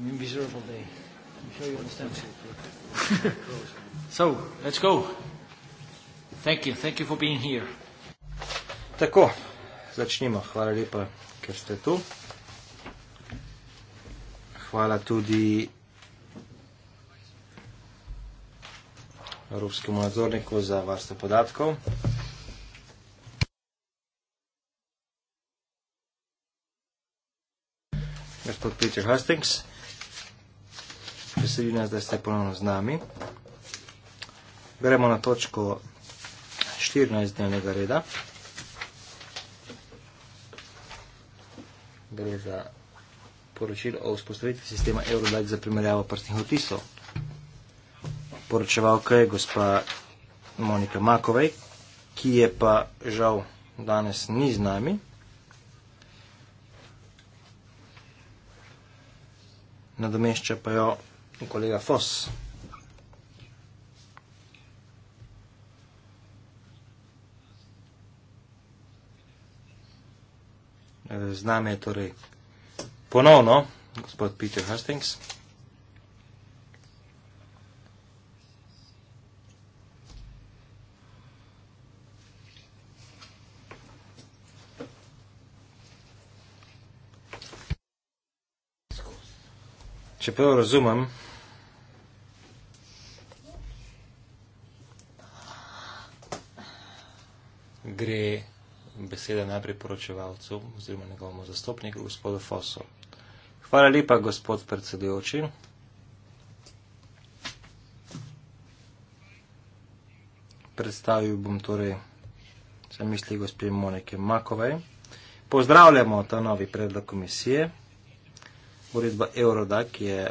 miserable day. I'm sure you understand. so, let's go. Thank you. Thank you for being here. Tako, začnimo. Hvala lepa, ker ste tu. Hvala tudi Evropskemu nadzorniku za varstvo podatkov. Gospod Peter Hastings veseli nas, da ste ponovno z nami. Gremo na točko 14 dnevnega reda. Gre za poročilo o vzpostavitvi sistema Eurodac za primerjavo prstnih otisov. Poročevalka je gospa Monika Makovej, ki je pa žal danes ni z nami. Nadomešča pa jo un colega Foss. Z nami je torej ponovno gospod Peter Hastings. Čeprav razumem, gre beseda najprej poročevalcu oziroma njegovemu zastopniku, gospodu Fosu. Hvala lepa, gospod predsedujoči. Predstavil bom torej zamisli gospe Monike Makovej. Pozdravljamo ta novi predlog komisije. Uredba Eurodac je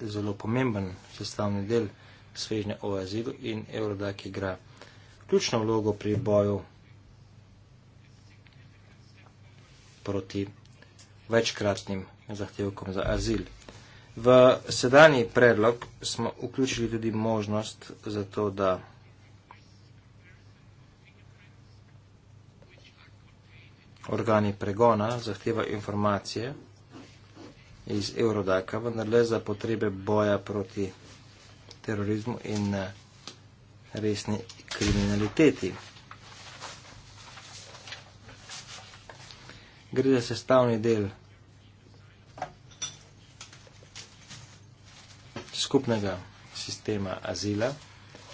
zelo pomemben sestavni del svežnja OAZ-u in Eurodac igra ključno vlogo pri boju proti večkratnim zahtevkom za azil. V sedanji predlog smo vključili tudi možnost za to, da organi pregona zahteva informacije iz Eurodaka, vendar le za potrebe boja proti terorizmu in resni kriminaliteti. gre za sestavni del skupnega sistema azila.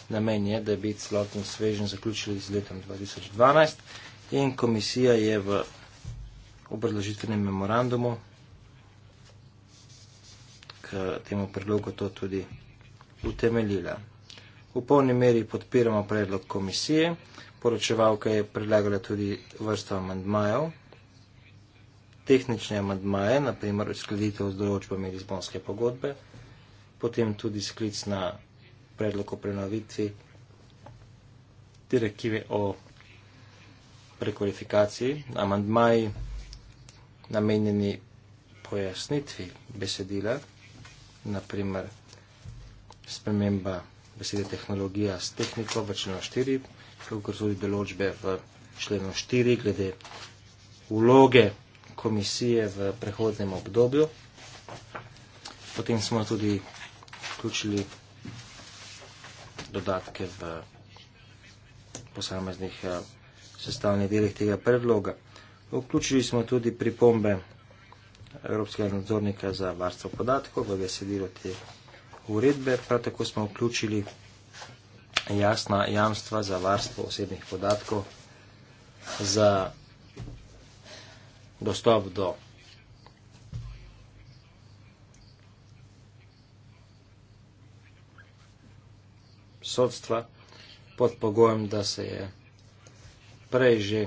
Namen je, da bi celoten svežen zaključili z letom 2012 in komisija je v obrazložitvenem memorandumu k temu predlogu to tudi utemeljila. V polni meri podpiramo predlog komisije, poročevalka je predlagala tudi vrsto amandmajev tehnične amadmaje, naprimer uskladitev z določbami Lizbonske pogodbe, potem tudi sklic na predlog o prenovitvi direktive o prekvalifikaciji, amadmaji namenjeni pojasnitvi besedila, naprimer sprememba besede tehnologija s tehniko v členu 4, kako so tudi določbe v členu 4 glede vloge komisije v prehodnem obdobju. Potem smo tudi vključili dodatke v posameznih eh, sestavnih delih tega predloga. Vključili smo tudi pripombe Evropskega nadzornika za varstvo podatkov v besedilo te uredbe. Prav tako smo vključili jasna jamstva za varstvo osebnih podatkov za dostop do sodstva pod pogojem, da se je prej že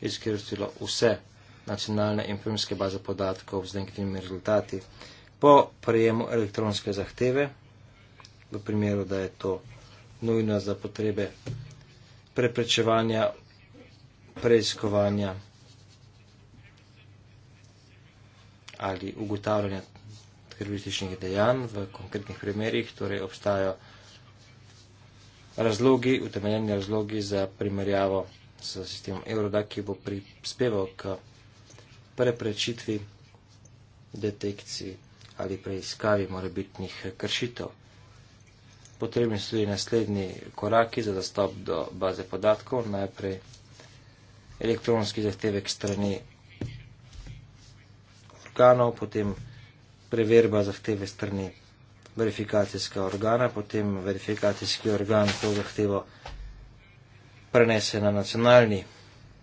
izkrstilo vse nacionalne in filmske baze podatkov z negativnimi rezultati po prejemu elektronske zahteve, v primeru, da je to nujno za potrebe preprečevanja preiskovanja ali ugotavljanja terorističnih dejanj v konkretnih primerih, torej obstajajo razlogi, utemeljeni razlogi za primerjavo s sistemom Eurodac, ki bo prispeval k preprečitvi detekciji ali preiskavi morebitnih kršitev. Potrebni so tudi naslednji koraki za dostop do baze podatkov, najprej elektronski zahtevek strani organov, potem preverba zahteve strani verifikacijskega organa, potem verifikacijski organ to zahtevo prenese na nacionalni,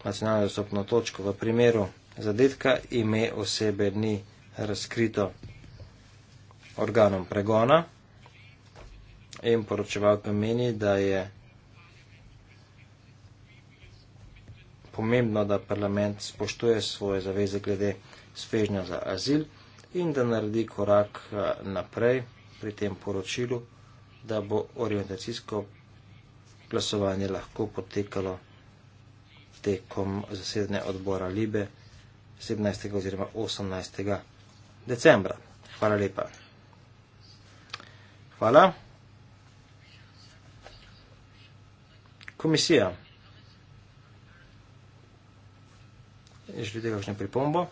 nacionalno dostopno točko. V primeru zadetka ime osebe ni razkrito organom pregona in poročevalka meni, da je pomembno, da parlament spoštuje svoje zaveze glede svežnja za azil in da naredi korak eh, naprej pri tem poročilu, da bo orientacijsko glasovanje lahko potekalo tekom zasedanja odbora Libe 17. oziroma 18. decembra. Hvala lepa. Hvala. Komisija. Želite kakšno pripombo?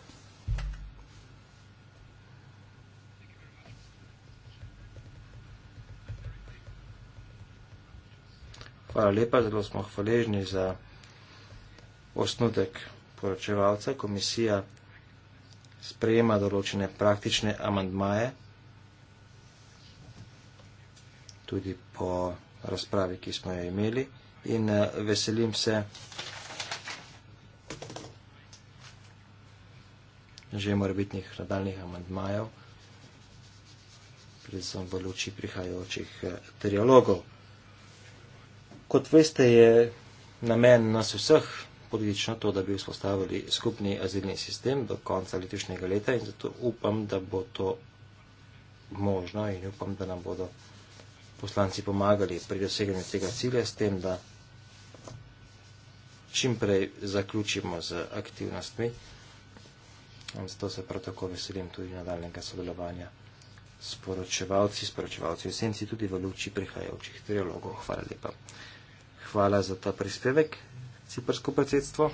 Hvala lepa, zelo smo hvaležni za osnutek poročevalca. Komisija sprejema določene praktične amandmaje tudi po razpravi, ki smo jo imeli. In eh, veselim se že morebitnih nadaljnih amandmajev, predvsem v luči prihajajočih eh, trialogov. Kot veste, je namen nas vseh politično to, da bi vzpostavili skupni azilni sistem do konca letošnjega leta in zato upam, da bo to možno in upam, da nam bodo poslanci pomagali pri doseganju tega cilja s tem, da čim prej zaključimo z aktivnostmi. In zato se prav tako veselim tudi nadaljnega sodelovanja s poročevalci, s poročevalci v senci, tudi v luči prihajajočih trilogov. Hvala lepa hvala za ta prispevek, ciprsko predsedstvo.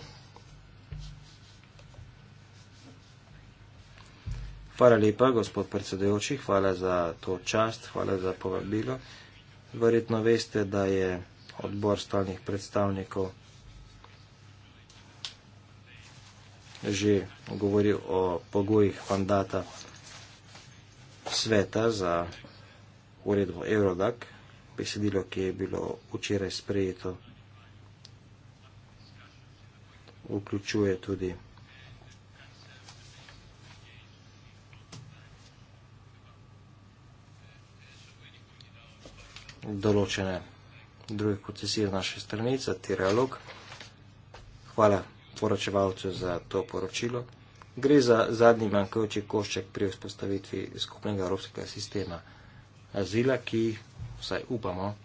Hvala lepa, gospod predsedujoči, hvala za to čast, hvala za povabilo. Verjetno veste, da je odbor stalnih predstavnikov že govoril o pogojih mandata sveta za uredbo Eurodac 2021-2022 besedilo, ki je bilo včeraj sprejeto, vključuje tudi določene druge koncesije z naše stranice, Tirealog. Hvala poročevalcu za to poročilo. Gre za zadnji manjkajoči košček pri vzpostavitvi skupnega evropskega sistema azila, ki vsaj upamo,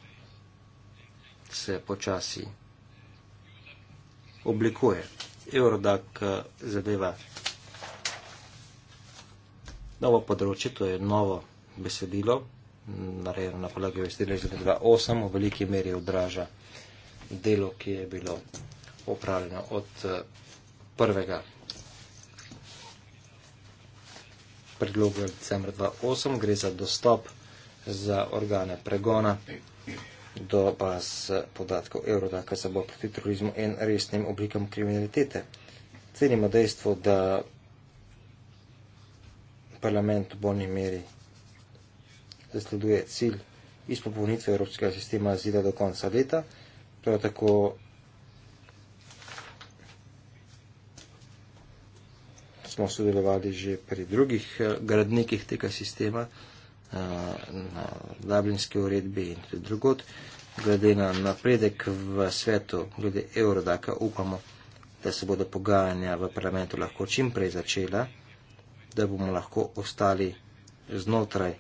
se počasi oblikuje. Eurodak eh, zadeva novo področje, to je novo besedilo, narejeno na podlagi vestirja iz 2008, v veliki meri odraža delo, ki je bilo opravljeno od eh, prvega predloga decembra 2008, gre za dostop za organe pregona do baz podatkov Eurodaka za boj proti terorizmu in resnim oblikam kriminalitete. Cenimo dejstvo, da parlament v bolni meri zasleduje cilj izpopolnitve evropskega sistema zida do konca leta. Prav tako smo sodelovali že pri drugih eh, gradnikih tega sistema na Dublinski uredbi in tudi drugot, glede na napredek v svetu, glede Eurodaka, upamo, da se bodo pogajanja v parlamentu lahko čim prej začela, da bomo lahko ostali znotraj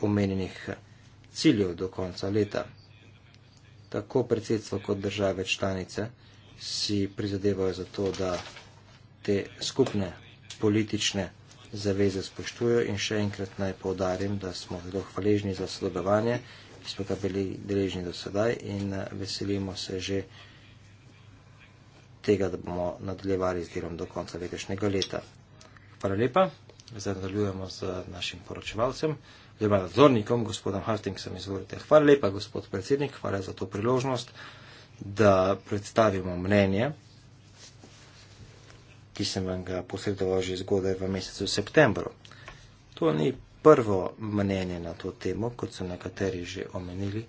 omenjenih ciljev do konca leta. Tako predsedstvo kot države članice si prizadevajo za to, da te skupne politične zaveze spoštujo in še enkrat naj povdarim, da smo zelo hvaležni za sodelovanje, ki smo ga bili deležni do sedaj in eh, veselimo se že tega, da bomo nadaljevali z delom do konca letošnjega leta. Hvala lepa. Zdaj nadaljujemo z našim poročevalcem, oziroma nadzornikom, gospodom Hartingsom, izvolite. Hvala lepa, gospod predsednik, hvala za to priložnost, da predstavimo mnenje ki sem vam ga posredoval že zgodaj v mesecu septembru. To ni prvo mnenje na to temo, kot so nekateri že omenili,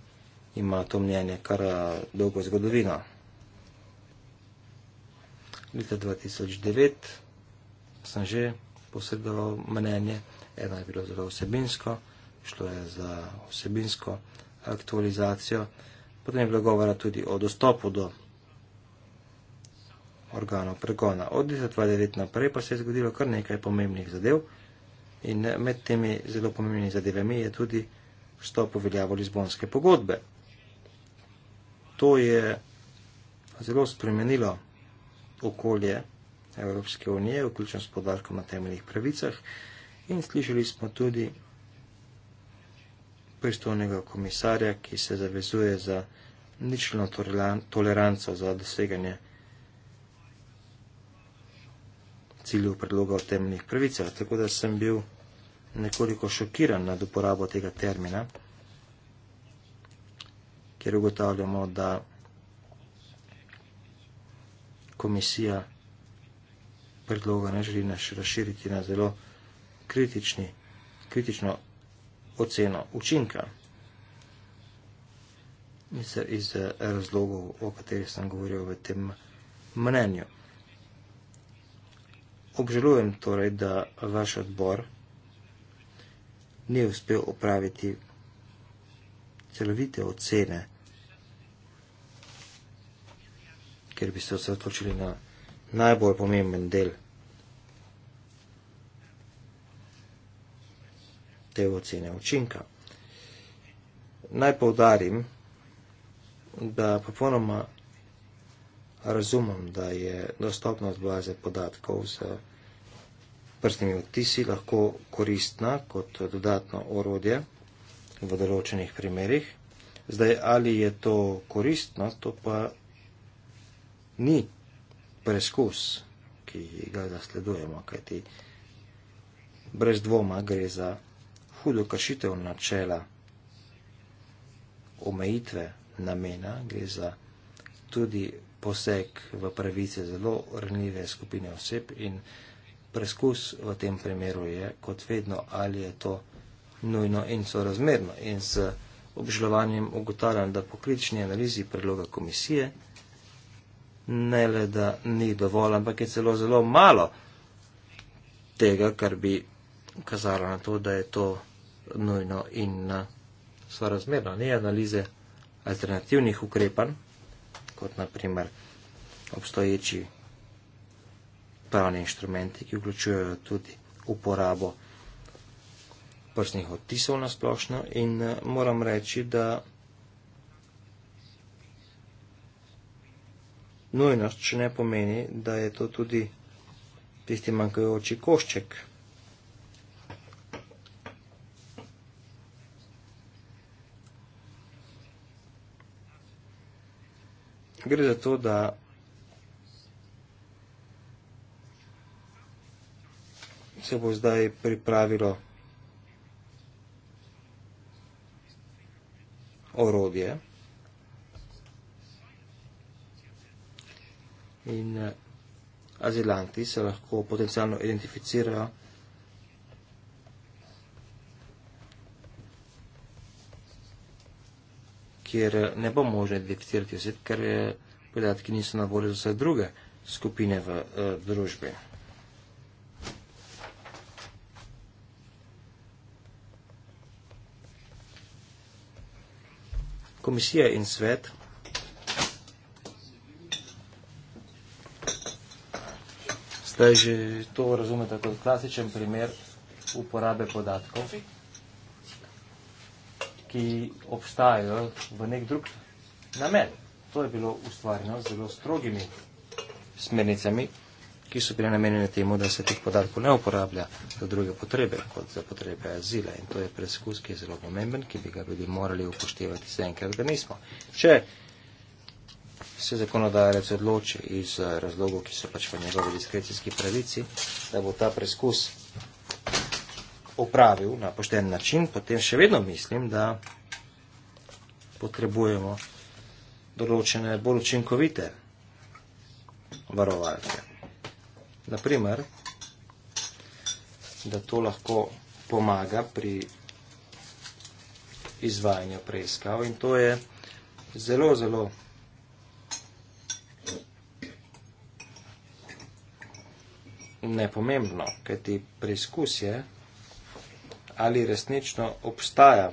ima to mnenje kar dolgo zgodovino. Leta 2009 sem že posredoval mnenje, eno je bilo zelo vsebinsko, šlo je za vsebinsko aktualizacijo, potem je bilo govora tudi o dostopu do organov pregona. Od 2009 naprej pa se je zgodilo kar nekaj pomembnih zadev in med temi zelo pomembnimi zadevami je tudi vstop v veljavo Lizbonske pogodbe. To je zelo spremenilo okolje Evropske unije, vključno s podarkom na temeljnih pravicah in slišali smo tudi pristovnega komisarja, ki se zavezuje za ničelno toleranco za doseganje cilju predloga o temeljnih pravicah. Tako da sem bil nekoliko šokiran nad uporabo tega termina, ker ugotavljamo, da komisija predloga ne želi naš razširiti na zelo kritični, kritično oceno učinka. Iz, iz eh, razlogov, o katerih sem govoril v tem mnenju. Obžalujem torej, da vaš odbor ni uspel opraviti celovite ocene, ker bi se osredotočili na najbolj pomemben del te ocene učinka. Naj povdarim, da popolnoma razumem, da je dostopnost baze podatkov z prstnimi odtisi lahko koristna kot dodatno orodje v določenih primerjih. Zdaj, ali je to koristno, to pa ni preskus, ki ga zasledujemo, kajti brez dvoma gre za hudo kršitev načela omejitve namena, gre za tudi poseg v pravice zelo ranljive skupine oseb in preskus v tem primeru je, kot vedno, ali je to nujno in sorazmerno. In z obžalovanjem ugotavljam, da po klični analizi predloga komisije ne le, da ni dovolj, ampak je celo zelo malo tega, kar bi kazalo na to, da je to nujno in eh, sorazmerno. Ni analize alternativnih ukrepanj kot naprimer obstoječi pravni inštrumenti, ki vključujejo tudi uporabo prstnih odtisov na splošno in eh, moram reči, da nujnost še ne pomeni, da je to tudi tisti manjkajoči košček. gre za to, da se bo zdaj pripravilo orodje in eh, azilanti se lahko potencialno identificirajo kjer eh, ne bo možno identificirati oseb, ker eh, podatki niso na voljo za vse druge skupine v uh, družbi. Komisija in svet sta že to razumeta kot klasičen primer uporabe podatkov. Okay ki obstajajo v nek drug namen. To je bilo ustvarjeno z zelo strogimi smernicami, ki so bile namenjene temu, da se teh podatkov ne uporablja za druge potrebe, kot za potrebe azila. In to je preskus, ki je zelo pomemben, ki bi ga ljudi morali upoštevati, se enkrat ga nismo. Če se zakonodajalec odloči iz eh, razlogov, ki so pač v njegovi diskrecijski pravici, da bo ta preskus opravil na pošten način, potem še vedno mislim, da potrebujemo določene bolj učinkovite varovalke. Naprimer, da to lahko pomaga pri izvajanju preiskav in to je zelo, zelo nepomembno, kajti preizkus je, ali resnično obstaja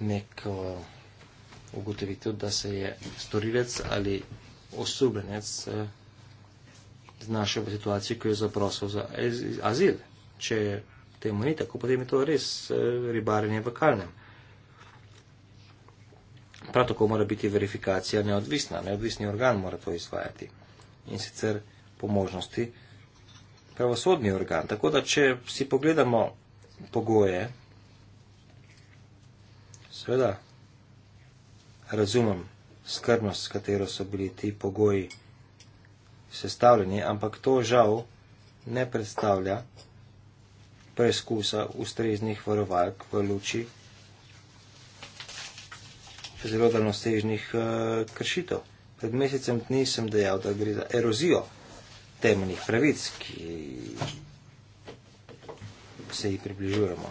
neko ugotovitev, da se je storilec ali osumljenec eh, znašel v situaciji, ko je zaprosil za azil. Če temu ni tako, potem je to res eh, ribarenje v kalnem. Prav tako mora biti verifikacija neodvisna, neodvisni organ mora to izvajati. In sicer po možnosti, pravosodni organ. Tako da, če si pogledamo pogoje, seveda razumem skrbnost, s katero so bili ti pogoji sestavljeni, ampak to žal ne predstavlja preizkusa ustreznih varovalk v luči zelo daljnosežnih eh, kršitev. Pred mesecem dni sem dejal, da gre za erozijo temeljnih pravic, ki se jih približujemo.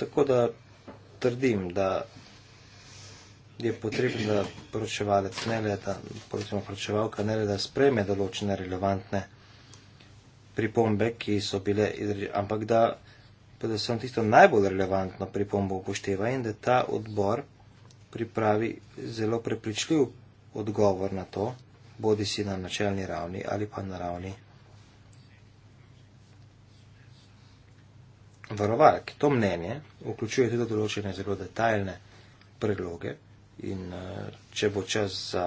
Tako da trdim, da je potrebno, da poročevalec ne le, da poročevalka poročevalka ne le, da spreme določene relevantne pripombe, ki so bile izrečene, ampak da predvsem tisto najbolj relevantno pripombo upošteva in da ta odbor pripravi zelo prepričljiv odgovor na to, bodi si na načelni ravni ali pa na ravni varovalk. To mnenje vključuje tudi določene zelo detaljne predloge in eh, če bo čas za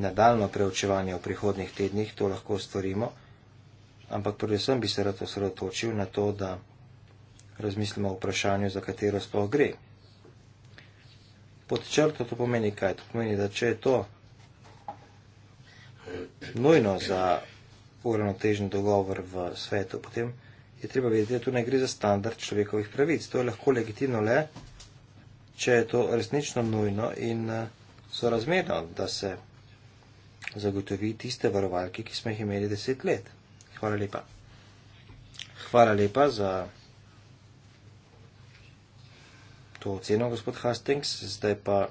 nadaljno preučevanje v prihodnih tednih, to lahko storimo, ampak predvsem bi se rad osredotočil na to, da razmislimo o vprašanju, za katero sploh gre pod črto to pomeni kaj? To pomeni, da če je to nujno za uravnotežen dogovor v svetu, potem je treba vedeti, da tu ne gre za standard človekovih pravic. To je lahko legitimno le, če je to resnično nujno in eh, sorazmerno, da se zagotovi tiste varovalke, ki smo jih imeli deset let. Hvala lepa. Hvala lepa za to oceno, gospod Hastings, zdaj pa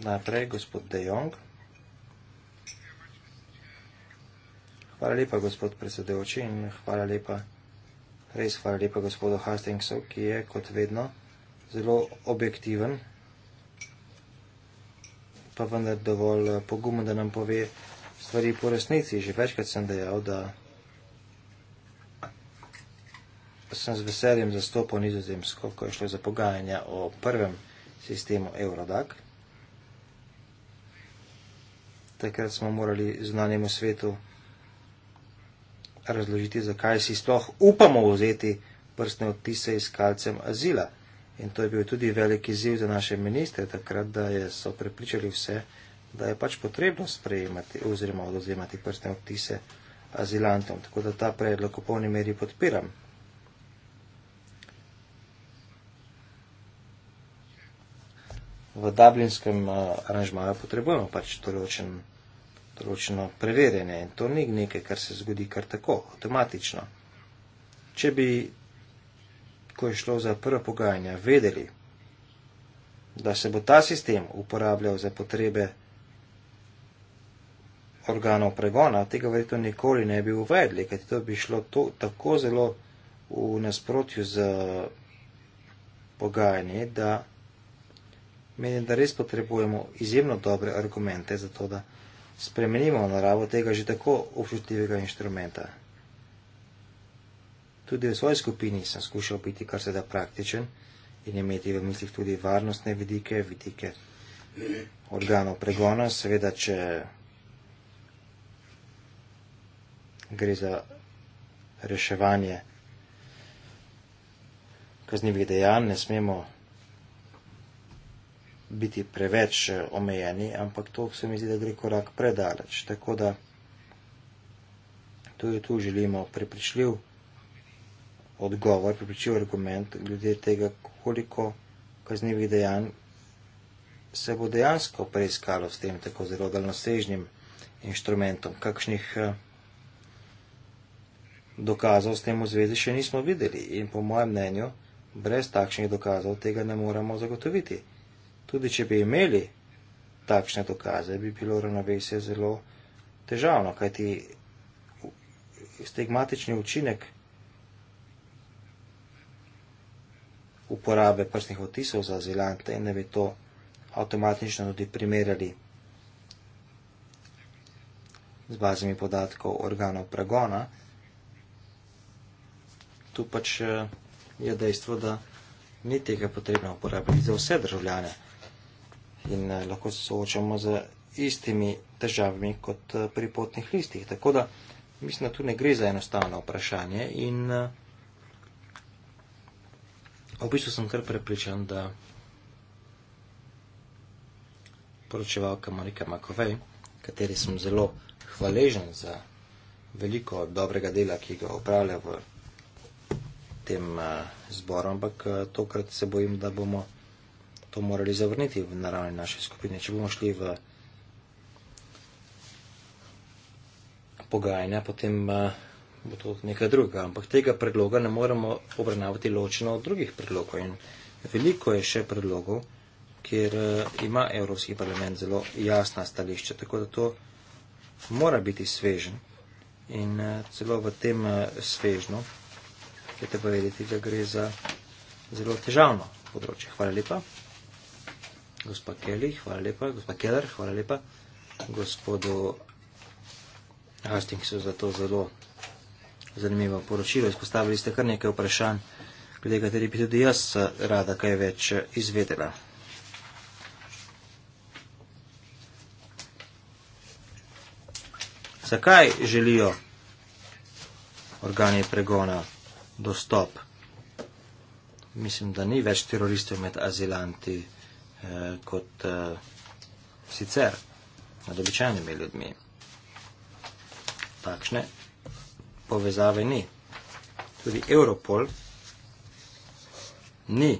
naprej, gospod De Jong. Hvala lepa, gospod predsedevoči in hvala lepa, res hvala lepa gospodu Hastingsu, ki je kot vedno zelo objektiven, pa vendar dovolj pogumen, da nam pove stvari po resnici. Že večkrat sem dejal, da sem z veseljem zastopal nizozemsko, ko je šlo za pogajanja o prvem sistemu Eurodac. Takrat smo morali znanemu svetu razložiti, zakaj si sploh upamo vzeti prstne odtise iskalcem azila. In to je bil tudi veliki ziv za naše ministre takrat, da je, so prepričali vse, da je pač potrebno sprejemati oziroma odozemati prstne odtise azilantom. Tako da ta predlog v polni meri podpiram. v dublinskem eh, aranžmaju potrebujemo pač določen, določeno preverjanje in to ni nekaj, kar se zgodi kar tako, avtomatično. Če bi, ko je šlo za prva pogajanja, vedeli, da se bo ta sistem uporabljal za potrebe organov pregona, tega verjetno nikoli ne bi uvedli, kajti to bi šlo to, tako zelo v nasprotju z pogajanji, da Menim, da res potrebujemo izjemno dobre argumente za to, da spremenimo naravo tega že tako občutljivega inštrumenta. Tudi v svoji skupini sem skušal biti kar se da praktičen in imeti v mislih tudi varnostne vidike, vidike organov pregona. Seveda, če gre za reševanje kaznivih dejanj, ne smemo biti preveč eh, omejeni, ampak to se mi zdi, da gre korak predaleč. Tako da tu je tu želimo prepričljiv odgovor, prepričljiv argument glede tega, koliko kaznjivih dejanj se bo dejansko preiskalo s tem tako zelo daljnosežnim inštrumentom. Kakšnih eh, dokazov s tem v zvezi še nismo videli in po mojem mnenju brez takšnih dokazov tega ne moremo zagotoviti tudi če bi imeli takšne dokaze, bi bilo ravnovesje zelo težavno, kajti stigmatični učinek uporabe prstnih otisov za azilante in da bi to avtomatično tudi primerjali z bazami podatkov organov pregona. Tu pač eh, je dejstvo, da ni tega potrebno uporabiti za vse državljane in eh, lahko se soočamo z istimi težavami kot eh, pri potnih listih. Tako da mislim, da tu ne gre za enostavno vprašanje in eh, v bistvu sem kar prepričan, da poročevalka Marika Makovej, kateri sem zelo hvaležen za veliko dobrega dela, ki ga opravlja v tem zboru, ampak tokrat se bojim, da bomo to morali zavrniti v naravni naše skupine. Če bomo šli v pogajanja, potem eh, bo to nekaj drugega. Ampak tega predloga ne moremo obravnavati ločeno od drugih predlogov. In veliko je še predlogov, kjer eh, ima Evropski parlament zelo jasna stališča. Tako da to mora biti svežen. In eh, celo v tem svežnu je treba vedeti, da gre za zelo težavno področje. Hvala lepa. Gospa Kelly, hvala lepa. Gospa Keller, hvala lepa. Gospodu Hastingsu za to zelo zanimivo poročilo. Izpostavili ste kar nekaj vprašanj, glede kateri bi tudi jaz rada kaj več izvedela. Zakaj želijo organi pregona dostop? Mislim, da ni več teroristov med azilanti. Eh, kot eh, sicer nad običajnimi ljudmi. Takšne povezave ni. Tudi Europol ni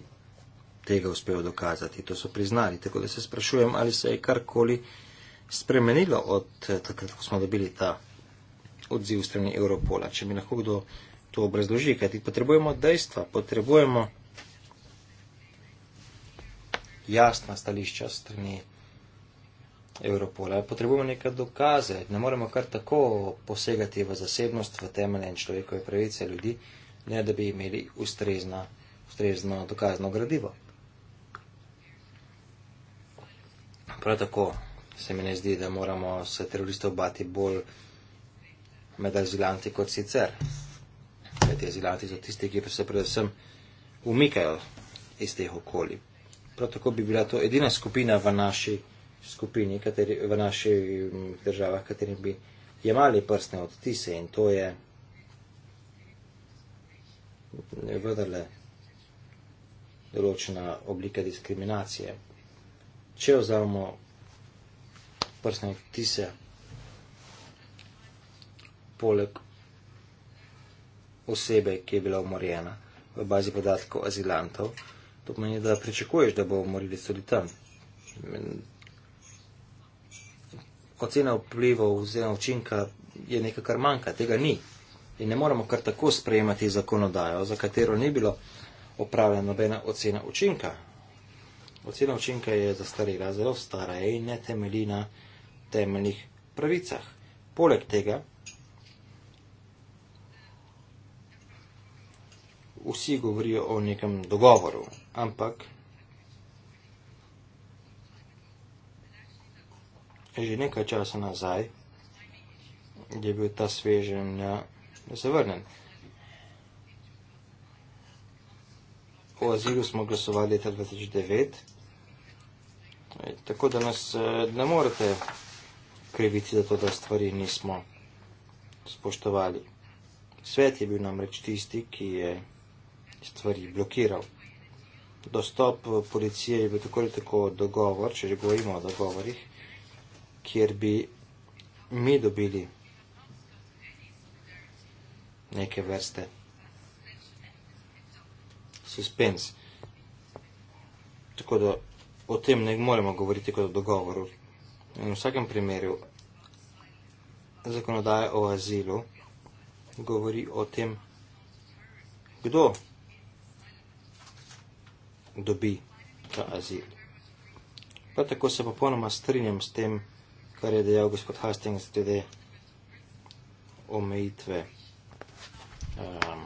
tega uspel dokazati, to so priznali. Tako da se sprašujem, ali se je karkoli spremenilo od eh, takrat, ko smo dobili ta odziv strani Europola. Če mi lahko kdo to obrazloži, kajti potrebujemo dejstva, potrebujemo jasna stališča strani Evropola. Potrebujemo nekaj dokaze, ne moremo kar tako posegati v zasebnost, v temelje in človekove pravice ljudi, ne da bi imeli ustrezna, ustrezno dokazno gradivo. Prav tako se mi ne zdi, da moramo se teroristov bati bolj med azilanti kot sicer. Kajti azilanti so tisti, ki pa se predvsem umikajo iz teh okolij prav tako bi bila to edina skupina v naši skupini, kateri, v naših mm, državah, katerim bi jemali prstne odtise in to je vendarle določena oblika diskriminacije. Če vzamemo prstne odtise poleg osebe, ki je bila umorjena v bazi podatkov azilantov, to pomeni, da pričakuješ, da bomo morali tudi tam. Ocena vplivov oziroma učinka je nekaj, kar manjka, tega ni. In ne moramo kar tako sprejemati zakonodajo, za katero ni bilo opravljena nobena ocena učinka. Ocena učinka je zastarela, zelo stara je in ne temelji na temeljnih pravicah. Poleg tega vsi govorijo o nekem dogovoru, ampak že nekaj časa nazaj je bil ta svežen, da ja, se vrnem. O azilu smo glasovali leta 2009, tako da nas eh, ne morete kriviti za to, da stvari nismo spoštovali. Svet je bil namreč tisti, ki je stvari blokiral. Dostop policije je bil tako ali tako dogovor, če že govorimo o dogovorih, kjer bi mi dobili neke vrste suspens. Tako da o tem ne moremo govoriti kot o dogovoru. In v vsakem primeru zakonodaja o azilu govori o tem, kdo dobi ta azil. Pa tako se popolnoma strinjam s tem, kar je dejal gospod Hastings glede omejitve um,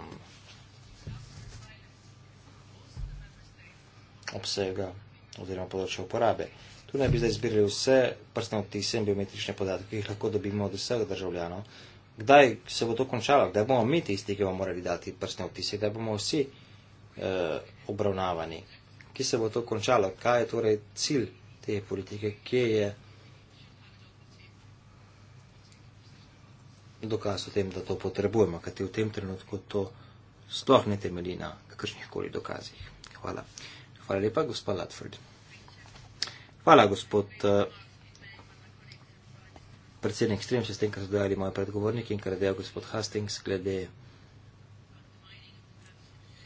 obsega oziroma področja uporabe. Tu naj bi zdaj zbirali vse prstne odtise in biometrične podatke, ki jih lahko dobimo od vseh državljanov. Kdaj se bo to končalo? Kdaj bomo mi tisti, ki bomo morali dati prstne odtise? Kdaj bomo vsi eh, obravnavani? ki se bo to končalo, kaj je torej cilj te politike, kje je dokaz o tem, da to potrebujemo, kaj ti v tem trenutku to sploh ne temelji na kakršnih koli dokazih. Hvala. Hvala lepa, gospod Latford. Hvala, gospod eh, predsednik, strem se s tem, kar so dejali moji predgovorniki in kar je dejal gospod Hastings glede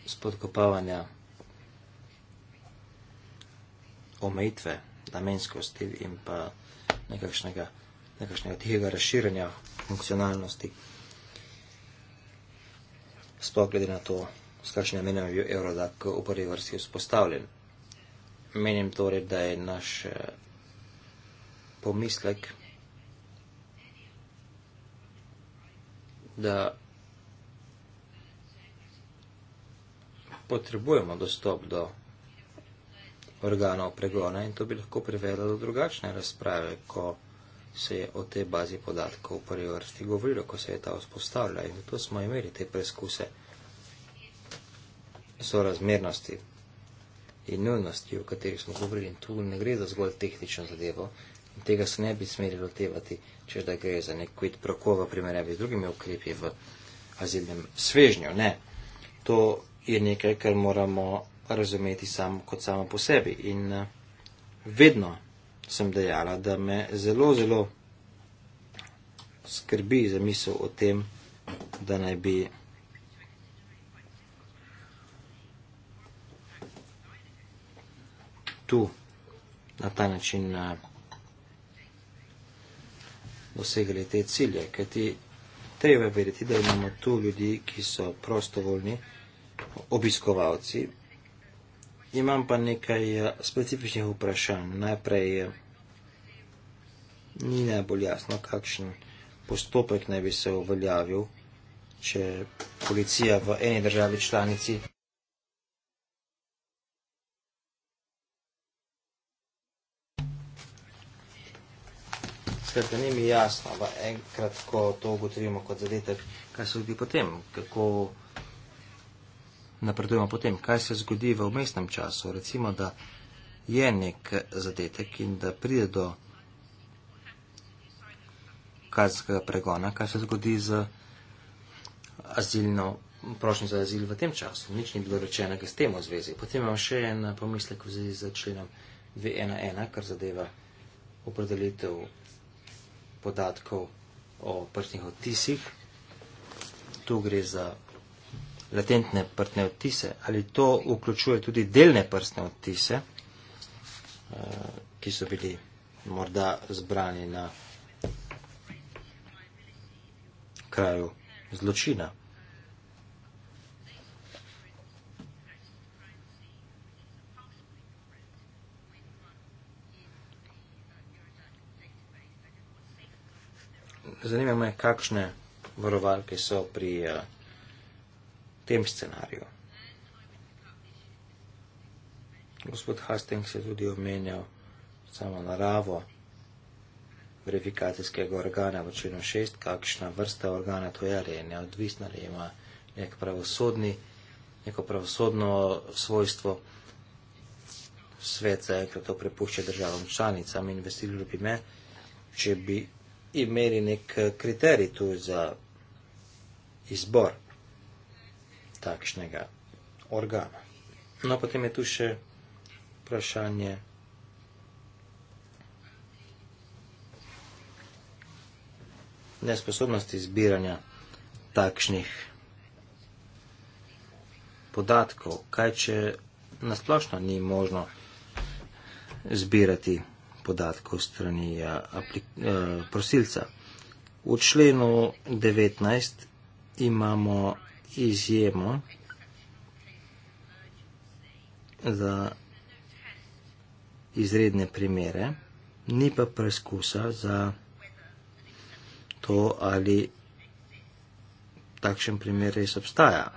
spodkopavanja omejitve namenskosti in pa nekakšnega, nekakšnega tihega razširanja funkcionalnosti. Sploh glede na to, s kakšnim namenom je Eurodac v prvi vrsti vzpostavljen. Menim torej, da je naš eh, pomislek, da potrebujemo dostop do organov pregona in to bi lahko privedlo do drugačne razprave, ko se je o tej bazi podatkov v prvi vrsti govorilo, ko se je ta vzpostavljala in zato smo imeli te preskuse sorazmernosti in nujnosti, o katerih smo govorili in tu ne gre za zgolj tehnično zadevo in tega se ne bi smeli lotevati, če da gre za nek kvit prokova primerjavi z drugimi ukrepi v azilnem svežnju. Ne, to je nekaj, kar moramo razumeti sam kot samo po sebi. In eh, vedno sem dejala, da me zelo, zelo skrbi za misel o tem, da naj bi tu na ta način eh, dosegali te cilje, kajti treba verjeti, da imamo tu ljudi, ki so prostovoljni obiskovalci, Imam pa nekaj eh, specifičnih vprašanj. Najprej eh, ni najbolj jasno, kakšen postopek naj bi se uveljavil, če policija v eni državi članici. Skratka, ni mi jasno, enkrat, ko to ugotovimo kot zadetek, kaj se vidi potem, kako napredujemo potem. Kaj se zgodi v umestnem času? Recimo, da je nek zadetek in da pride do kazenskega pregona. Kaj se zgodi z azilno, prošnjo za azil v tem času? Nič ni bilo rečenega s tem v zvezi. Potem imam še en pomislek v zvezi z členom 211, kar zadeva opredelitev podatkov o prstnih odtisih. Tu gre za latentne prtne odtise, ali to vključuje tudi delne prstne odtise, eh, ki so bili morda zbrani na kraju zločina. Zanima me, kakšne varovalke so pri uh, tem scenariju. Gospod Hastings je tudi omenjal samo naravo verifikacijskega organa v členu 6, kakšna vrsta organa to je, ali je neodvisna, ali ima nek pravosodni, neko pravosodno svojstvo. Svet zaenkrat to prepušča državam članicam in veselilo bi me, če bi imeli nek kriterij tu za izbor takšnega organa. No, potem je tu še vprašanje. Nesposobnosti zbiranja takšnih podatkov, kaj če nasplošno ni možno zbirati podatkov strani eh, aplik- eh, prosilca. V členu 19 imamo izjemo za izredne primere, ni pa preskusa za to, ali takšen primer res obstaja.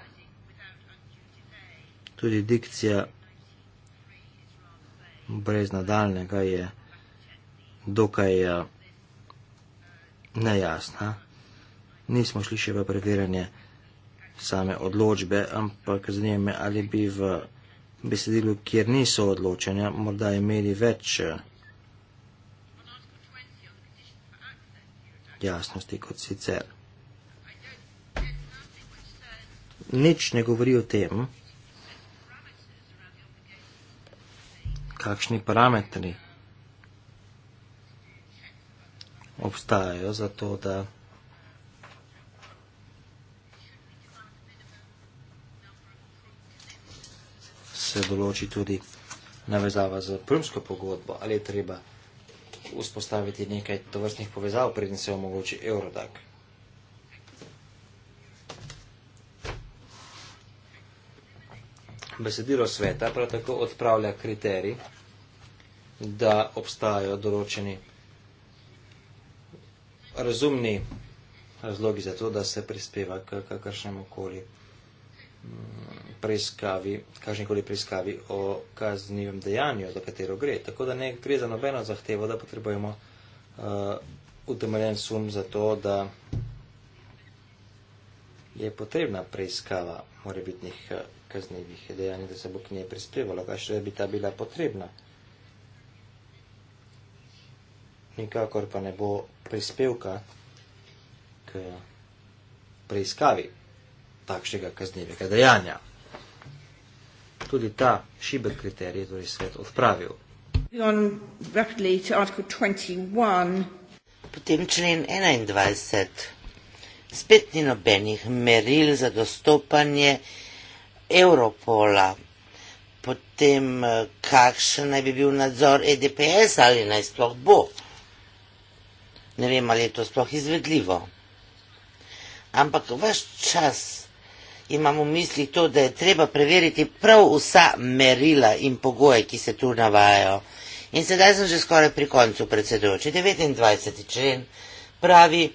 Tudi dikcija brez nadaljnega je dokaj eh, nejasna. Nismo šli še v preverjanje same odločbe, ampak zanima ali bi v besedilu, kjer niso odločanja, morda imeli več eh, jasnosti kot sicer. Nič ne govori o tem, kakšni parametri obstajajo za to, da se določi tudi navezava z prvsko pogodbo, ali je treba vzpostaviti nekaj tovrstnih povezav, preden se omogoči Eurodag. Besedilo sveta prav tako odpravlja kriterij, da obstajajo določeni razumni razlogi za to, da se prispeva k kakršnemu koli mm, preiskavi, kakšnikoli preiskavi o kaznivem dejanju, za katero gre. Tako da ne gre za nobeno zahtevo, da potrebujemo uh, utemeljen sum za to, da je potrebna preiskava morebitnih uh, kaznivih dejanj, da se bo k njej prispevalo, kaj še bi ta bila potrebna. Nikakor pa ne bo prispevka k preiskavi takšnega kaznivega dejanja tudi ta šibek kriterij je torej svet odpravil. Potem člen 21. Spet ni nobenih meril za dostopanje Europola. Potem eh, kakšen naj bi bil nadzor EDPS ali naj sploh bo. Ne vem, ali je to sploh izvedljivo. Ampak vaš čas imam v mislih to, da je treba preveriti prav vsa merila in pogoje, ki se tu navajajo. In sedaj sem že skoraj pri koncu predsedujoči. 29. člen pravi,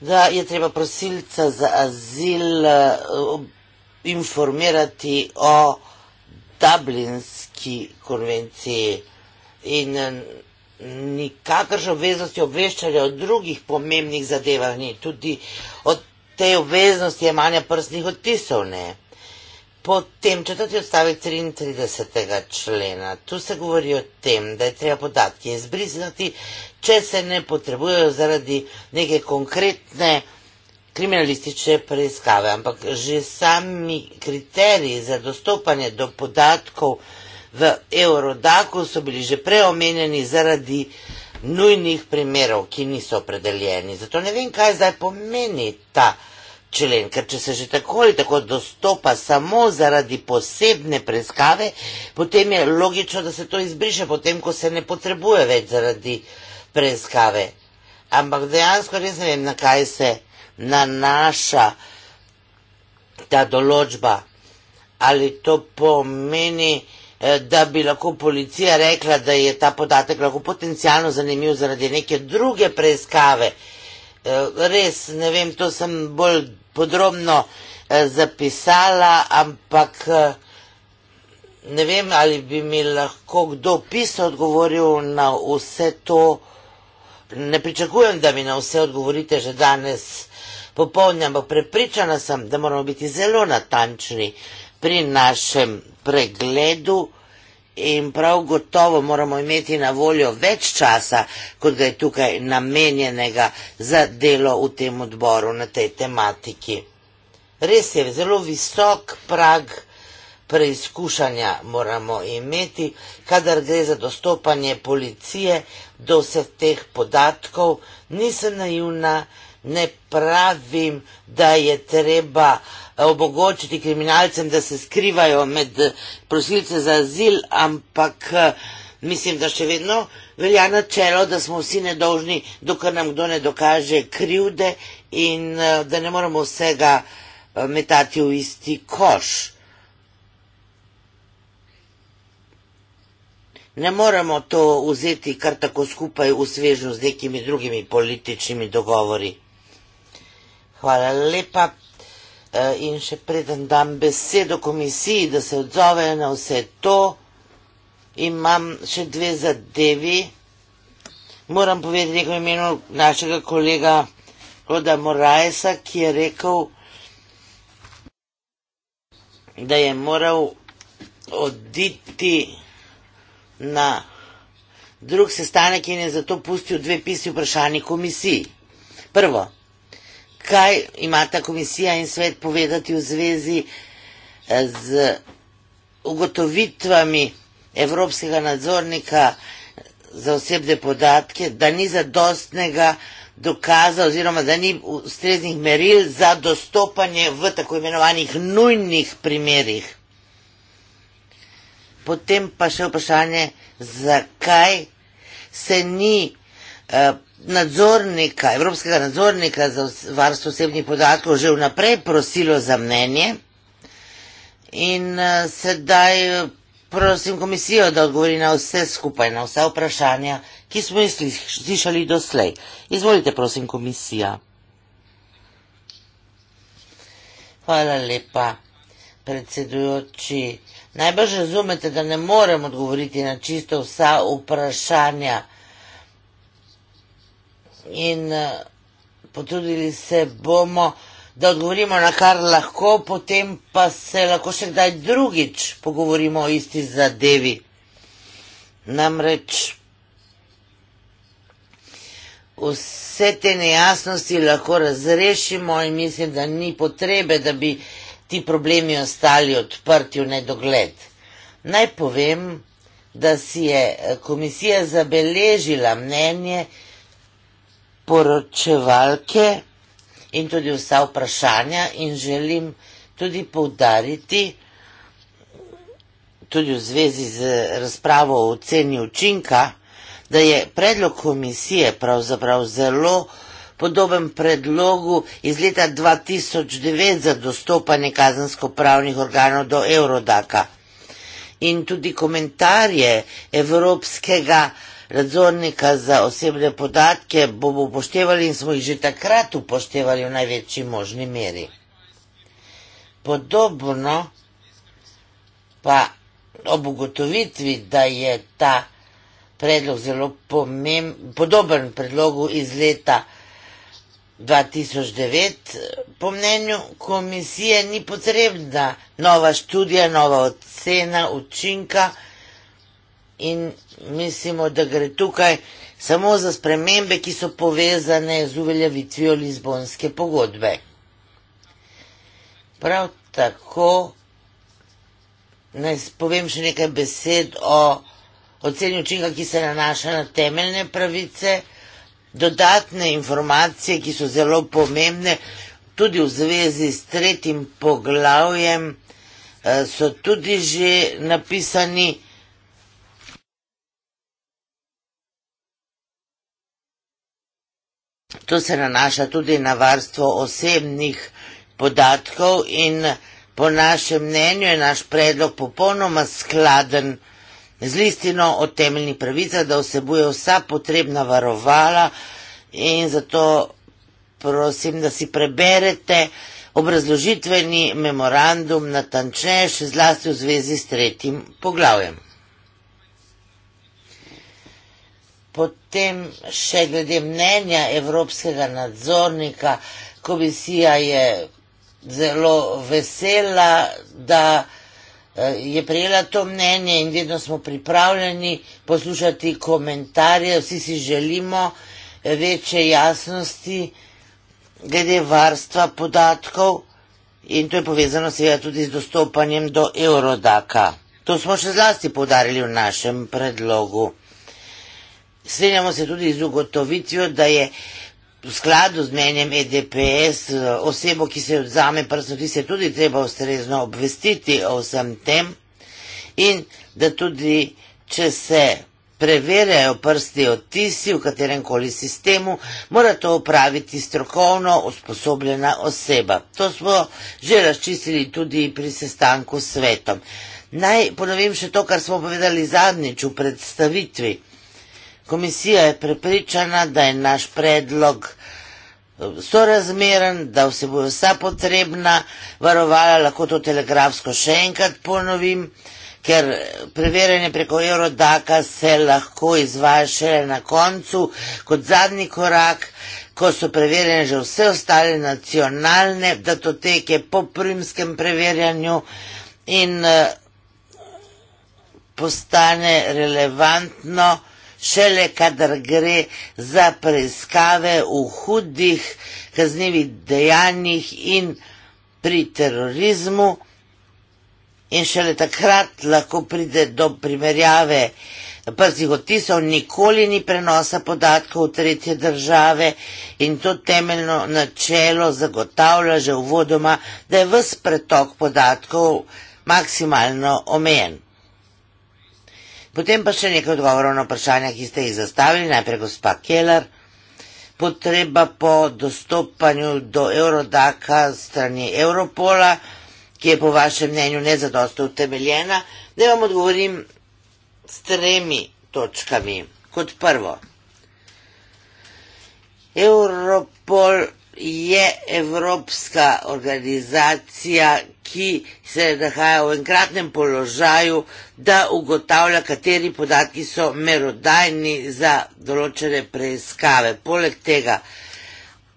da je treba prosilca za azil uh, informirati o Dublinski konvenciji in eh, nikakršno obveznosti obveščanja o drugih pomembnih zadevah, ni tudi o tej obveznosti jemanja prstnih odtisov, ne. Potem četrti odstavek 33. člena. Tu se govori o tem, da je treba podatke izbrisati, če se ne potrebujejo zaradi neke konkretne kriminalistične preiskave. Ampak že sami kriteriji za dostopanje do podatkov v Eurodaku so bili že preomenjeni zaradi uh, nujnih primerov, ki niso opredeljeni. Zato ne vem, kaj zdaj pomeni ta člen, ker če se že tako ali tako dostopa samo zaradi posebne preiskave, potem je logično, da se to izbriše, potem ko se ne potrebuje več zaradi preiskave. Ampak dejansko res ne vem, na kaj se nanaša ta določba. Ali to pomeni, da Eh, da bi lahko policija rekla, da je ta podatek lahko potencijalno zanimiv zaradi neke druge preiskave. Eh, res, ne vem, to sem bolj podrobno eh, zapisala, ampak ne vem, ali bi mi lahko kdo pisno odgovoril na vse to. Ne pričakujem, da mi na vse odgovorite že danes popolnjo, ampak prepričana sem, da moramo biti zelo natančni pri našem pregledu in prav gotovo moramo imeti na voljo več časa, kot ga je tukaj namenjenega za delo v tem odboru na tej tematiki. Res je, zelo visok prag preizkušanja moramo imeti, kadar gre za dostopanje policije do vseh teh podatkov, nisem naivna, ne pravim, da je treba obogočiti kriminalcem, da se skrivajo med prosilce za azil, ampak eh, mislim, da še vedno velja načelo, da smo vsi nedolžni, dokler nam kdo ne dokaže krivde in eh, da ne moramo vsega eh, metati v isti koš. Ne moramo to vzeti kar tako skupaj v svežnju z nekimi drugimi političnimi dogovori. Hvala lepa. E, in še preden dam besedo komisiji, da se odzovejo na vse to, imam še dve zadevi. Moram povedati nekaj imenu našega kolega Roda Morajsa, ki je rekel, da je moral oditi na drug sestanek in je zato pustil dve pisni vprašanji komisiji. Prvo, kaj imata komisija in svet povedati v zvezi eh, z ugotovitvami evropskega nadzornika za osebne podatke, da ni zadostnega dokaza oziroma da ni ustreznih meril za dostopanje v tako imenovanih nujnih primerih. Potem pa še vprašanje, zakaj se ni eh, nadzornika, evropskega nadzornika za varstvo osebnih podatkov že vnaprej prosilo za mnenje in eh, sedaj eh, prosim komisijo, da odgovori na vse skupaj, na vsa vprašanja, ki smo jih slišali doslej. Izvolite, prosim, komisija. Hvala lepa, predsedujoči. Najbrž razumete, da ne morem odgovoriti na čisto vsa vprašanja, in eh, potrudili se bomo, da odgovorimo na kar lahko, potem pa se lahko še kdaj drugič pogovorimo o isti zadevi. Namreč vse te nejasnosti lahko razrešimo in mislim, da ni potrebe, da bi ti problemi ostali odprti v nedogled. Naj povem, da si je eh, komisija zabeležila mnenje, poročevalke in tudi vsa vprašanja in želim tudi povdariti, tudi v zvezi z razpravo o ceni učinka, da je predlog komisije pravzaprav zelo podoben predlogu iz leta 2009 za dostopanje kazensko-pravnih organov do Eurodaka. In tudi komentarje Evropskega komisije, nadzornika za osebne podatke bomo upoštevali in smo jih že takrat upoštevali v največji možni meri. Podobno pa ob ugotovitvi, da je ta predlog zelo pomemb, podoben predlogu iz leta 2009, po mnenju komisije ni potrebna nova študija, nova ocena učinka, in mislimo, da gre tukaj samo za spremembe, ki so povezane z uveljavitvijo Lizbonske pogodbe. Prav tako naj povem še nekaj besed o oceni učinka, ki se nanaša na temeljne pravice, dodatne informacije, ki so zelo pomembne, tudi v zvezi s tretjim poglavjem, eh, so tudi že napisani. To se nanaša tudi na varstvo osebnih podatkov in po našem mnenju je naš predlog popolnoma skladen z listino o temeljnih pravicah, da vsebuje vsa potrebna varovala in zato prosim, da si preberete obrazložitveni memorandum natančneje, še zlasti v zvezi s tretjim poglavjem. potem še glede mnenja evropskega nadzornika, komisija je zelo vesela, da eh, je prijela to mnenje in vedno smo pripravljeni poslušati komentarje, vsi si želimo eh, večje jasnosti glede varstva podatkov in to je povezano seveda tudi z dostopanjem do Eurodaka. To smo še zlasti podarili v našem predlogu. Strenjamo se tudi z ugotovitvijo, da je v skladu z mnenjem EDPS eh, osebo, ki se odzame prstotise, tudi treba ustrezno obvestiti o vsem tem in da tudi, če se preverjajo prsti odtisi v katerem koli sistemu, mora to upraviti strokovno usposobljena oseba. To smo že razčistili tudi pri sestanku s svetom. Naj ponovim še to, kar smo povedali zadnjič v predstavitvi. Komisija je prepričana, da je naš predlog eh, sorazmeren, da vse bojo vsa potrebna varovala, lahko to telegrafsko še enkrat ponovim, ker preverjanje preko Eurodaka se lahko izvaja šele na koncu kot zadnji korak, ko so preverjene že vse ostale nacionalne datoteke po primskem preverjanju in eh, postane relevantno, šele kadar gre za preiskave v hudih kaznjivih dejanjih in pri terorizmu in šele takrat lahko pride do primerjave prstih odtisov, nikoli ni prenosa podatkov v tretje države in to temeljno načelo zagotavlja že uvodoma, da je vse pretok podatkov maksimalno omejen. Potem pa še nekaj odgovorov na vprašanja, ki ste jih zastavili, najprej gospa Keller. Potreba po dostopanju do Eurodaka strani Europola, ki je po vašem mnenju nezadosto utemeljena, da vam odgovorim s tremi točkami. Kot prvo, Europol je evropska organizacija, ki se nahaja v enkratnem položaju, da ugotavlja, kateri podatki so merodajni za določene preiskave. Poleg tega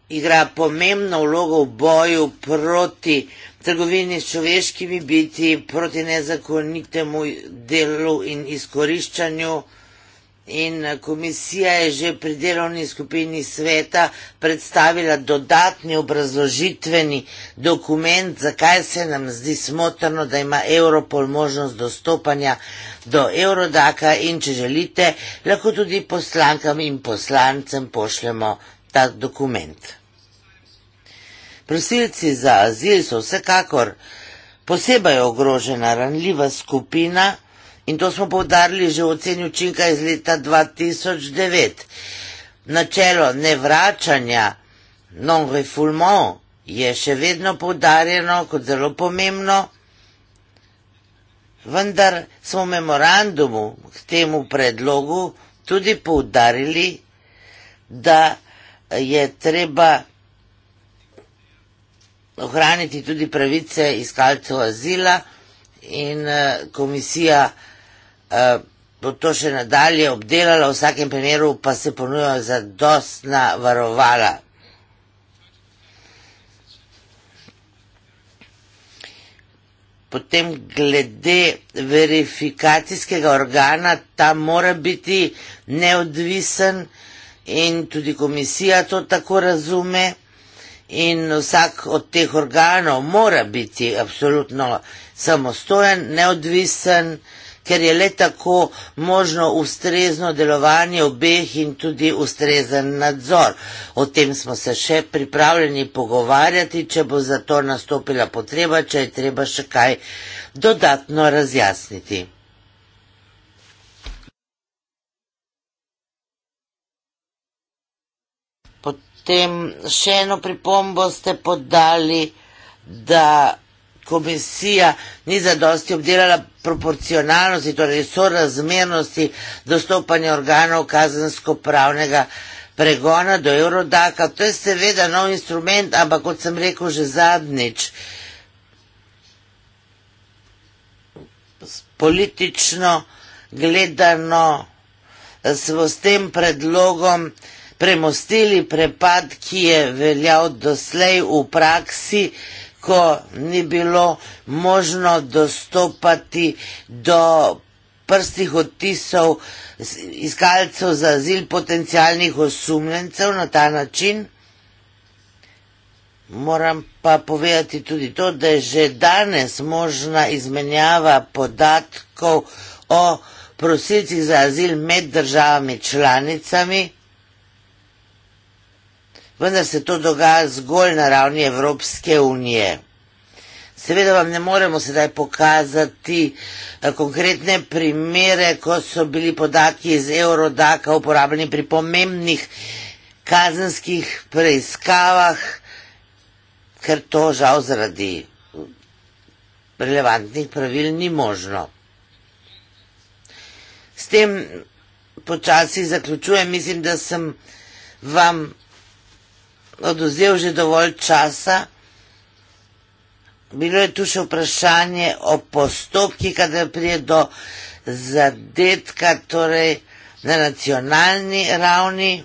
igra pomembno vlogo v boju proti trgovini s človeškimi biti, proti nezakonitemu delu in izkoriščanju in eh, komisija je že pri delovni skupini sveta predstavila dodatni obrazložitveni dokument, zakaj se nam zdi smotrno, da ima Europol možnost dostopanja do Eurodaka in če želite, lahko tudi poslankam in poslancem pošljemo ta dokument. Prosilci za azil so vsekakor posebej ogrožena ranljiva skupina, in to smo povdarili že v oceni učinka iz leta 2009. Načelo nevračanja non-refoulement je še vedno povdarjeno kot zelo pomembno, vendar smo v memorandumu k temu predlogu tudi povdarili, da je treba ohraniti tudi pravice iskalcev azila in eh, komisija Eh, bo to še nadalje obdelala, v vsakem primeru pa se ponujajo za dostna varovala. Potem glede verifikacijskega organa, ta mora biti neodvisen in tudi komisija to tako razume in vsak od teh organov mora biti absolutno samostojen, neodvisen, ker je le tako možno ustrezno delovanje obeh in tudi ustrezen nadzor. O tem smo se še pripravljeni pogovarjati, če bo za to nastopila potreba, če je treba še kaj dodatno razjasniti. Potem še eno pripombo ste podali, da komisija ni zadosti obdelala proporcionalnosti, torej sorazmernosti dostopanja organov kazensko-pravnega pregona do Eurodaka. To je seveda nov instrument, ampak kot sem rekel že zadnjič, politično gledano eh, smo s tem predlogom premostili prepad, ki je veljal doslej v praksi, nekako ni bilo možno dostopati do prstih odtisov iskalcev za azil potencijalnih osumljencev na ta način. Moram pa povedati tudi to, da je že danes možna izmenjava podatkov o prosilcih za azil med državami članicami vendar se to dogaja zgolj na ravni Evropske unije. Seveda vam ne moremo sedaj pokazati eh, konkretne primere, ko so bili podatki iz Eurodaka uporabljeni pri pomembnih kazenskih preiskavah, ker to žal zaradi relevantnih pravil ni možno. S tem počasi zaključujem, mislim, da sem vam oduzel že dovolj časa. Bilo je tu še vprašanje o postopki, kada prije do zadetka, torej na nacionalni ravni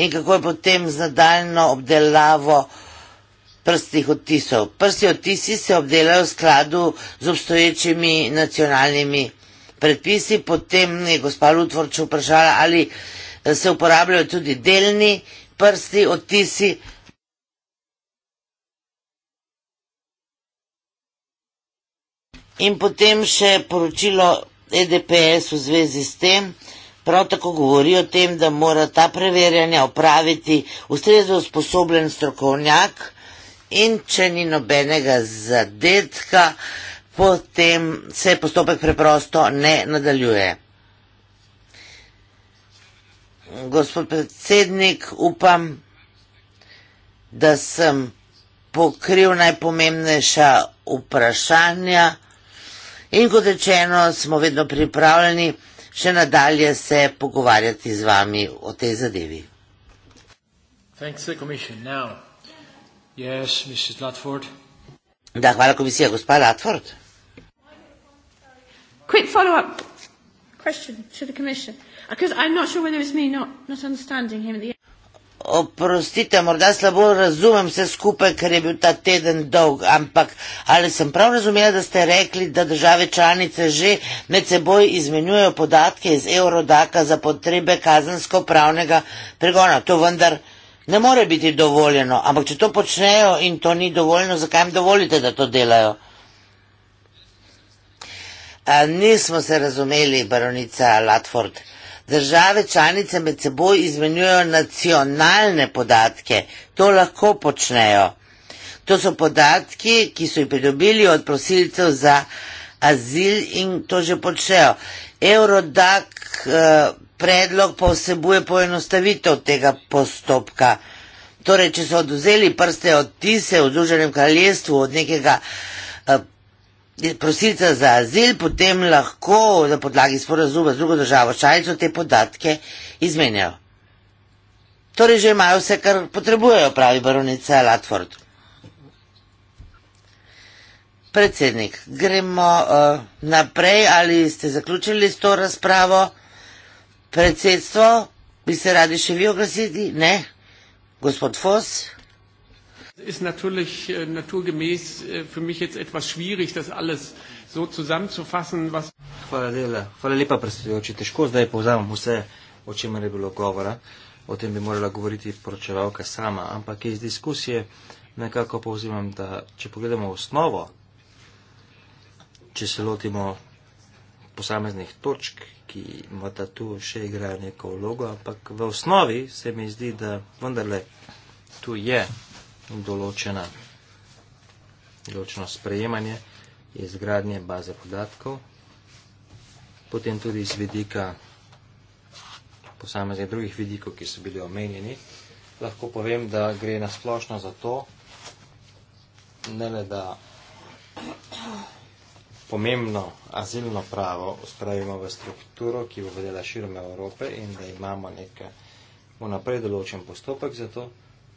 in kako je potem z nadaljno obdelavo prstnih odtisov. Prsti odtisi se obdelajo v skladu z obstoječimi nacionalnimi predpisi, potem je gospa Lutvorč vprašala, ali se uporabljajo tudi delni predpisi, prsti, odtisi. In potem še poročilo EDPS v zvezi s tem, prav tako govori o tem, da mora ta preverjanja opraviti ustrezno usposobljen strokovnjak in če ni nobenega zadetka, potem se postopek preprosto ne nadaljuje gospod predsednik, upam, da sem pokril najpomembnejša vprašanja in kot rečeno, smo vedno pripravljeni še nadalje se pogovarjati z vami o tej zadevi. Thanks, yes, da, hvala komisija, gospod Latford. Quick follow-up question to the commission. Because I'm not sure whether it's me not, not understanding him at the end. Oprostite, morda slabo razumem vse skupaj, ker je bil ta teden dolg, ampak ali sem prav razumela, da ste rekli, da države članice že med seboj izmenjujejo podatke iz Eurodaka za potrebe kazensko-pravnega pregona? To vendar ne more biti dovoljeno, ampak če to počnejo in to ni dovoljeno, zakaj jim dovolite, da to delajo? A, nismo se razumeli, baronica Latford. Države članice med seboj izmenjujejo nacionalne podatke, to lahko počnejo. To so podatki, ki so jih pridobili od prosilcev za azil in to že počnejo. Eurodak eh, predlog pa vsebuje poenostavitev tega postopka. Torej, če so oduzeli prste odtise v Združenem kraljestvu od nekega eh, prosilca za azil, potem lahko na podlagi sporazuma z drugo državo članico te podatke izmenjajo. Torej že imajo vse, kar potrebujejo, pravi baronica Latford. Predsednik, gremo uh, naprej, ali ste zaključili s to razpravo? Predsedstvo, bi se radi še vi oglasili? Ne? Gospod Fos? Ist natürlich äh, naturgemäß äh, für mich jetzt etwas schwierig, das alles so zusammenzufassen, was. Hvala lepa, predsedujoči. Težko zdaj povzamem vse, o čemer je bilo govora. O tem bi morala govoriti poročevalka sama. Ampak iz diskusije nekako povzimam, da če pogledamo osnovo, če se lotimo posameznih točk, ki morda tu še igrajo neko vlogo, ampak v osnovi se mi zdi, da vendarle tu je določena, določeno sprejemanje izgradnje baze podatkov, potem tudi iz vidika posameznih drugih vidikov, ki so bili omenjeni, lahko povem, da gre nasplošno za to, ne le da pomembno azilno pravo spravimo v strukturo, ki bo vedela širom Evrope in da imamo nek vnaprej določen postopek za to,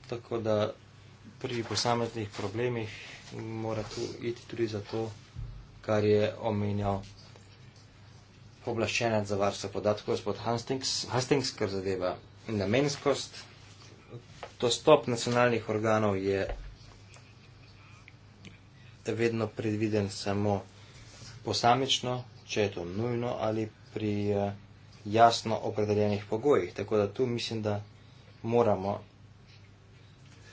tako da pri posameznih problemih mora tu iti tudi za to, kar je omenjal poblaščenec za varstvo podatkov, gospod Hastings, Hastings, kar zadeva namenskost. Dostop nacionalnih organov je vedno predviden samo posamično, če je to nujno ali pri eh, jasno opredeljenih pogojih. Tako da tu mislim, da moramo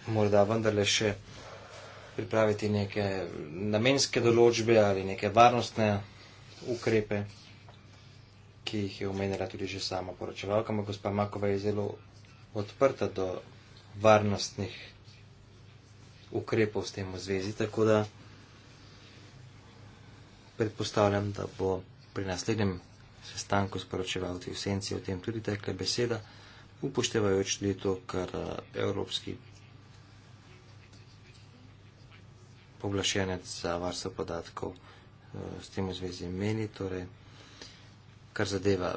morda vendarle še pripraviti neke namenske določbe ali neke varnostne ukrepe, ki jih je omenila tudi že sama poročevalka, ampak gospa Makova je zelo odprta do varnostnih ukrepov s tem v zvezi, tako da predpostavljam, da bo pri naslednjem sestanku s poročevalci v senci o tem tudi tekla beseda, upoštevajoč tudi to, kar eh, Evropski oblašenec za varstvo podatkov eh, s tem v zvezi meni, torej, kar zadeva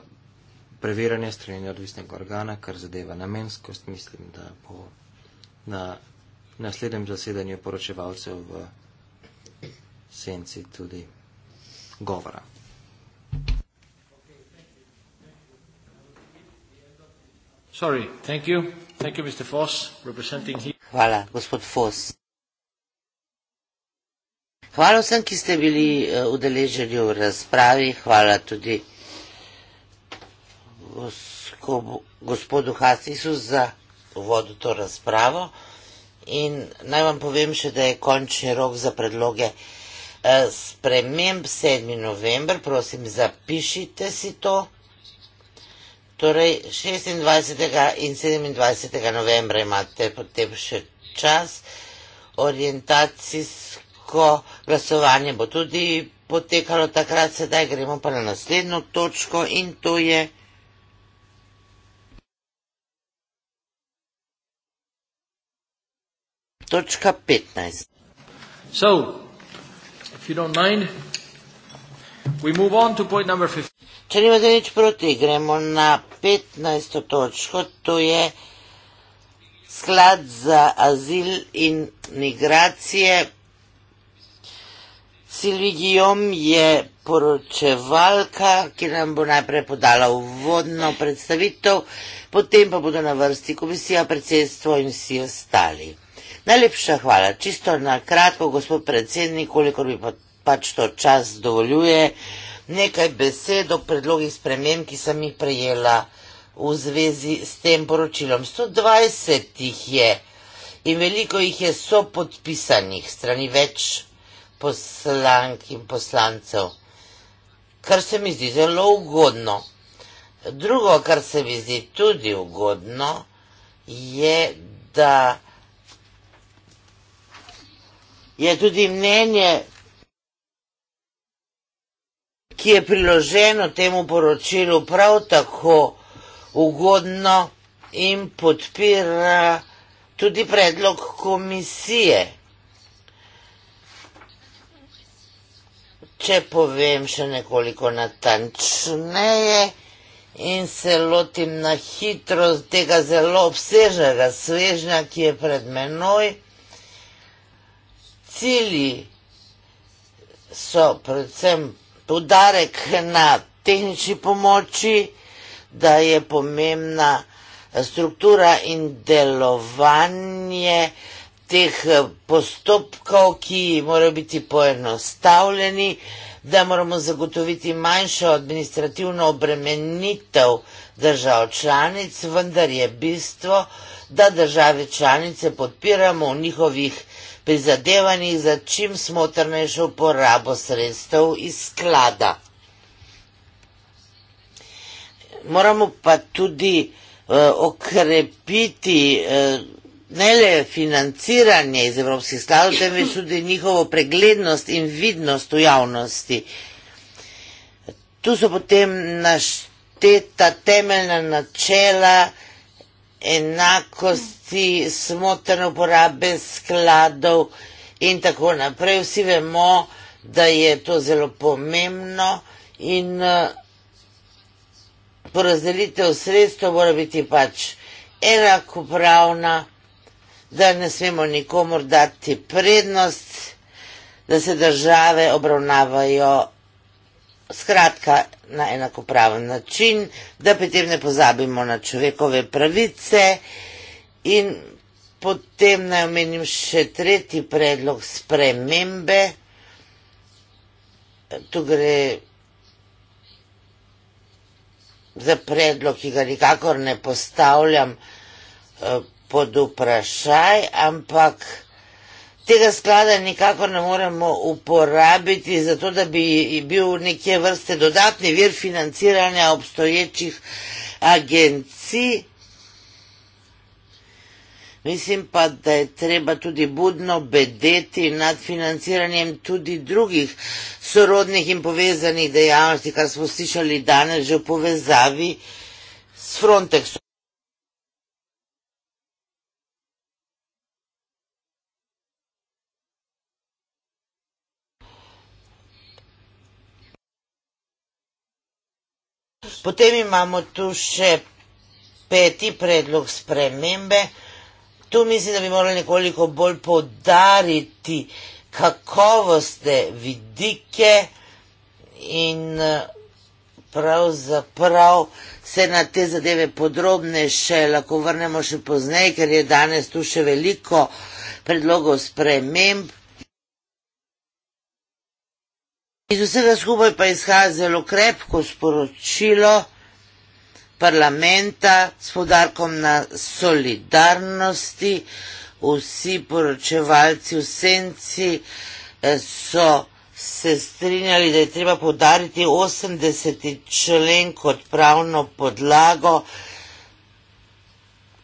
preverjanje strani neodvisnega organa, kar zadeva namenskost, mislim, da bo na naslednjem zasedanju poročevalcev v senci tudi govora. Sorry, thank you. Thank you, Mr. Foss, representing here. Hvala, gospod Foss. Hvala vsem, ki ste bili eh, udeleženi v razpravi, hvala tudi gospodu Hasisu za vodo to razpravo. In naj vam povem še, da je končni rok za predloge eh, sprememb 7. november, prosim, zapišite si to. Torej, 26. in 27. novembra imate potem še čas orientacijsko vprašanje glasovanje bo tudi potekalo takrat, sedaj gremo pa na naslednjo točko in to je. Točka 15. So, if you don't mind, we move on to point number 15. Če nimate nič proti, gremo na 15. točko, to je sklad za azil in migracije, Silvijom je poročevalka, ki nam bo najprej podala uvodno predstavitev, potem pa bodo na vrsti komisija, predsedstvo in vsi ostali. Najlepša hvala. Čisto na kratko, gospod predsednik, koliko bi pa, pač to čas dovoljuje, nekaj besed o predlogih sprememb, ki sem jih prejela v zvezi s tem poročilom. 120 jih je in veliko jih je sopodpisanih strani več poslank in poslancev, kar se mi zdi zelo ugodno. Drugo, kar se mi zdi tudi ugodno, je, da je tudi mnenje, ki je priloženo temu poročilu, prav tako ugodno in podpira tudi predlog komisije. če povem še nekoliko natančneje in se lotim na hitro tega zelo obsežnega svežnja, ki je pred menoj. Cilji so predvsem podarek na tehnični pomoči, da je pomembna struktura in delovanje, teh eh, postopkov, ki morajo biti poenostavljeni, da moramo zagotoviti manjšo administrativno obremenitev držav članic, vendar je bistvo, da države članice podpiramo v njihovih prizadevanjih za čim smotrnejšo uporabo sredstev iz sklada. Moramo pa tudi uh, okrepiti uh, ne le financiranje iz evropskih skladov, temveč tudi njihovo preglednost in vidnost v javnosti. Tu so potem našteta temeljna načela enakosti, smotrne uporabe skladov in tako naprej. Vsi vemo, da je to zelo pomembno in eh, porazdelitev sredstev mora biti pač enakopravna da ne smemo nikomu dati prednost, da se države obravnavajo skratka na enakopraven način, da pri tem ne pozabimo na človekove pravice in potem naj omenim še tretji predlog spremembe. Tu gre za predlog, ki ga nikakor ne postavljam eh, pod vprašaj, ampak tega sklada nikako ne moremo uporabiti, zato da bi bil neke vrste dodatni vir financiranja obstoječih agencij. Mislim pa, da je treba tudi budno bedeti nad financiranjem tudi drugih sorodnih in povezanih dejavnosti, kar smo slišali danes že v povezavi s Frontexom. Potem imamo tu še peti predlog spremembe. Tu mislim, da bi morali nekoliko bolj podariti kakovostne vidike in eh, pravzaprav se na te zadeve podrobne še lahko vrnemo še pozneje, ker je danes tu še veliko predlogov sprememb, Iz vsega skupaj pa izhaja zelo krepko sporočilo parlamenta s podarkom na solidarnosti. Vsi poročevalci v senci eh, so se strinjali, da je treba podariti 80. člen kot pravno podlago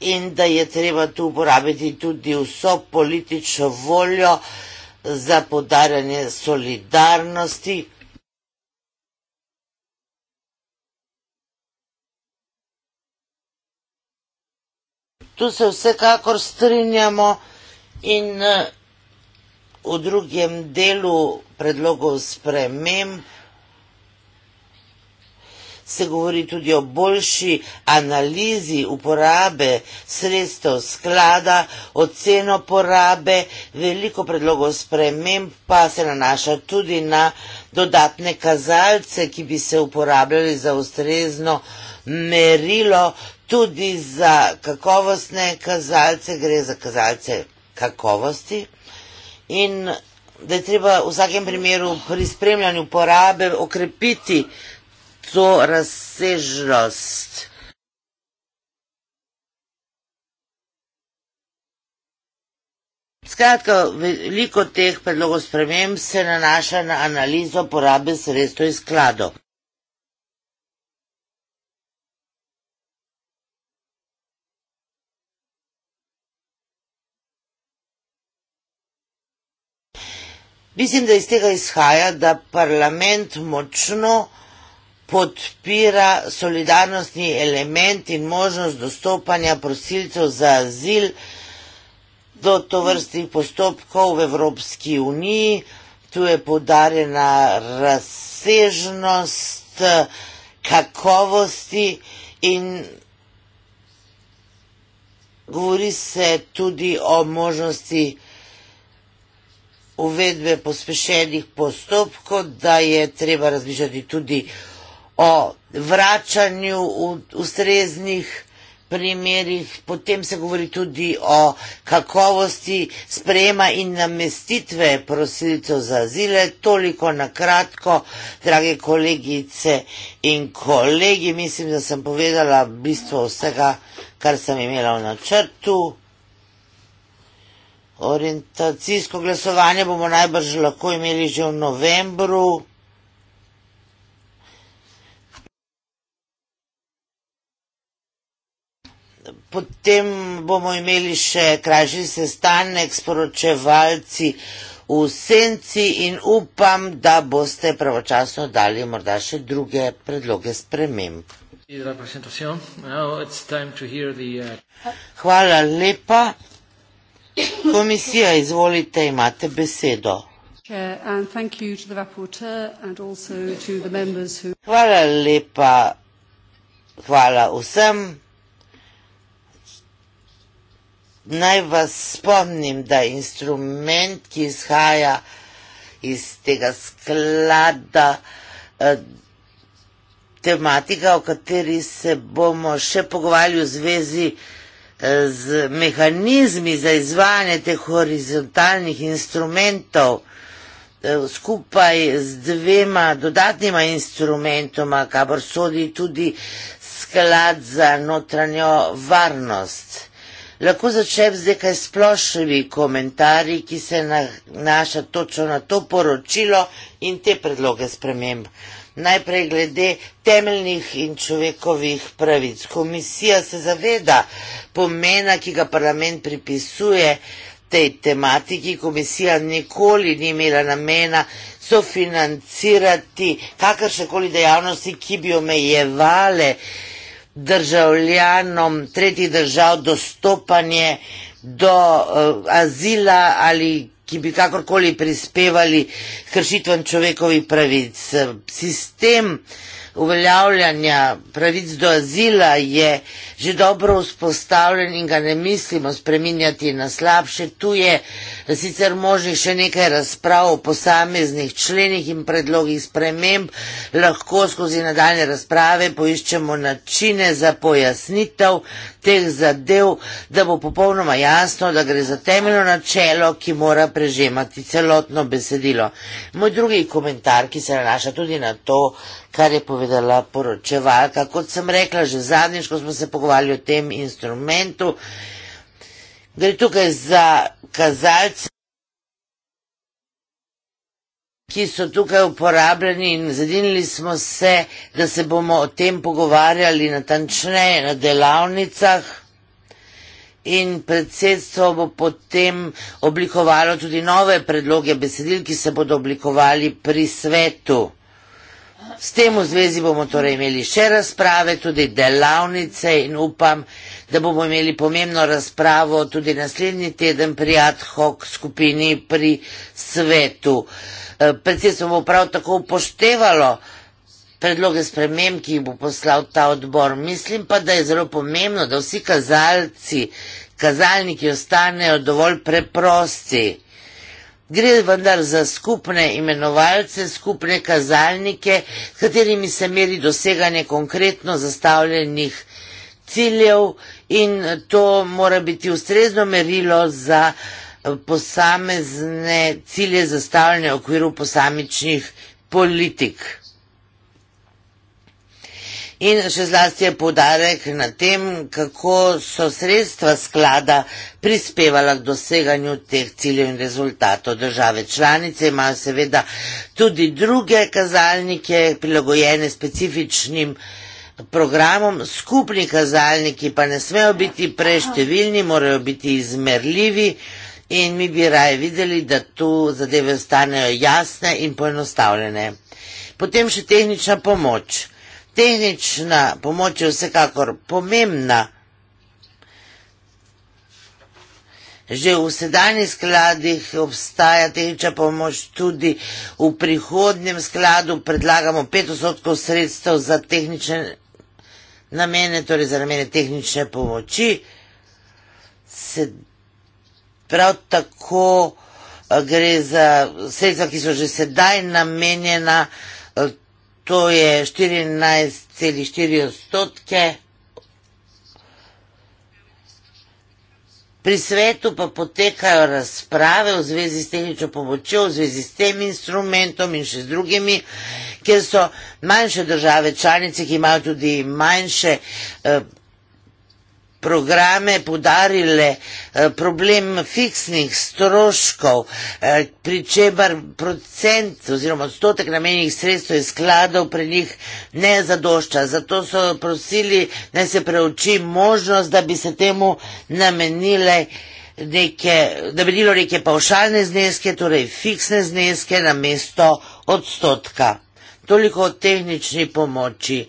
in da je treba tu uporabiti tudi vso politično voljo, za podarjanje solidarnosti. Tu se vsekakor strinjamo in eh, v drugem delu predlogov sprememb se govori tudi o boljši analizi uporabe sredstev sklada, oceno porabe, veliko predlogov sprememb pa se nanaša tudi na dodatne kazalce, ki bi se uporabljali za ustrezno merilo, tudi za kakovostne kazalce, gre za kazalce kakovosti. In da je treba v vsakem primeru pri spremljanju porabe okrepiti to razsežnost. Skratka, veliko teh predlogov sprememb se nanaša na analizo porabe sredstev iz skladov. Mislim, da iz tega izhaja, da parlament močno podpira solidarnostni element in možnost dostopanja prosilcev za azil do tovrstnih postopkov v Evropski uniji. Tu je podarjena razsežnost kakovosti in govori se tudi o možnosti uvedbe pospešenih postopkov, da je treba razmišljati tudi o vračanju v ustreznih primerih, potem se govori tudi o kakovosti sprejema in namestitve prosilcev za azile. Toliko na kratko, drage kolegice in kolegi, mislim, da sem povedala bistvo vsega, kar sem imela v načrtu. Orientacijsko glasovanje bomo najbrž lahko imeli že v novembru. Potem bomo imeli še krajši sestanek s poročevalci v senci in upam, da boste pravočasno dali morda še druge predloge sprememb. Hvala lepa. Komisija, izvolite, imate besedo. Hvala lepa. Hvala vsem Naj vas spomnim, da instrument, ki izhaja iz tega sklada, eh, tematika, o kateri se bomo še pogovarjali v zvezi eh, z mehanizmi za izvajanje teh horizontalnih instrumentov, eh, skupaj z dvema dodatnima instrumentoma, kabor sodi tudi sklad za notranjo varnost. Lahko začnem z nekaj splošnimi komentarji, ki se nanašajo točno na to poročilo in te predloge sprememb. Najprej glede temeljnih in človekovih pravic. Komisija se zaveda pomena, ki ga parlament pripisuje tej tematiki. Komisija nikoli ni imela namena sofinancirati kakršnekoli dejavnosti, ki bi omejevale državljanom tretjih držav dostopanje do uh, azila ali ki bi kakorkoli prispevali kršitvam človekovih pravic. Sistem uh, uveljavljanja pravic do azila je že dobro vzpostavljen in ga ne mislimo spreminjati na slabše. Tu je sicer možno še nekaj razprav o posameznih členih in predlogih sprememb, lahko skozi nadaljne razprave poiščemo načine za pojasnitev teh zadev, da bo popolnoma jasno, da gre za temeljno načelo, ki mora prežemati celotno besedilo. Moj drugi komentar, ki se nanaša tudi na to, kar je povedala poročevalka. Kot sem rekla že zadnjič, ko smo se pogovarjali o tem instrumentu, gre tukaj za kazalce, ki so tukaj uporabljeni in zadinili smo se, da se bomo o tem pogovarjali natančneje na delavnicah in predsedstvo bo potem oblikovalo tudi nove predloge besedil, ki se bodo oblikovali pri svetu. S tem v zvezi bomo torej imeli še razprave, tudi delavnice in upam, da bomo imeli pomembno razpravo tudi naslednji teden pri ad hoc skupini pri svetu. E, predsedstvo bo prav tako upoštevalo predloge sprememb, ki jih bo poslal ta odbor. Mislim pa, da je zelo pomembno, da vsi kazalci, kazalniki ostanejo dovolj preprosti gre vendar za skupne imenovalce, skupne kazalnike, s katerimi se meri doseganje konkretno zastavljenih ciljev in to mora biti ustrezno merilo za posamezne cilje zastavljene v okviru posamičnih politik in še zlasti je podarek na tem, kako so sredstva sklada prispevala k doseganju teh ciljev in rezultatov. Države članice imajo seveda tudi druge kazalnike, prilagojene specifičnim programom. Skupni kazalniki pa ne smejo biti preštevilni, morajo biti izmerljivi in mi bi raje videli, da tu zadeve ostanejo jasne in poenostavljene. Potem še tehnična pomoč. Tehnična pomoč je vsekakor pomembna. Že v sedajnih skladih obstaja tehnična pomoč, tudi v prihodnjem skladu predlagamo 5 odstotkov sredstev za tehnične namene, torej za namene tehnične pomoči. Se prav tako eh, gre za sredstva, ki so že sedaj namenjena eh, to je 14,4 odstotke. Pri svetu pa potekajo razprave v zvezi s tehnično pomočjo, v zvezi s tem instrumentom in še z drugimi, ker so manjše države članice, ki imajo tudi manjše eh, programe podarile eh, problem fiksnih stroškov, eh, pri čemer procent oziroma odstotek namenjenih sredstev iz skladov pri njih ne zadošča. Zato so prosili, da se preuči možnost, da bi se temu namenile neke, da bi bilo neke paušalne zneske, torej fiksne zneske na mesto odstotka. Toliko o tehnični pomoči.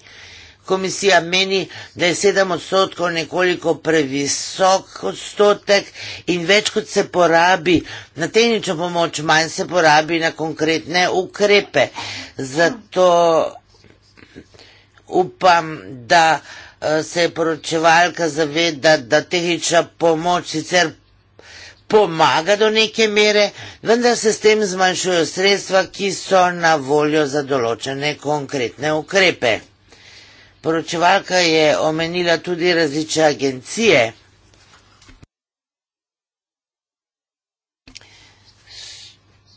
Komisija meni, da je 7 odstotkov nekoliko previsok odstotek in več kot se porabi na tehnično pomoč, manj se porabi na konkretne ukrepe. Zato upam, da eh, se je poročevalka zaveda, da tehnična pomoč sicer pomaga do neke mere, vendar se s tem zmanjšujejo sredstva, ki so na voljo za določene konkretne ukrepe. Poročevalka je omenila tudi različne agencije.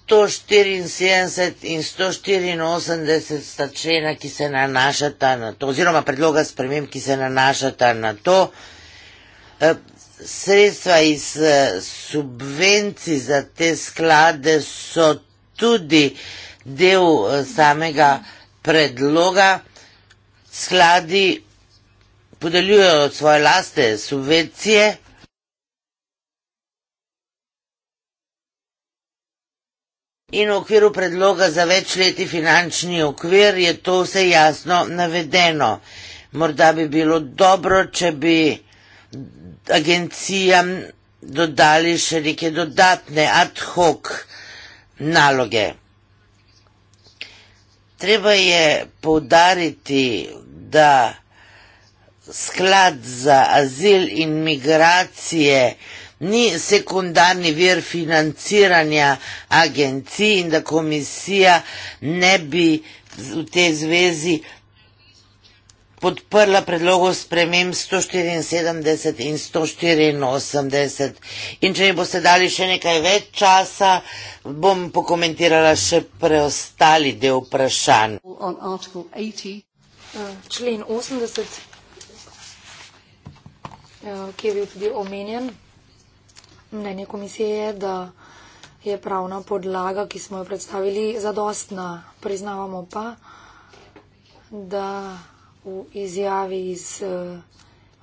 Sto štiriinsedemdeset in sto štiriinosemdeset sta člena, ki se nanašata na to, oziroma predloga sprememb, ki se nanašata na to. E, sredstva iz e, subvencij za te sklade so tudi del e, samega predloga skladi podeljujejo svoje lastne subvencije. In v okviru predloga za večleti finančni okvir je to vse jasno navedeno. Morda bi bilo dobro, če bi agencijam dodali še neke dodatne ad hoc naloge. Treba je poudariti da sklad za azil in migracije ni sekundarni vir financiranja agencij in da komisija ne bi v tej zvezi podprla predlogov spremem 174 in 184. In če mi boste dali še nekaj več časa, bom pokomentirala še preostali del vprašanj člen 80, eh, ki je bil tudi omenjen. Mnenje komisije je, da je pravna podlaga, ki smo jo predstavili, zadostna. Priznavamo pa, da v izjavi iz eh,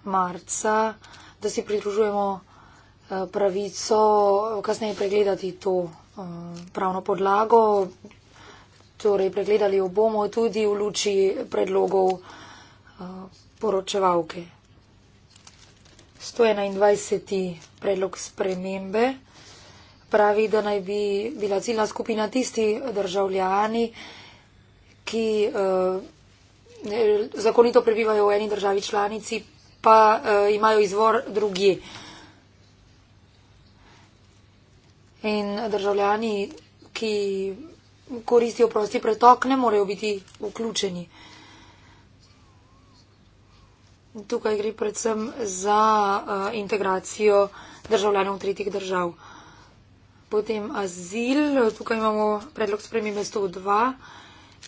marca, da si pridružujemo eh, pravico kasneje pregledati to pravno podlago, torej pregledali jo bomo tudi v luči predlogov eh, poročevalke. 121. predlog spremembe pravi, da naj bi bila ciljna skupina tisti državljani, ki eh, zakonito prebivajo v eni državi članici, pa eh, imajo izvor drugi. In državljani, ki koristijo prosti pretok, ne morejo biti vključeni. Tukaj gre predvsem za uh, integracijo državljanov tretjih držav. Potem azil, tukaj imamo predlog spremembe 102.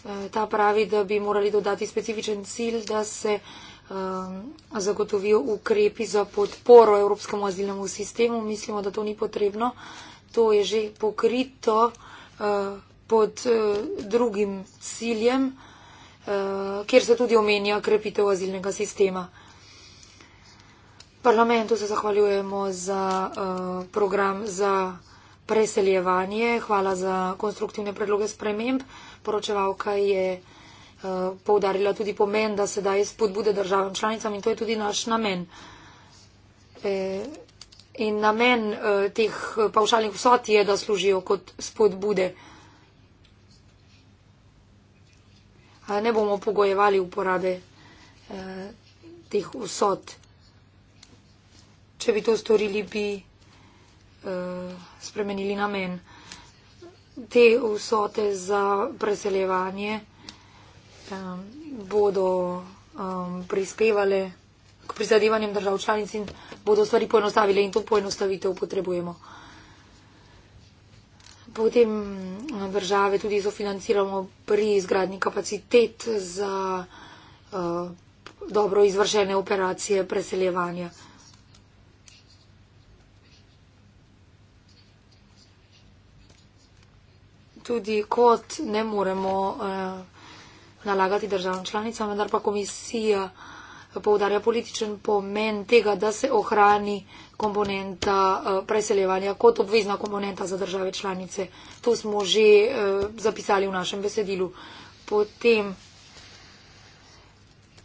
Eh, ta pravi, da bi morali dodati specifičen cilj, da se um, zagotovijo ukrepi za podporo Evropskemu azilnemu sistemu. Mislimo, da to ni potrebno. To je že pokrito uh, pod eh, drugim ciljem, eh, kjer se tudi omenja krepitev azilnega sistema. Parlamentu se zahvaljujemo za eh, program za preseljevanje. Hvala za konstruktivne predloge sprememb. Poročevalka je poudarila tudi pomen, da se daje spodbude državam članicam in to je tudi naš namen. In namen teh pavšalnih vsot je, da služijo kot spodbude. ne bomo pogojevali uporabe eh, teh vsot. Če bi to storili, bi eh, spremenili namen. Te vsote za preseljevanje eh, bodo eh, prispevale k prizadevanjem držav članic in bodo stvari poenostavile in to poenostavitev potrebujemo potem eh, države tudi sofinanciramo pri izgradni kapacitet za uh, dobro izvršene operacije preseljevanja. Tudi kot ne moremo uh, nalagati državam članicam, vendar pa komisija poudarja političen pomen tega, da se ohrani uh, komponenta eh, preseljevanja kot obvezna komponenta za države članice. To smo že eh, zapisali v našem besedilu. Potem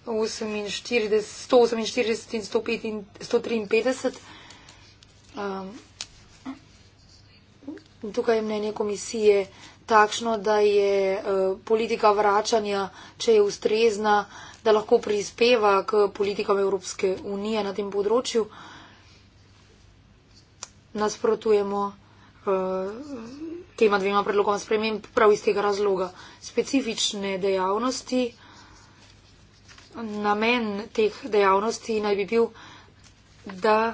48, 143. Um, tukaj je mnenje komisije takšno, da je uh, politika vračanja, če je ustrezna, da lahko prispeva k politikam Evropske unije na tem področju. Uh, nasprotujemo eh, tema dvema predlogoma sprememb prav iz tega razloga. Specifične dejavnosti, namen teh dejavnosti naj bi bil, da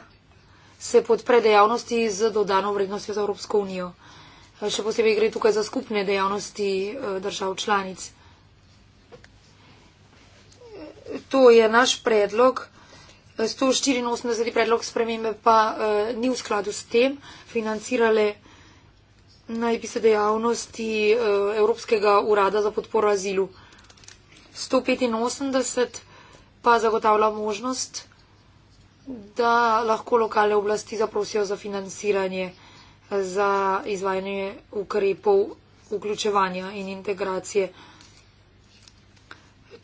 se podpre dejavnosti z dodano vrednostjo za Evropsko unijo. Eh, še posebej gre tukaj za skupne dejavnosti eh, držav članic. To je naš predlog. 184 predlog spremembe pa uh, ni v skladu s tem, financirale naj bi se dejavnosti uh, Evropskega urada za podporo azilu. 185 pa zagotavlja možnost, da lahko lokalne oblasti zaprosijo za financiranje eh, za izvajanje ukrepov vključevanja in integracije.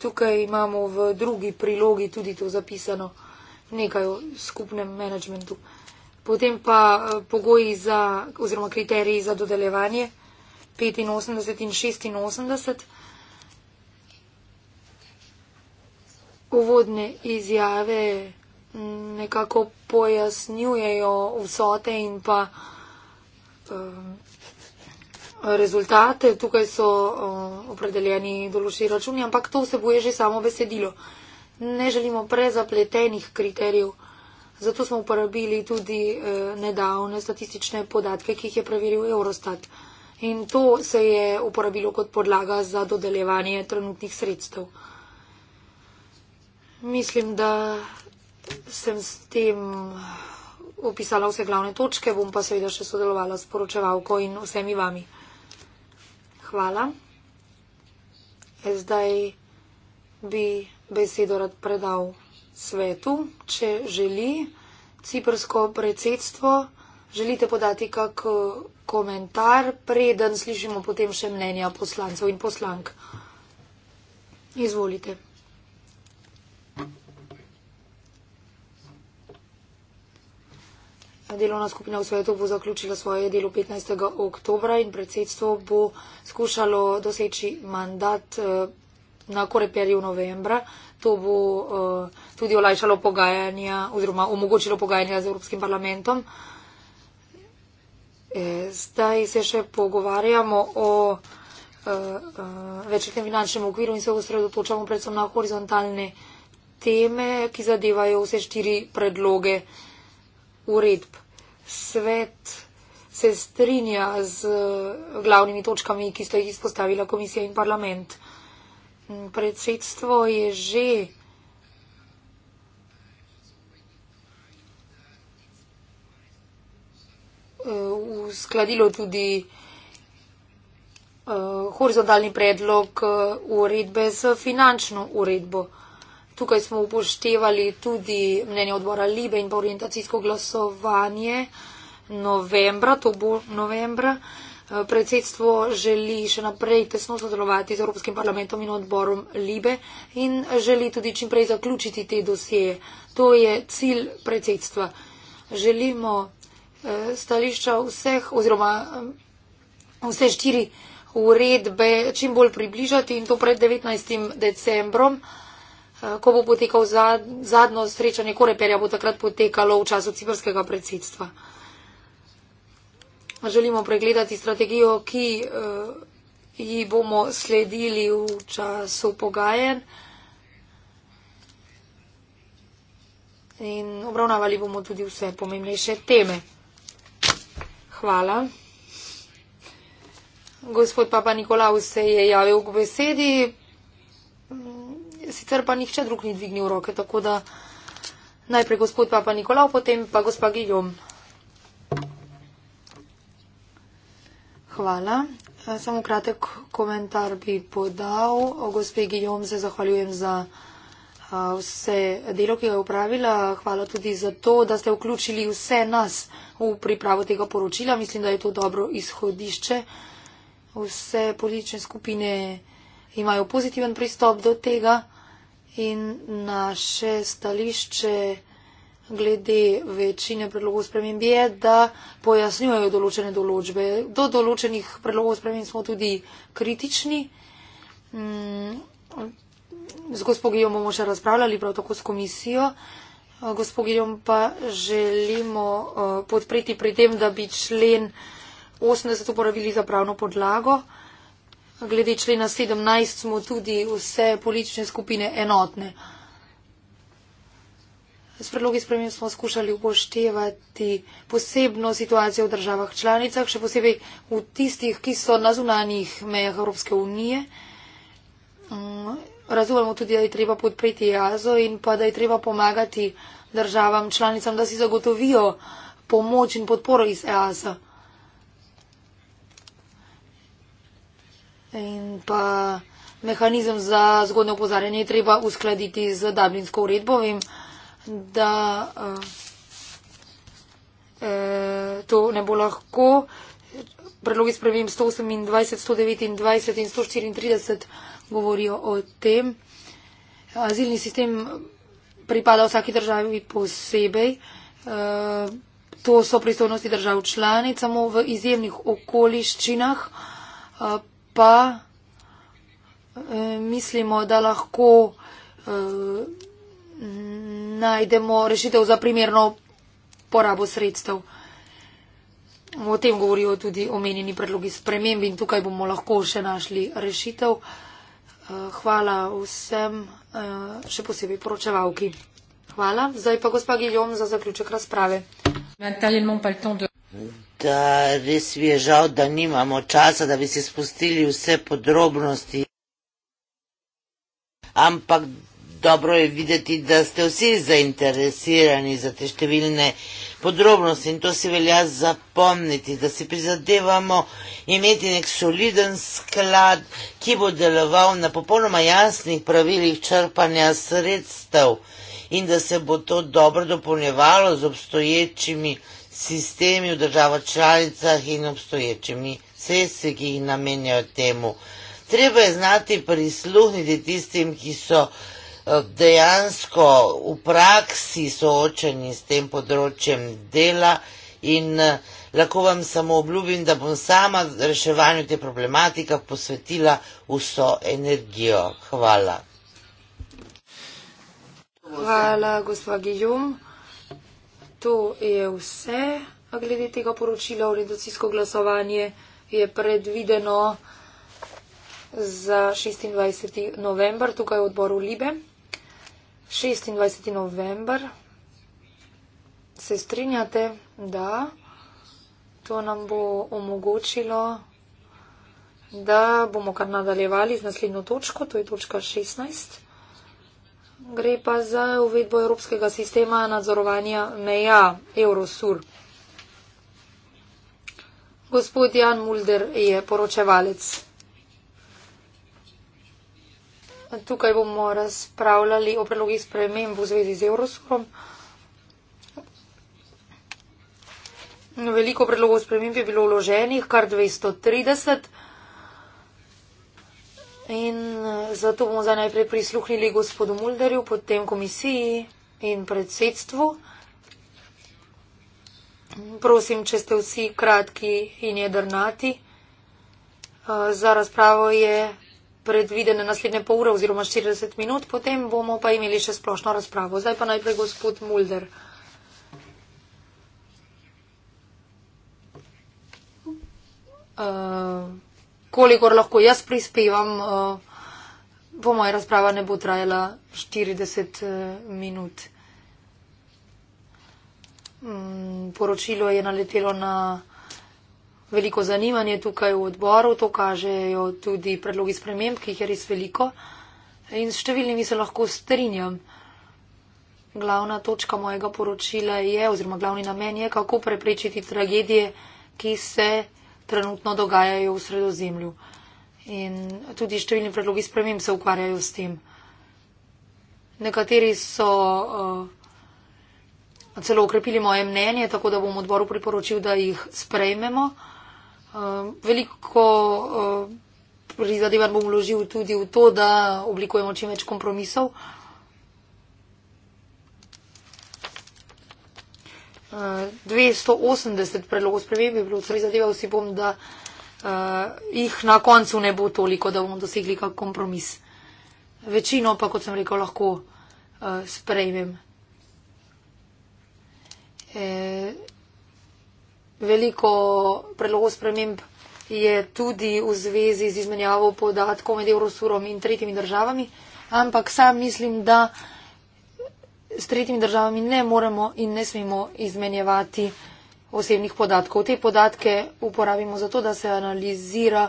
Tukaj imamo v drugi prilogi tudi to zapisano nekaj o skupnem menedžmentu. Potem pa eh, pogoji za, oziroma kriteriji za dodeljevanje 85 in 86. Uvodne izjave nekako pojasnjujejo vsote in pa um, rezultate. Tukaj so um, opredeljeni določeni računi, ampak to vsebuje že samo besedilo. Uh, ne želimo prezapletenih kriterijev. Zato smo uporabili tudi eh, nedavne statistične podatke, ki jih je preveril Eurostat. In to se je uporabilo kot podlaga za dodeljevanje trenutnih sredstev. Mislim, da sem s tem opisala vse glavne točke, bom pa seveda še sodelovala s poročevalko in vsemi vami. Hvala. Zdaj bi besedo rad predal svetu. Če želi ciprsko predsedstvo, želite podati kak eh, komentar, preden slišimo potem še mnenja poslancev in poslank. Izvolite. Delovna skupina v svetu bo zaključila svoje delo 15. oktobra in predsedstvo bo skušalo doseči mandat eh, na Koreperju novembra. To bo uh, tudi olajšalo pogajanja oziroma omogočilo pogajanja z Evropskim parlamentom. E, zdaj se še pogovarjamo o uh, eh, uh, večjem finančnem okviru in se osredotočamo predvsem na horizontalne teme, ki zadevajo vse štiri predloge uredb. Svet se strinja z uh, glavnimi točkami, ki sta jih izpostavila komisija in parlament. Uh, predsedstvo je že eh, uskladilo tudi eh, horizontalni predlog eh, uredbe s finančno uredbo. Tukaj smo upoštevali tudi mnenje odbora Libe in pa orientacijsko glasovanje novembra, to bo novembra. Eh, predsedstvo želi še naprej tesno sodelovati z Evropskim parlamentom in odborom Libe in želi tudi čimprej zaključiti te dosjeje. To je cilj predsedstva. Želimo eh, stališča vseh oziroma eh, vse štiri uredbe čim bolj približati in to pred 19. decembrom, ko bo potekal zadnjo srečanje Koreperja, bo takrat potekalo v času ciprskega predsedstva želimo pregledati strategijo, ki uh, ji bomo sledili v času pogajen. In obravnavali bomo tudi vse pomembnejše teme. Hvala. Gospod Papa Nikolaus se je javil k besedi, sicer pa nihče drug ni dvignil roke, tako da najprej gospod Papa Nikolaus, potem pa gospa Giljom. Hvala. Samo kratek komentar bi podal. Gospe Gijom se zahvaljujem za vse delo, ki ga je upravila. Hvala tudi za to, da ste vključili vse nas v pripravo tega poročila. Mislim, da je to dobro izhodišče. Vse politične skupine imajo pozitiven pristop do tega in naše stališče glede večine predlogov spremem je, da pojasnjujejo določene določbe. Do določenih predlogov spremem smo tudi kritični. Mm, z gospodijom bomo še razpravljali, prav tako s komisijo. Gospodijom pa želimo eh, podpreti pri tem, da bi člen 80 uporabili za pravno podlago. Glede člena 17 smo tudi vse politične skupine enotne. S predlogi spremem smo skušali upoštevati posebno situacijo v državah članicah, še posebej v tistih, ki so na zunanjih mejah Evropske unije. Mm, razumemo tudi, da je treba podpreti jazo in pa da je treba pomagati državam članicam, da si zagotovijo pomoč in podporo iz EASA. In pa mehanizem za zgodne upozarjanje je treba uskladiti z Dublinsko uredbo. Vem, da uh, eh, to ne bo lahko. Predlogi spremem 128, 129 in 134 govorijo o tem. Azilni sistem pripada vsaki državi posebej. Eh, to so pristojnosti držav članic, samo v izjemnih okoliščinah. Eh, pa eh, mislimo, da lahko. Eh, najdemo rešitev za primerno porabo sredstev. O tem govorijo tudi omenjeni predlogi sprememb in tukaj bomo lahko še našli rešitev. Eh, hvala vsem, eh, še posebej poročevalki. Hvala. Zdaj pa gospa Giljom za zaključek razprave. Da res mi je žal, da nimamo časa, da bi se spustili vse podrobnosti. Ampak dobro je videti, da ste vsi zainteresirani za te številne podrobnosti in to si velja zapomniti, da si prizadevamo imeti nek soliden sklad, ki bo deloval na popolnoma jasnih pravilih črpanja sredstev in da se bo to dobro dopolnjevalo z obstoječimi sistemi v državah članicah in obstoječimi sredstvi, ki jih namenjajo temu. Treba je znati prisluhniti tistim, ki so Eh, dejansko v praksi soočeni s tem področjem dela in eh, lahko vam samo obljubim, da bom sama reševanju te problematike posvetila vso energijo. Hvala. Hvala, gospod Gijom. To je vse. Glede tega poročila, orientacijsko glasovanje je predvideno za 26. november tukaj v odboru Libem. 26. november. Se strinjate, da to nam bo omogočilo, da bomo kar nadaljevali z naslednjo točko, to je točka 16. Gre pa za uvedbo Evropskega sistema nadzorovanja meja Eurosur. Gospod Jan Mulder je poročevalec. Tukaj bomo razpravljali o predlogih sprememb v zvezi z Eurosurom. Veliko predlogov sprememb je bilo vloženih, kar 230. In eh, zato bomo zdaj najprej prisluhnili gospodu Mulderju, potem komisiji in predsedstvu. Prosim, če ste vsi kratki in jedrnati. Eh, za razpravo je predvidene naslednje pol ure oziroma 40 minut, potem bomo pa imeli še splošno razpravo. Zdaj pa najprej gospod Mulder. Uh, kolikor lahko jaz prispevam, uh, bo moja razprava ne bo trajala 40 uh, eh, minut. Mm, poročilo je naletelo na veliko zanimanje tukaj v odboru, to kažejo tudi predlogi sprememb, ki jih je res veliko in s številnimi se lahko strinjam. Glavna točka mojega poročila je, oziroma glavni namen je, kako preprečiti tragedije, ki se trenutno dogajajo v sredozemlju. In tudi številni predlogi spremem se ukvarjajo s tem. Nekateri so uh, celo ukrepili moje mnenje, tako da bom odboru priporočil, da jih sprejmemo. Um, veliko um, prizadevanj bom vložil tudi v to, da oblikujemo čim več kompromisov. Uh, 280 predlogov sprememb je bilo, zadeval si bom, da uh, jih na koncu ne bo toliko, da bomo dosegli kak kompromis. Večino pa, kot sem rekel, lahko uh, sprejmem. E, veliko predlogov sprememb je tudi v zvezi z izmenjavo podatkov med Eurosurom in tretjimi državami, ampak sam mislim, da s tretjimi državami ne moremo in ne smemo izmenjevati osebnih podatkov. Te podatke uporabimo zato, da se analizira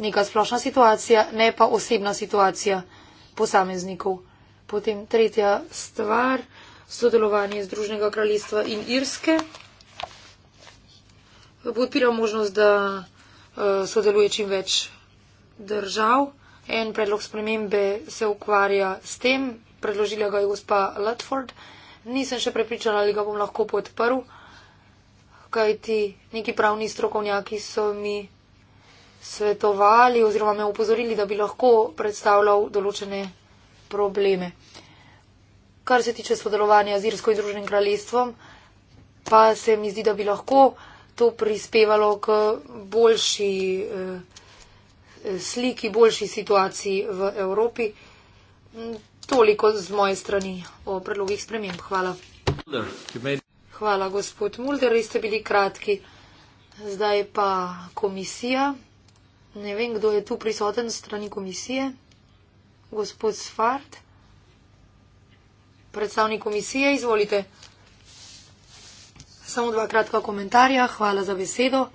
neka splošna situacija, ne pa osebna situacija posameznikov. Potem tretja stvar, sodelovanje Združenega kraljestva in Irske podpira možnost, da eh, sodeluje čim več držav. En predlog spremembe se ukvarja s tem, predložila ga je gospa Ludford. Nisem še prepričana, ali ga bom lahko podprl, kajti neki pravni strokovnjaki so mi svetovali oziroma me upozorili, da bi lahko predstavljal določene probleme. Kar se tiče sodelovanja z Irsko in Združenim kraljestvom, pa se mi zdi, da bi lahko uh, to prispevalo k boljši eh, sliki, boljši situaciji v Evropi. Toliko z moje strani o predlogih sprememb. Hvala. Hvala, gospod Mulder, res ste bili kratki. Zdaj pa komisija. Ne vem, kdo je tu prisoten strani komisije. Gospod Svart. Predstavnik komisije, izvolite samo dva kratka komentarja, hvala za besedo.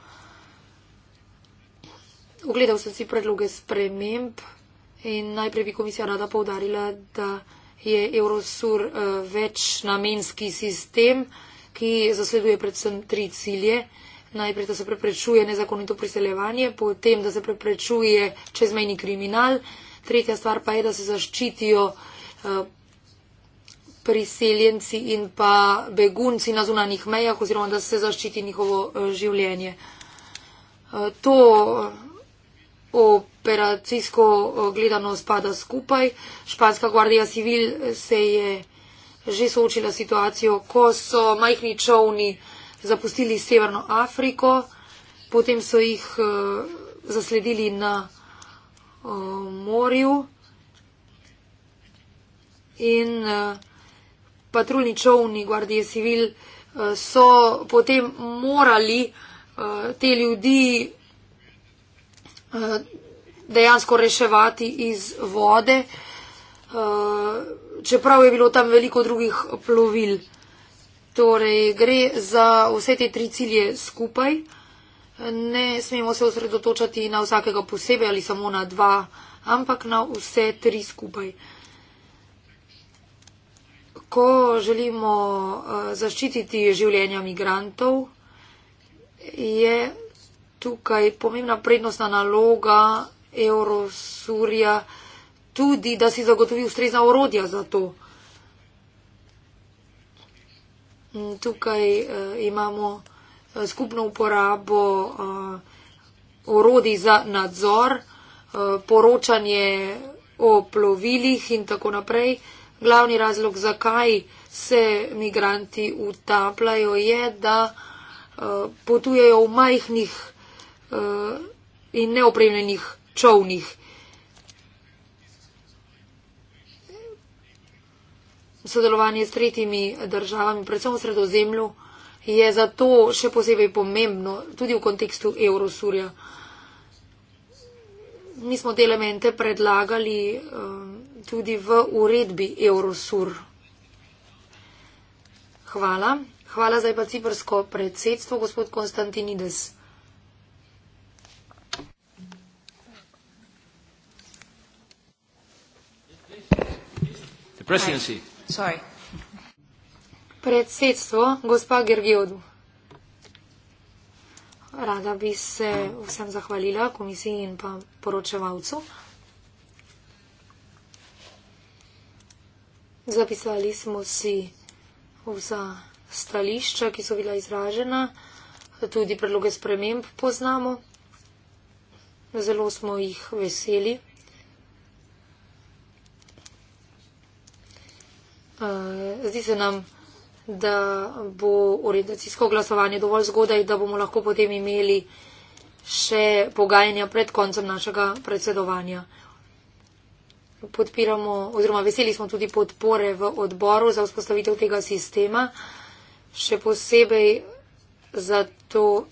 Ogledal sem si predloge sprememb in najprej bi komisija rada povdarila, da je Eurosur eh, večnamenski sistem, ki zasleduje predvsem tri cilje. Najprej, da se preprečuje nezakonito priseljevanje, potem, da se preprečuje čezmejni kriminal. Tretja stvar pa je, da se zaščitijo eh, priseljenci in pa begunci na zunanih mejah oziroma da se zaščiti njihovo eh, življenje. Eh, to eh, operacijsko gledano spada skupaj. Španska guardija civil se je že soočila situacijo, ko so majhni čovni zapustili Severno Afriko, potem so jih zasledili na morju in uh, patruljni čovni Guardije Civil eh, so potem morali eh, te ljudi eh, dejansko reševati iz vode, čeprav je bilo tam veliko drugih plovil. Torej, gre za vse te tri cilje skupaj. Ne smemo se osredotočati na vsakega posebej ali samo na dva, ampak na vse tri skupaj tako želimo eh, zaščititi življenja migrantov, je tukaj pomembna prednostna naloga Eurosurja tudi, da si zagotovi ustrezna orodja za to. Mm, tukaj eh, imamo eh, skupno uporabo orodij za nadzor, poročanje o plovilih in tako naprej. Glavni razlog, zakaj se migranti utapljajo, je, da uh, potujejo v majhnih uh, in neopremljenih čovnih. Sodelovanje s tretjimi državami, predvsem v sredozemlju, je zato še posebej pomembno tudi v kontekstu Eurosurja. Mi smo te elemente predlagali. Uh, tudi v uredbi Eurosur. Hvala. Hvala zdaj pa ciprsko predsedstvo, gospod Konstantinides. Predsedstvo, gospa Gergiodu. Rada bi se vsem zahvalila, komisiji in pa poročevalcu. Zapisali smo si vsa stališča, ki so bila izražena, tudi predloge sprememb poznamo. Zelo smo jih veseli. Eh, zdi se nam, da bo orientacijsko glasovanje dovolj zgodaj, da bomo lahko potem imeli še pogajanja pred koncem našega predsedovanja podpiramo oziroma veseli smo tudi podpore v odboru za vzpostavitev tega sistema, še posebej zato,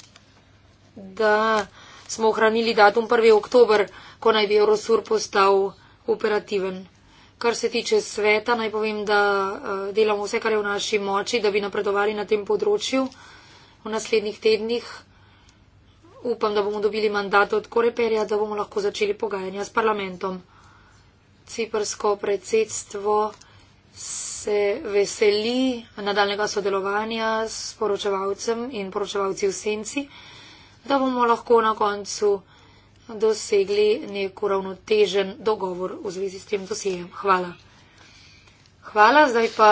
da smo ohranili datum 1. oktober, ko naj bi Eurosur postal operativen. Kar se tiče sveta, naj povem, da eh, delamo vse, kar je v naši moči, da bi napredovali na tem področju v naslednjih tednih. Upam, da bomo dobili mandat od Koreperja, da bomo lahko začeli pogajanja s parlamentom ciprsko predsedstvo se veseli nadaljnega sodelovanja s poročevalcem in poročevalci v senci, da bomo lahko na koncu dosegli nek uravnotežen dogovor v zvezi s tem dosjejem. Hvala. Hvala, zdaj pa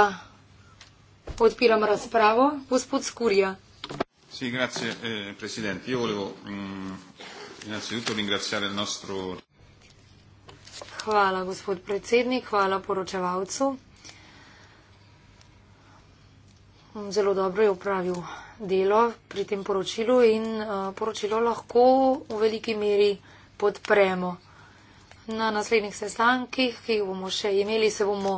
odpiram razpravo. Gospod Skurja. Sì, grazie eh, Presidente. Io volevo mh, mm, innanzitutto ringraziare il nostro. Hvala, gospod predsednik. Hvala poročevalcu. Zelo dobro je upravil delo pri tem poročilu in uh, poročilo lahko v veliki meri podpremo. Na naslednjih sestankih, ki jih bomo še imeli, se bomo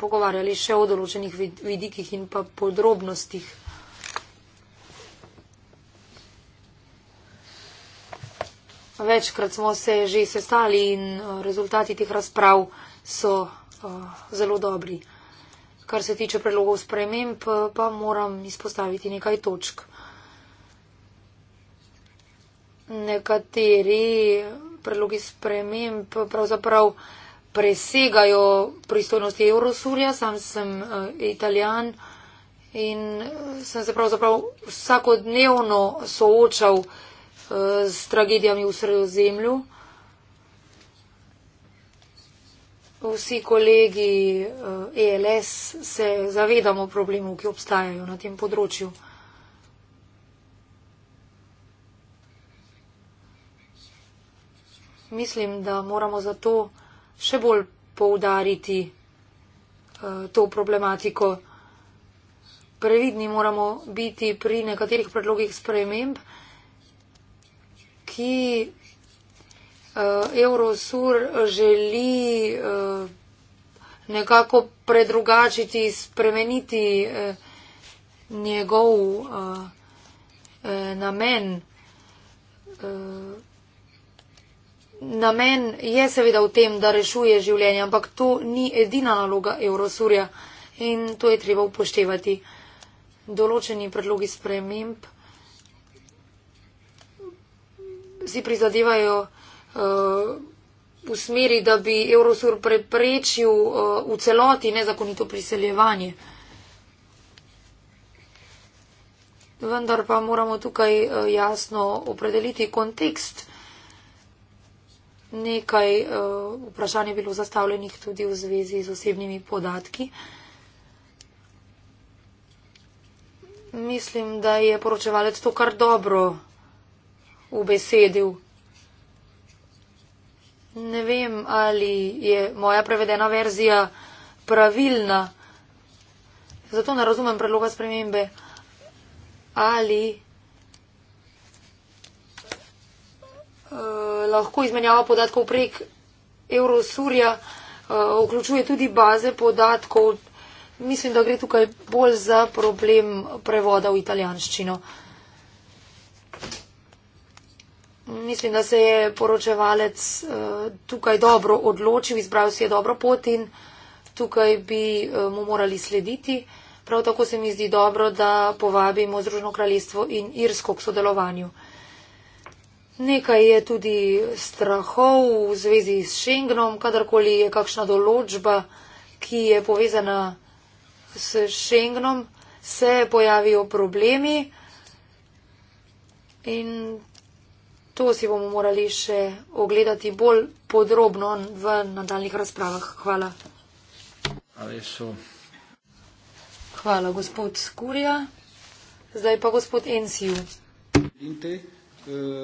pogovarjali še o določenih vidikih in pa podrobnostih. Večkrat smo se že sestali in eh, rezultati teh razprav so eh, zelo dobri. Kar se tiče predlogov sprememb, eh, pa moram izpostaviti nekaj točk. Nekateri predlogi sprememb pravzaprav presegajo pristojnosti Eurosurja, sam sem italijan in sem se pravzaprav vsakodnevno soočal Eh, s tragedijami v sredozemlju. Vsi kolegi ELS eh, e se zavedamo problemov, ki obstajajo na tem področju. Mislim, da moramo zato še bolj poudariti eh, to problematiko. Previdni moramo biti pri nekaterih predlogih sprememb ki uh, Eurosur želi uh, nekako predrugačiti, spremeniti uh, njegov uh, uh, namen. Uh, namen je seveda v tem, da rešuje življenje, ampak to ni edina naloga Eurosurja in to je treba upoštevati. Določeni predlogi sprememb. si prizadevajo uh, eh, v smeri, da bi Eurosur preprečil uh, v celoti nezakonito priseljevanje. Vendar pa moramo tukaj uh, jasno opredeliti kontekst. Nekaj uh, vprašanj je bilo zastavljenih tudi v zvezi z osebnimi podatki. Mislim, da je poročevalec to kar dobro v besedi. Ne vem, ali je moja prevedena verzija pravilna, zato ne razumem predloga spremembe, ali uh, lahko izmenjava podatkov prek Eurosurja uh, vključuje tudi baze podatkov. Mislim, da gre tukaj bolj za problem prevoda v italijanščino. Uh, mislim, da se je poročevalec eh, tukaj dobro odločil, izbral si je dobro pot in tukaj bi eh, mu morali slediti. Prav tako se mi zdi dobro, da povabimo Združeno kraljestvo in Irsko k sodelovanju. Nekaj je tudi strahov v zvezi s Schengenom, kadarkoli je kakšna določba, ki je povezana s Schengenom, se pojavijo problemi. In To si bomo morali še ogledati bolj podrobno v nadaljnih razpravah. Hvala. Hvala, gospod Skurja. Zdaj pa gospod Ensiju. Eh,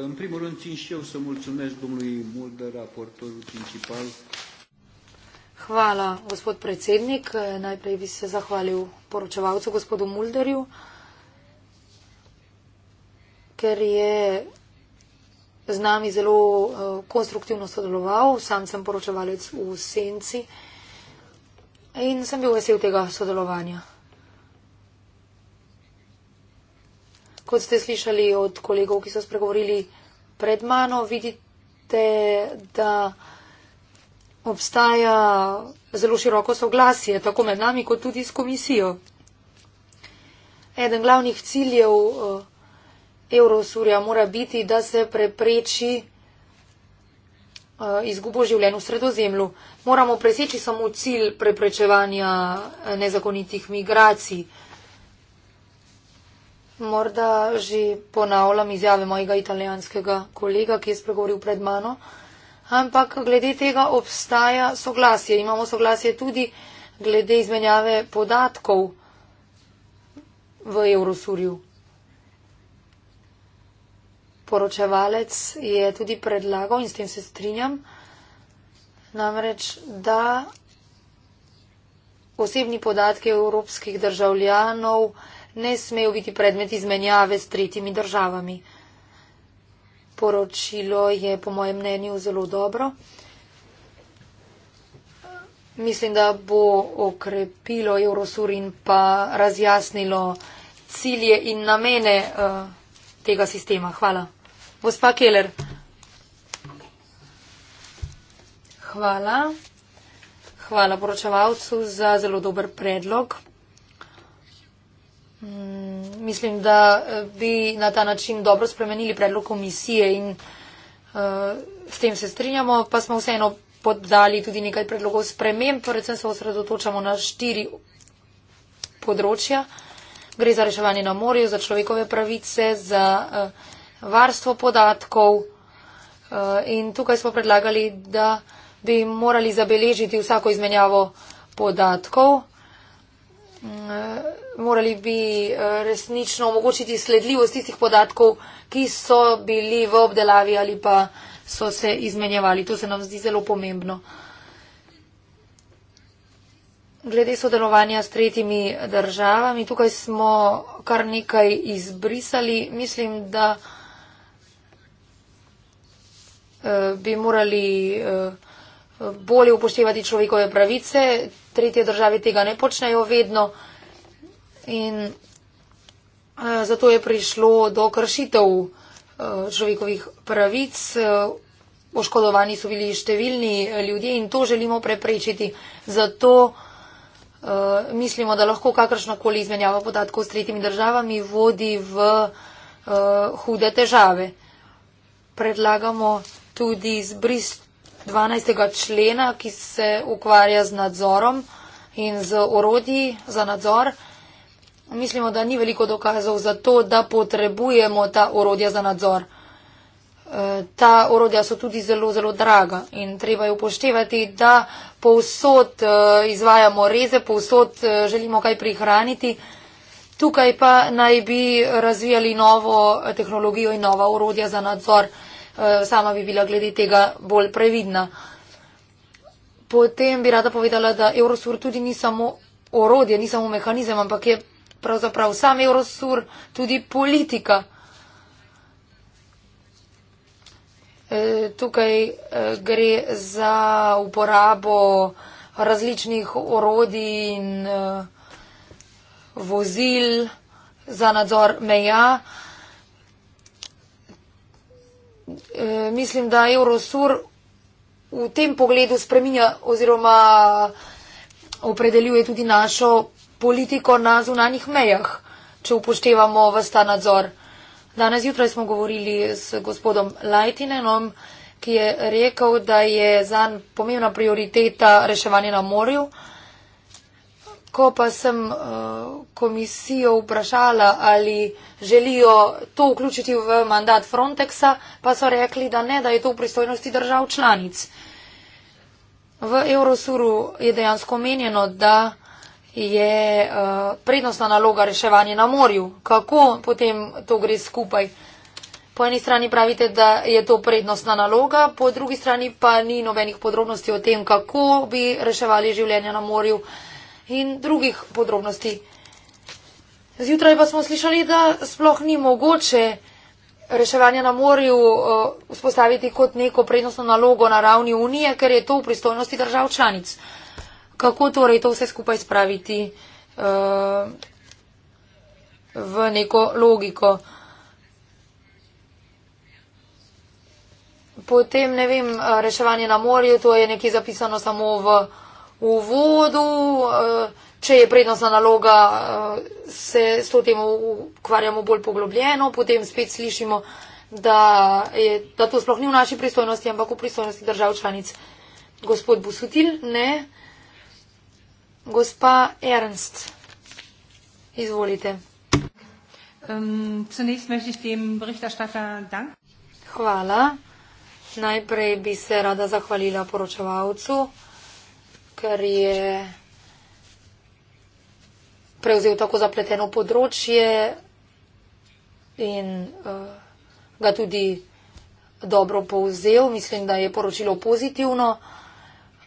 în primul rând, țin și eu să mulțumesc domnului Mulder, raportorul principal. Hvala, gospod predsednik. Najprej bi se zahvalil poročevalcu, gospodu Mulderju, ker je z nami zelo uh, konstruktivno sodeloval, sam sem poročevalec v senci in sem bil vesel tega sodelovanja. Kot ste slišali od kolegov, ki so spregovorili pred mano, vidite, da obstaja zelo široko soglasje, tako med nami, kot tudi s komisijo. Eden glavnih ciljev uh, Eurosurja mora biti, da se prepreči eh, izgubo življenja v sredozemlju. Moramo preseči samo cilj preprečevanja eh, nezakonitih migracij. Morda že ponavljam izjave mojega italijanskega kolega, ki je spregovoril pred mano, ampak glede tega obstaja soglasje. Imamo soglasje tudi glede izmenjave podatkov v Eurosurju poročevalec je tudi predlagal in s tem se strinjam, namreč, da osebni podatki evropskih državljanov ne smejo biti predmet izmenjave s tretjimi državami. Poročilo je po mojem mnenju zelo dobro. Mislim, da bo okrepilo Eurosur in pa razjasnilo cilje in namene uh, tega sistema. Hvala. Gospa Keller. Hvala. Hvala poročevalcu za zelo dober predlog. Mm, mislim, da eh, bi na ta način dobro spremenili predlog komisije in uh, s tem se strinjamo, pa smo vseeno podali tudi nekaj predlogov sprememb, predvsem torej se osredotočamo na štiri področja. Gre za reševanje na morju, za človekove pravice, za. Uh, varstvo podatkov eh, in tukaj smo predlagali, da bi morali zabeležiti vsako izmenjavo podatkov. Eh, morali bi eh, resnično omogočiti sledljivost tistih podatkov, ki so bili v obdelavi ali pa so se izmenjevali. To se nam zdi zelo pomembno. Glede sodelovanja s tretjimi državami, tukaj smo kar nekaj izbrisali. Mislim, da. Eh, bi morali eh, bolje upoštevati človekove pravice, tretje države tega ne počnejo vedno in eh, zato je prišlo do kršitev človekovih pravic, oškodovani so bili številni ljudje in to želimo preprečiti. Zato mislimo, da lahko kakršnokoli izmenjava podatkov s tretjimi državami vodi v hude težave. Predlagamo, da tudi zbris 12. člena, ki se ukvarja z nadzorom in z orodji za nadzor. Mislimo, da ni veliko dokazov za to, da potrebujemo ta orodja za nadzor. E, ta orodja so tudi zelo, zelo draga in treba je upoštevati, da povsod e, izvajamo reze, povsod e, želimo kaj prihraniti. Tukaj pa naj bi razvijali novo tehnologijo in nova orodja za nadzor. Eh, sama bi bila glede tega bolj previdna. Potem bi rada povedala, da Eurosur tudi ni samo orodje, ni samo mehanizem, ampak je pravzaprav sam Eurosur tudi politika. Eh, tukaj eh, gre za uporabo različnih orodij in vozil za nadzor meja. Eh, mislim, da Eurosur v tem pogledu spreminja oziroma opredeljuje tudi našo politiko na zunanjih mejah, če upoštevamo vsta nadzor. Danes jutraj smo govorili s gospodom Lajtinenom, ki je rekel, da je zanj pomembna prioriteta reševanje na morju. Ko pa sem eh, komisijo vprašala, ali želijo to vključiti v mandat Frontexa, pa so rekli, da ne, da je to v pristojnosti držav članic. V Eurosuru je dejansko menjeno, da je eh, prednostna naloga reševanje na morju. Kako potem to gre skupaj? Po eni strani pravite, da je to prednostna naloga, po drugi strani pa ni nobenih podrobnosti o tem, kako bi reševali življenje na morju in drugih podrobnosti. Zjutraj pa smo slišali, da sploh ni mogoče reševanje na morju eh, vzpostaviti kot neko prednostno nalogo na ravni Unije, ker je to v pristojnosti držav članic. Kako torej to vse skupaj spraviti eh, v neko logiko? Potem ne vem, eh, reševanje na morju, to je nekaj zapisano samo v v uvodu, eh, če je prednostna naloga, eh, se s to temo ukvarjamo bolj poglobljeno, potem spet slišimo, da, je, da to sploh ni v naši pristojnosti, ampak v pristojnosti držav članic. Gospod Busutil, ne. Gospa Ernst, izvolite. Hvala. Najprej bi se rada zahvalila poročevalcu ker je prevzel tako zapleteno področje in uh, ga tudi dobro povzel. Mislim, da je poročilo pozitivno.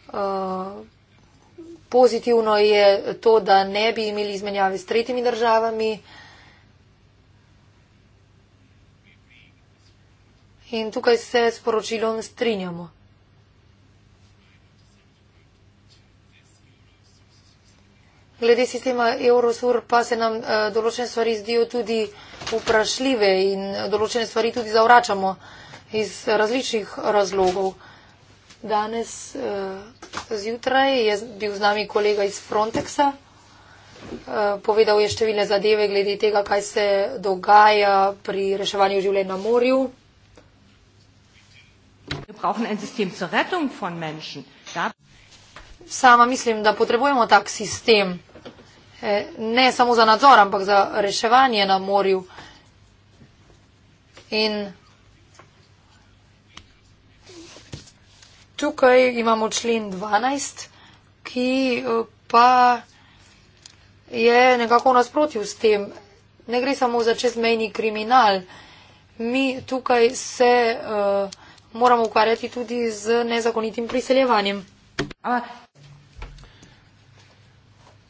Uh, pozitivno je to, da ne bi imeli izmenjave s tretjimi državami. In tukaj se s poročilom strinjamo. Glede sistema Eurosur pa se nam uh, določene stvari zdijo tudi vprašljive in določene stvari tudi zavračamo iz različnih razlogov. Danes uh, zjutraj je bil z nami kolega iz Frontexa. Eh, povedal je številne zadeve glede tega, kaj se dogaja pri reševanju življenja na morju sama mislim, da potrebujemo tak sistem, eh, ne samo za nadzor, ampak za reševanje na morju. In tukaj imamo člen 12, ki eh, pa je nekako nasprotil s tem. Ne gre samo za čezmejni kriminal. Mi tukaj se uh, moramo ukvarjati tudi z nezakonitim priseljevanjem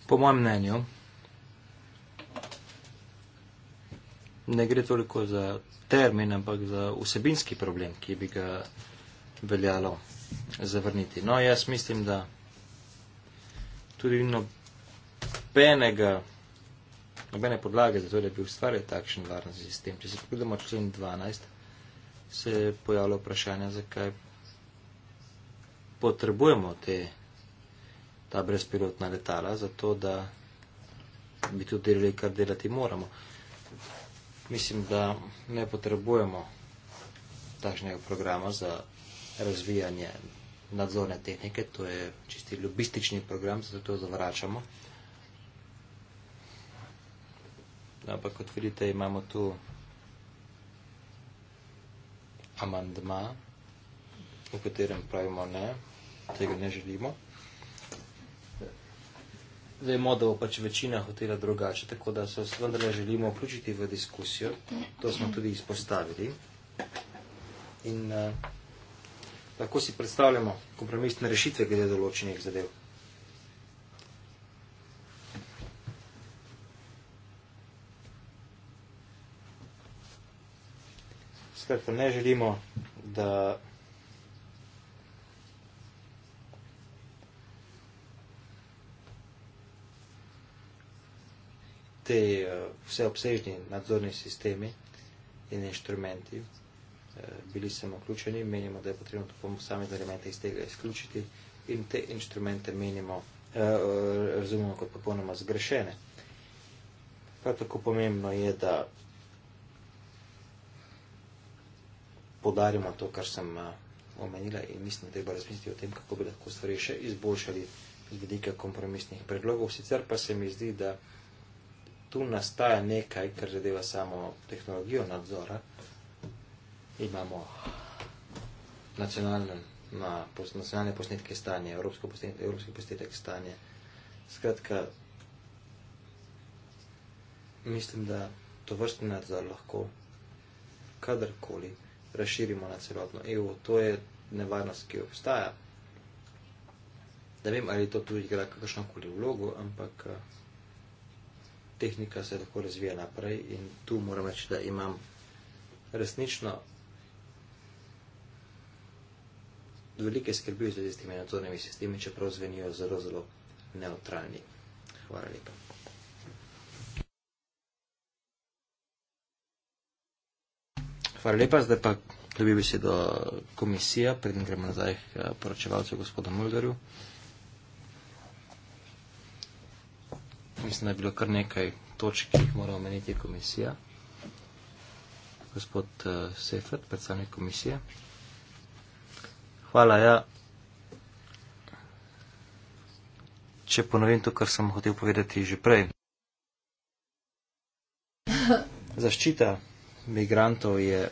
po mojem mnenju, ne gre toliko za termin, ampak za vsebinski problem, ki bi ga veljalo zavrniti. No, jaz mislim, da tudi nobenega, nobene podlage za to, da bi ustvarjal takšen varnostni sistem. Če se pogledamo člen 12, se je pojavilo vprašanje, zakaj potrebujemo te ta brezpilotna letala, zato da bi tudi delali, kar delati moramo. Mislim, da ne potrebujemo takšnega programa za razvijanje nadzorne tehnike, to je čisti lobistični program, zato to zavračamo. Ampak kot vidite, imamo tu amandma, v katerem pravimo ne, tega ne želimo. Vemo, da bo pač večina hotela drugače, tako da se vendarle želimo vključiti v diskusijo. To smo tudi izpostavili. In uh, lahko si predstavljamo kompromisne rešitve glede določenih zadev. Skratka, ne želimo, da te eh, vseobsežni nadzorni sistemi in inštrumenti. Eh, bili smo vključeni, menimo, da je potrebno to posamezne elemente iz tega izključiti in te inštrumente menimo, eh, razumemo kot popolnoma zgrešene. Prav tako pomembno je, da podarimo to, kar sem omenila in mislim, da treba razmisliti o tem, kako bi lahko stvari še izboljšali z vidika kompromisnih predlogov. Sicer pa se mi zdi, da tu nastaja nekaj, kar zadeva samo tehnologijo nadzora. Imamo nacionalne, na, pos, nacionalne posnetke stanja, evropski posnetek stanja. Skratka, mislim, da to vrstni nadzor lahko kadarkoli razširimo na celotno EU. To je nevarnost, ki obstaja. Ne vem, ali to tudi igra kakršnokoli vlogo, ampak. Uh, tehnika se lahko razvija naprej in tu moram reči, da imam resnično velike skrbi v zvezi s temi nadzornimi sistemi, čeprav zvenijo zelo, zelo neutralni. Hvala lepa. Hvala lepa, zdaj pa dobi besedo komisija, preden gremo nazaj k eh, poročevalcu gospodu Mulderju. mislim, da je bilo kar nekaj točk, ki jih mora omeniti komisija. Gospod uh, eh, Sefert, predstavnik komisije. Hvala, ja. Če ponovim to, kar sem hotel povedati že prej. Zaščita migrantov je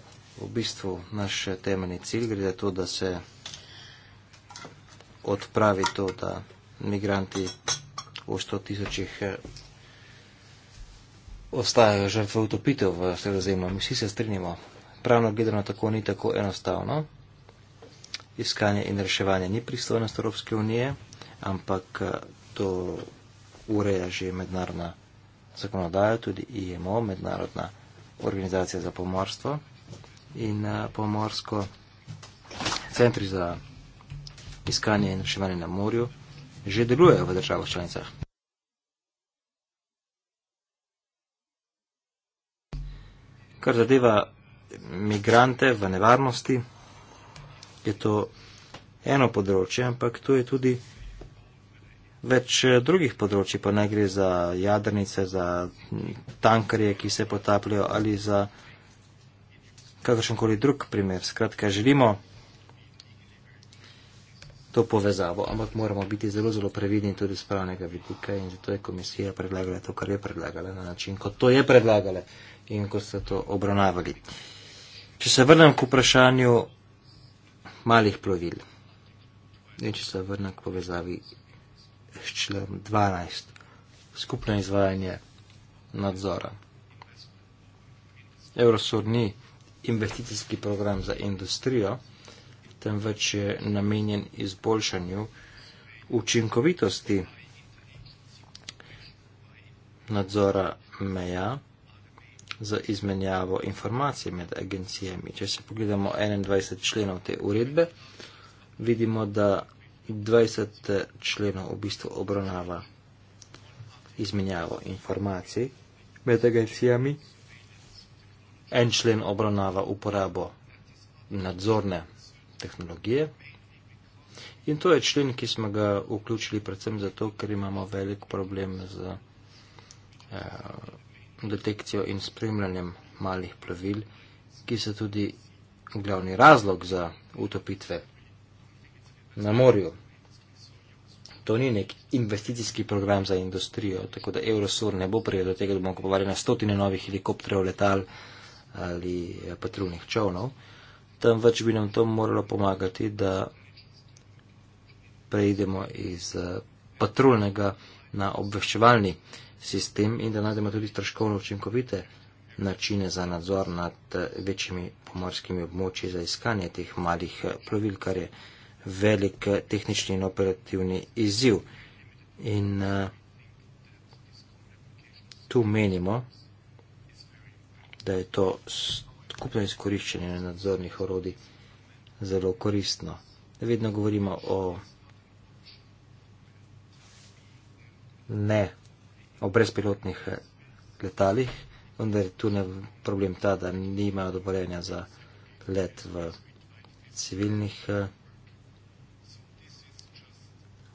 v bistvu naš temeljni cilj. Gre za to, da se odpravi to, da migranti o 100 tisočih eh, ostajajo že v utopitev v sredozemlju. Mi vsi se strinjamo. Pravno gledano tako ni tako enostavno. Iskanje in reševanje ni pristojnost Evropske unije, ampak eh, to ureja že mednarodna zakonodaja, tudi IMO, mednarodna organizacija za pomorstvo in eh, pomorsko centri za iskanje in reševanje na morju že delujejo v državah članicah. Kar zadeva migrante v nevarnosti, je to eno področje, ampak tu je tudi več drugih področji, pa ne gre za jadrnice, za tankarje, ki se potapljajo ali za kakršenkoli drug primer. Skratka, želimo to povezavo, ampak moramo biti zelo, zelo previdni tudi z pravnega vidika in zato je komisija predlagala to, kar je predlagala na način, kot to je predlagala in kot ste to obravnavali. Če se vrnem k vprašanju malih plovil in če se vrnem k povezavi s člom 12, skupno izvajanje nadzora. Evrosur ni investicijski program za industrijo, temveč je namenjen izboljšanju učinkovitosti nadzora meja za izmenjavo informacij med agencijami. Če se pogledamo 21 členov te uredbe, vidimo, da 20 členov v bistvu obravnava izmenjavo informacij med agencijami. En člen obravnava uporabo nadzorne tehnologije. In to je člen, ki smo ga vključili predvsem zato, ker imamo velik problem z eh, detekcijo in spremljanjem malih plovil, ki so tudi glavni razlog za utopitve na morju. To ni nek investicijski program za industrijo, tako da Eurosur ne bo prijel do tega, da bomo kupovali na stotine novih helikopterjev, letal ali eh, patrulnih čovnov tam več bi nam to moralo pomagati, da preidemo iz eh, patrulnega na obveščevalni sistem in da najdemo tudi stroškovno učinkovite načine za nadzor nad eh, večjimi pomorskimi območji za iskanje teh malih eh, plovil, kar je velik tehnični in operativni izziv. In uh, tu menimo, da je to skupno izkoriščenje nadzornih orodij zelo koristno. Vedno govorimo o ne o brezpilotnih eh, letalih, vendar tu ne problem ta, da nimajo dovoljenja za let v civilnih eh,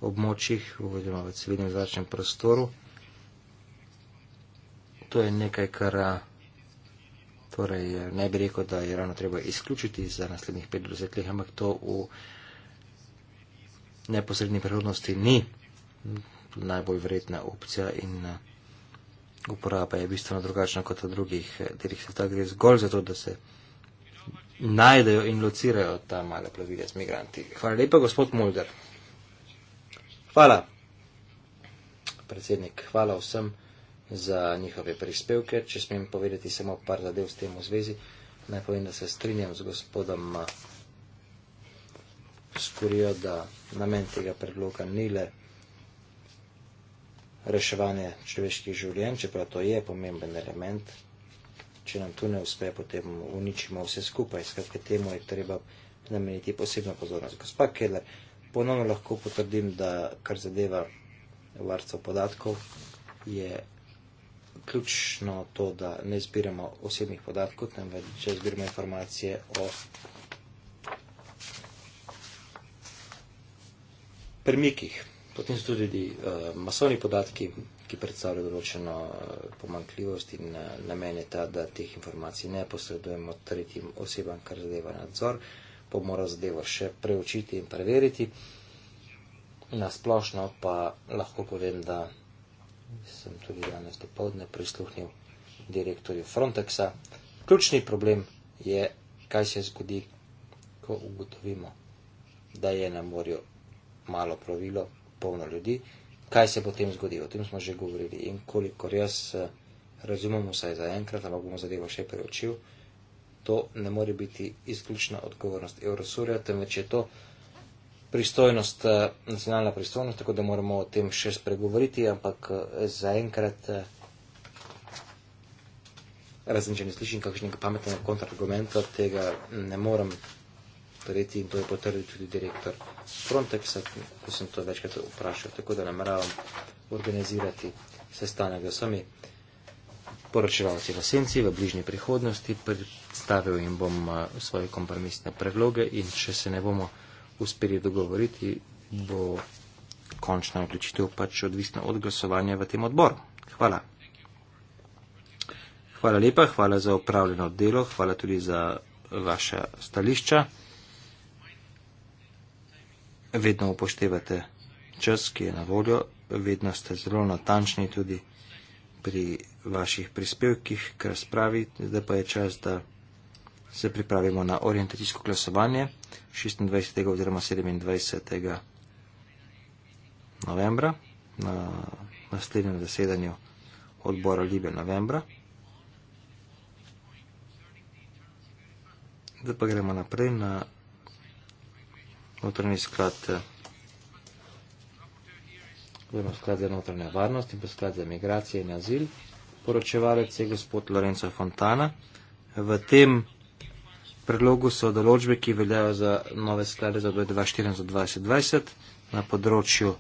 območjih, oziroma v civilnem zračnem prostoru. To je nekaj, kar eh, Torej, ne bi rekel, da je ravno treba izključiti za naslednjih 50 let, ampak to v neposrednji prihodnosti ni najbolj vredna opcija in uh, uporaba je bistveno drugačna kot v drugih eh, delih sveta. Gre zgolj za to, da se najdejo in locirajo ta male plovile z migranti. Hvala lepa, gospod Mulder. Hvala, predsednik. Hvala vsem za njihove prispevke. Če smem povedati samo par zadev s tem v zvezi, naj povem, da se strinjam z gospodom eh, Skurijo, da namen tega predloga ni le reševanje človeških življenj, čeprav to je pomemben element. Če nam tu ne uspe, potem uničimo vse skupaj. Skratka, temu je treba nameniti posebno pozornost. Gospa Keller, ponovno lahko potrdim, da kar zadeva varstvo podatkov, je ključno to, da ne zbiramo osebnih podatkov, temveč če zbiramo informacije o premikih. Potem so tudi uh, masovni podatki, ki predstavljajo določeno uh, eh, pomankljivost in uh, namen je ta, da teh informacij ne posredujemo tretjim osebam, kar zadeva nadzor, pa mora zadevo še preučiti in preveriti. Na splošno pa lahko povem, da sem tudi danes dopoledne prisluhnil direktorju Frontexa. Ključni problem je, kaj se zgodi, ko ugotovimo, da je na morju malo plovilo, polno ljudi, kaj se potem zgodi, o tem smo že govorili in kolikor jaz eh, razumem vsaj za enkrat, ampak bomo zadevo še preučil, to ne more biti izključna odgovornost Eurosurja, temveč je to pristojnost, eh, nacionalna pristojnost, tako da moramo o tem še spregovoriti, ampak eh, zaenkrat, eh, razen če ne slišim kakšnega pametnega kontrargumenta, tega ne morem prijeti in to je potrdil tudi direktor Frontexa, ko sem to večkrat vprašal, tako da nameravam organizirati sestanek z vsemi poročevalci v senci v bližnji prihodnosti, predstavil jim bom svoje kompromisne predloge in če se ne bomo uspeli dogovoriti, bo končna odločitev pač odvisna od glasovanja v tem odboru. Hvala. Hvala lepa, hvala za upravljeno delo, hvala tudi za vaša stališča. Vedno upoštevate čas, ki je na voljo, vedno ste zelo natančni tudi pri vaših prispevkih, kar spravi, zdaj pa je čas, da se pripravimo na orientacijsko glasovanje 26. oziroma 27. novembra na naslednjem zasedanju odbora Libe novembra. Zdaj pa gremo naprej na notranji sklad Gremo sklad za notranje varnost in pa sklad za migracije in azil. Poročevalec je gospod Lorenzo Fontana. V tem predlogu so določbe, ki veljajo za nove sklade za 2024-2020 na področju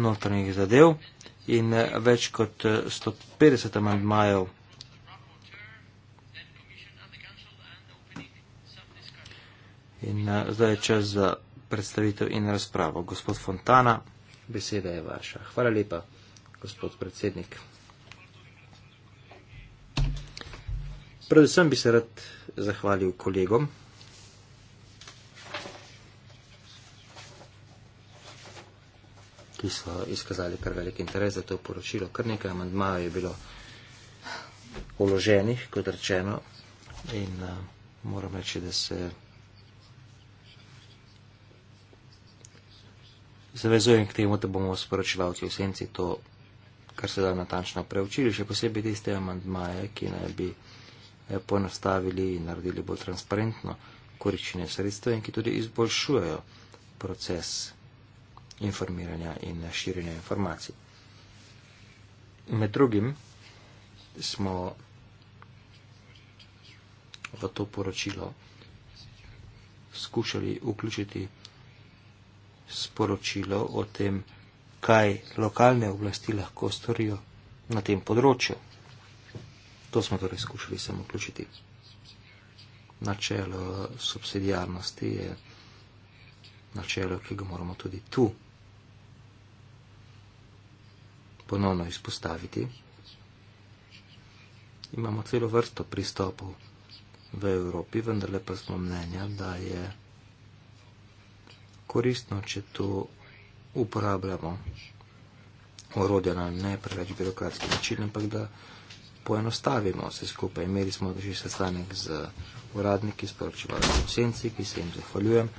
notranjih zadev in eh, več kot 150 eh, amandmajev. In eh, zdaj je čas za predstavitev in razpravo. Gospod Fontana, beseda je vaša. Hvala lepa, gospod predsednik. Predvsem bi se rad zahvalil kolegom. ki so izkazali kar velik interes za to poročilo. Kar nekaj amandmajev je bilo uloženih, kot rečeno, in uh, moram reči, da se zavezujem k temu, da bomo sporočevalci v senci to, kar se da natančno preučili, še posebej tiste amandmaje, ki naj bi. Eh, poenostavili in naredili bolj transparentno koriščenje sredstev in ki tudi izboljšujejo proces informiranja in širjenja informacij. Med drugim smo v to poročilo skušali vključiti sporočilo o tem, kaj lokalne oblasti lahko storijo na tem področju. To smo torej skušali sem vključiti. Načelo subsidijarnosti je načelo, ki ga moramo tudi tu ponovno izpostaviti. Imamo celo vrsto pristopov v Evropi, vendar lepa smo mnenja, da je koristno, če to uporabljamo orodje na ne preveč birokratski način, ampak da poenostavimo vse skupaj. Imeli smo že sestanek z uradniki, sporočivali smo senci, ki se jim zahvaljujem.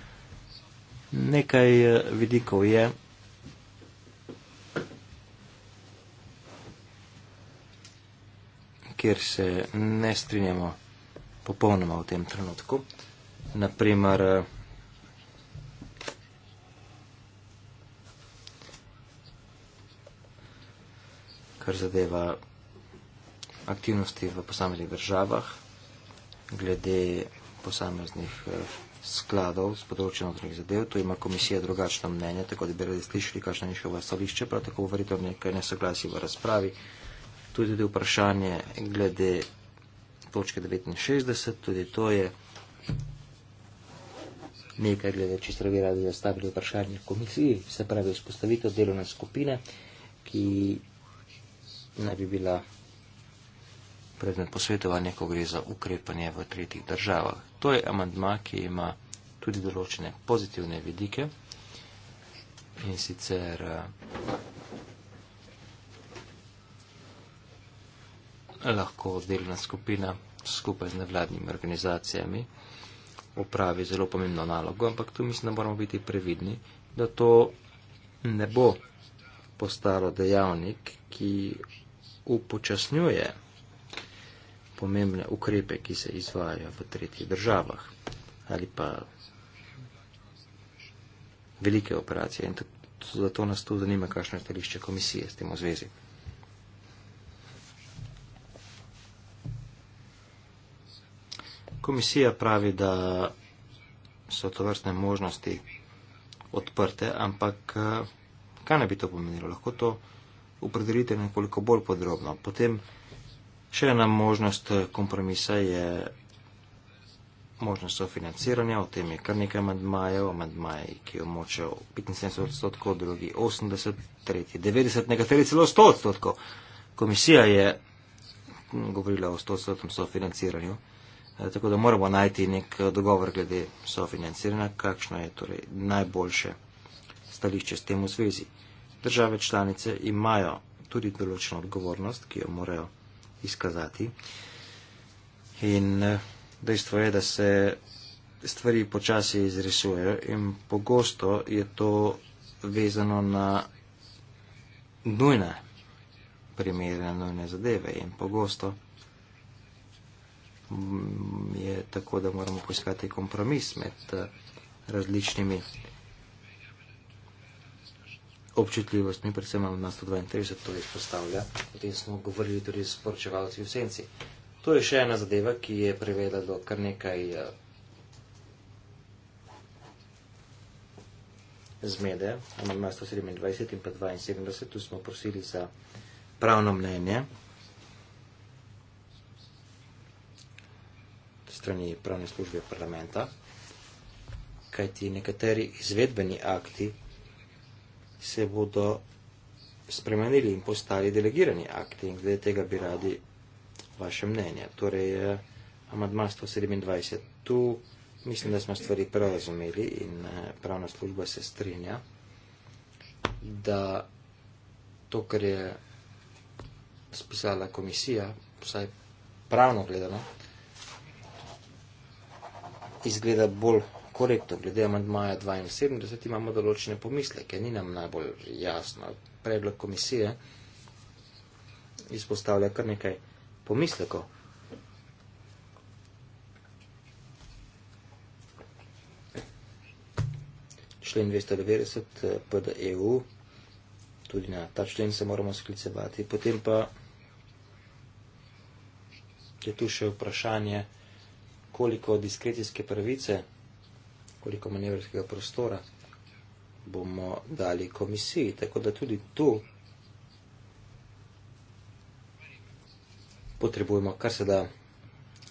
Nekaj eh, vidikov je. kjer se ne strinjamo popolnoma v tem trenutku. Naprimer, eh, kar zadeva aktivnosti v posameznih državah, glede posameznih eh, skladov z področja notranjih zadev. Tu ima komisija drugačno mnenje, tako da bi radi slišali, kakšno je njihovo stališče, prav tako verjetno nekaj nesoglasij v razpravi. Tu je tudi vprašanje glede točke 69, tudi to je nekaj glede čisto bi radi zastavili vprašanje komisiji, se pravi vzpostavitev delovne skupine, ki naj bi bila predmet posvetovanja, ko gre za ukrepanje v tretjih državah. To je amandma, ki ima tudi določene pozitivne vidike in sicer eh, lahko delna skupina skupaj z nevladnimi organizacijami upravi zelo pomembno nalogo, ampak tu mislim, da moramo biti previdni, da to ne bo postalo dejavnik, ki upočasnjuje pomembne ukrepe, ki se izvajajo v tretjih državah ali pa velike operacije. In zato nas tudi zanima, kakšno je stališče komisije s tem v zvezi. Komisija pravi, da so to vrstne možnosti odprte, ampak eh, kaj ne bi to pomenilo? Lahko to opredelite nekoliko bolj podrobno. Potem Še ena možnost eh, kompromisa je možnost sofinanciranja, o tem je kar nekaj amadmajev, amadmaji, ki jo močejo 75 odstotkov, drugi 80, tretji 90, nekateri celo 100 odstotkov. Komisija je govorila o 100 odstotkom sofinanciranju, eh, tako da moramo najti nek eh, dogovor glede sofinanciranja, kakšno je torej najboljše stališče s tem v zvezi. Države članice imajo tudi določeno odgovornost, ki jo morajo izkazati. In eh, dejstvo je, da se stvari počasi izrisujejo in pogosto je to vezano na nujne primere, na nujne zadeve in pogosto mm, je tako, da moramo poiskati kompromis med eh, različnimi občutljivost, mi predvsem imamo na 132, to izpostavlja. Potem smo govorili tudi s poročevalci v senci. To je še ena zadeva, ki je privedla do kar nekaj uh, zmede. Imamo 127 in pa 72, tu smo prosili za pravno mnenje strani pravne službe parlamenta, kajti nekateri izvedbeni akti se bodo spremenili in postali delegirani akti in glede tega bi radi vaše mnenje. Torej, amadma 127. Tu mislim, da smo stvari prav razumeli in eh, pravna služba se strinja, da to, kar je spisala komisija, vsaj pravno gledano, izgleda bolj korektno, glede amantmaja 72 imamo določene pomisleke, ni nam najbolj jasno. Predlog komisije izpostavlja kar nekaj pomislekov. Člen 290 eh, PDEU, tudi na ta člen se moramo sklicevati. Potem pa je tu še vprašanje, koliko diskrecijske pravice koliko manevrskega prostora bomo dali komisiji. Tako da tudi tu potrebujemo kar se da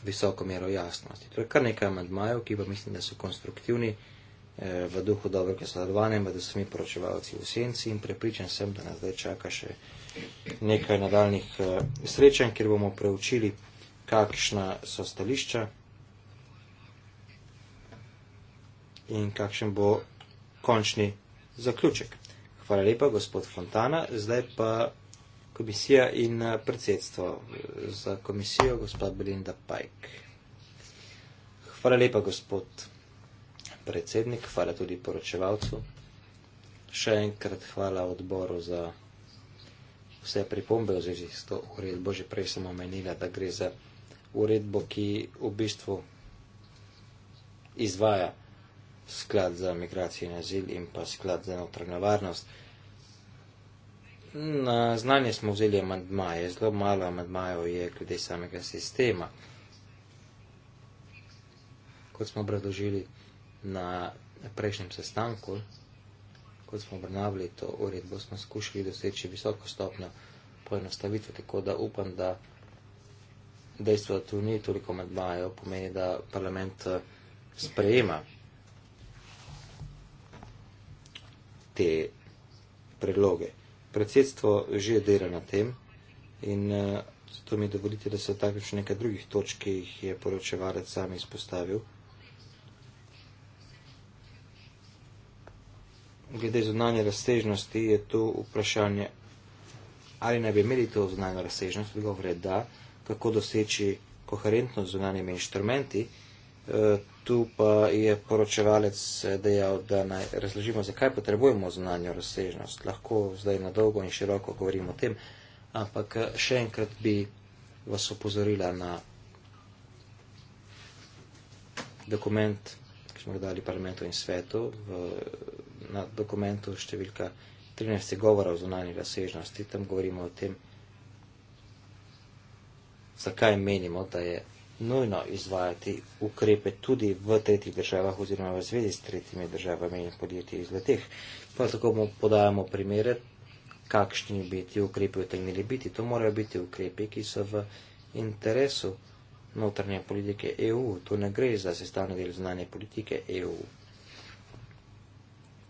visoko mero jasnosti. To torej, je kar nekaj amadmajev, ki pa mislim, da so konstruktivni eh, v duhu dobrega sodelovanja med vsemi poročevalci v senci in prepričan sem, da nas zdaj čaka še nekaj nadaljnih eh, srečanj, kjer bomo preučili, kakšna so stališča. in kakšen bo končni zaključek. Hvala lepa, gospod Fontana. Zdaj pa komisija in eh, predsedstvo. Za komisijo, gospod Belinda Pajk. Hvala lepa, gospod predsednik. Hvala tudi poročevalcu. Še enkrat hvala odboru za vse pripombe v zvezi s to uredbo. Že prej sem omenila, da gre za uredbo, ki v bistvu izvaja sklad za migracijo in azil in pa sklad za notranjo varnost. Na znanje smo vzeli amadmaje, zelo malo amadmajev je glede samega sistema. Kot smo obradožili na prejšnjem sestanku, kot smo obravnavali to uredbo, smo skušali doseči visoko stopnjo poenostavitve, tako da upam, da dejstvo, da tu ni toliko amadmajev, pomeni, da parlament eh, sprejema te predloge. Predsedstvo že dela na tem in eh, zato mi dovolite, da se tako še nekaj drugih točk, ki jih je poročevalec sam izpostavil. Glede zunanje razsežnosti je tu vprašanje, ali naj bi imeli to zunanje razsežnost, odgovor je da, kako doseči koherentnost z zunanjimi inštrumenti, E, tu pa je poročevalec dejal, da naj razložimo, zakaj potrebujemo znanje razsežnost. Lahko zdaj na dolgo in široko govorimo o tem, ampak e, še enkrat bi vas opozorila na dokument, ki smo ga dali parlamentu in svetu, v, na dokumentu številka 13. govora o zunanji razsežnosti. Tam govorimo o tem, zakaj menimo, da je nujno izvajati ukrepe tudi v tretjih državah oziroma v zvezi s tretjimi državami in podjetji iz leteh. Pa tako mu podajamo primere, kakšni bi ti ukrepi utegnili biti. To morajo biti ukrepi, ki so v interesu notranje politike EU. To ne gre za sestavni del znanje politike EU.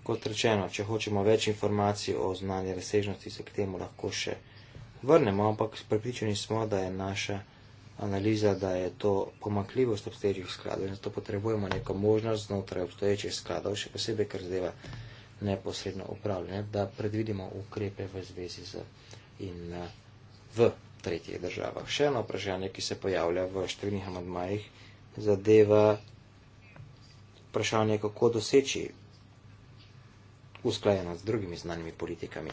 Kot rečeno, če hočemo več informacij o znanje razsežnosti, se k temu lahko še vrnemo, ampak pripričani smo, da je naša analiza, da je to pomakljivost obstoječih skladov in zato potrebujemo neko možnost znotraj obstoječih skladov, še posebej, ker zadeva neposredno upravljanje, da predvidimo ukrepe v zvezi z in eh, v tretjih državah. Še eno vprašanje, ki se pojavlja v številnih amadmajih, zadeva vprašanje, kako doseči usklajenost z drugimi znanimi politikami.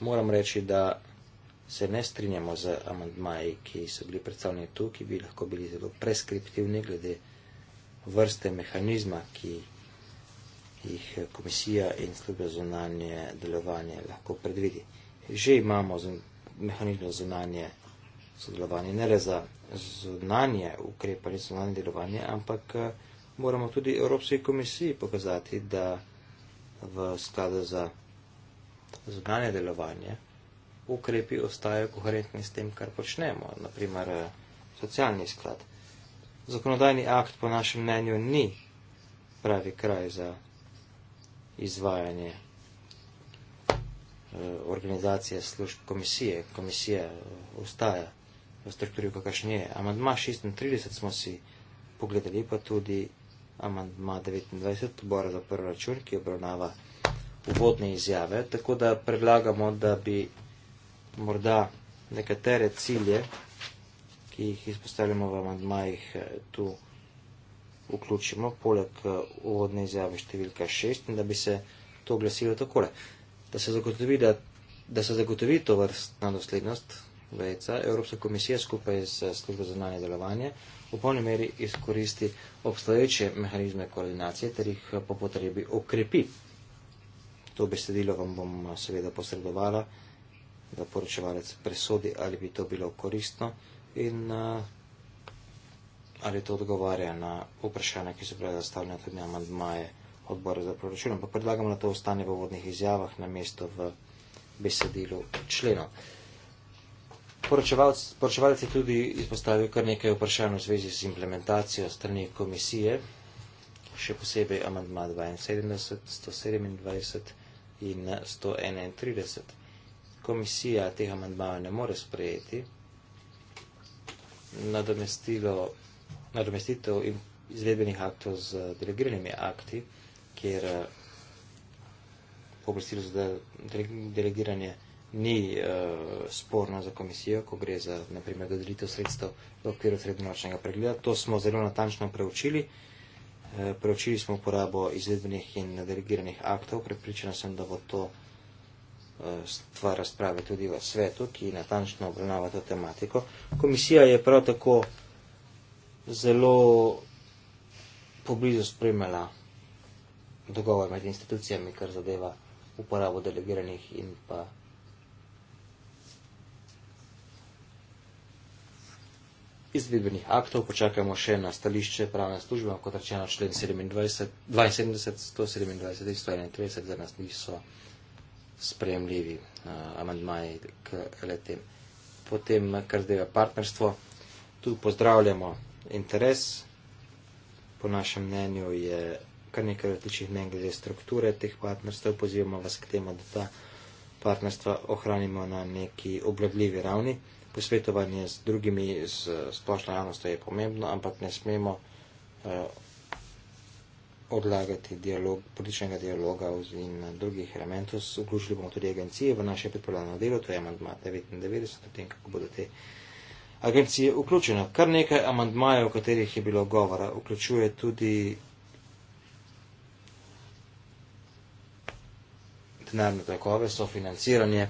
Moram reči, da se ne strinjamo z amantmaji, ki so bili predstavljeni tu, ki bi lahko bili zelo preskriptivni glede vrste mehanizma, ki jih komisija in služba zunanje delovanje lahko predvidi. Že imamo mehanizme zunanje sodelovanje, ne le za zunanje ukrepanje, zunanje delovanje, ampak moramo tudi Evropski komisiji pokazati, da v skladu za zunanje delovanje, ukrepi ostajajo koherentni s tem, kar počnemo, naprimer eh, socialni sklad. Zakonodajni akt po našem mnenju ni pravi kraj za izvajanje eh, organizacije služb komisije. Komisija eh, ostaja v strukturi, kakšen je. Amandma 36 smo si pogledali, pa tudi amandma 29 odbora za proračun, ki obravnava uvodne izjave, tako da predlagamo, da bi morda nekatere cilje, ki jih izpostavljamo v amandmajih eh, tu vključimo, poleg eh, uvodne izjave številka 6, in da bi se to glasilo takole. Da se zagotovi, da, da se zagotovi to vrstna doslednost vejca, Evropska komisija skupaj z eh, službo za znanje delovanje v polni meri izkoristi obstoječe mehanizme koordinacije ter jih po potrebi okrepi. To besedilo vam bom seveda posredovala da poročevalec presodi, ali bi to bilo koristno in eh, ali to odgovarja na vprašanja, ki so bile zastavljene tudi na amandmaje odbora za proračun. Ampak predlagam, da to ostane v vodnih izjavah na mesto v besedilu členov. Poročevalec, poročevalec je tudi izpostavil kar nekaj vprašanj v zvezi z implementacijo strani komisije, še posebej amandma 72, 127 in 131 komisija tega amandmaja ne more sprejeti, nadomestitev izvedbenih aktov z delegiranimi akti, kjer eh, pooblastilo za delegiranje ni uh, sporno za komisijo, ko gre za, naprimer, dodelitev sredstev v okviru srednjeročnega pregleda. To smo zelo natančno preučili. Uh, preučili smo uporabo izvedbenih in delegiranih aktov. Prepričana sem, da bo to stvar razprave tudi v svetu, ki natančno obravnava to tematiko. Komisija je prav tako zelo poblizu spremljala dogovor med institucijami, kar zadeva uporabo delegiranih in pa izvedbenih aktov. Počakajmo še na stališče pravne službe, kot rečeno člen 27, 72, 127 in 131, za nas niso spremljivi eh, amandmaji k letem. Potem, kar zdaj partnerstvo, tudi pozdravljamo interes. Po našem mnenju je kar nekaj različnih mnen glede strukture teh partnerstv. Pozivamo vas k temu, da ta partnerstva ohranimo na neki obladljivi ravni. Posvetovanje z drugimi, z splošno javnostjo je pomembno, ampak ne smemo uh, odlagati dialog, političnega dialoga in drugih elementov. Vključili bomo tudi agencije v naše pripravljeno delo, to je amandma 99, o tem, kako bodo te agencije vključene. Kar nekaj amandmajev, o katerih je bilo govora, vključuje tudi denarne takove, sofinanciranje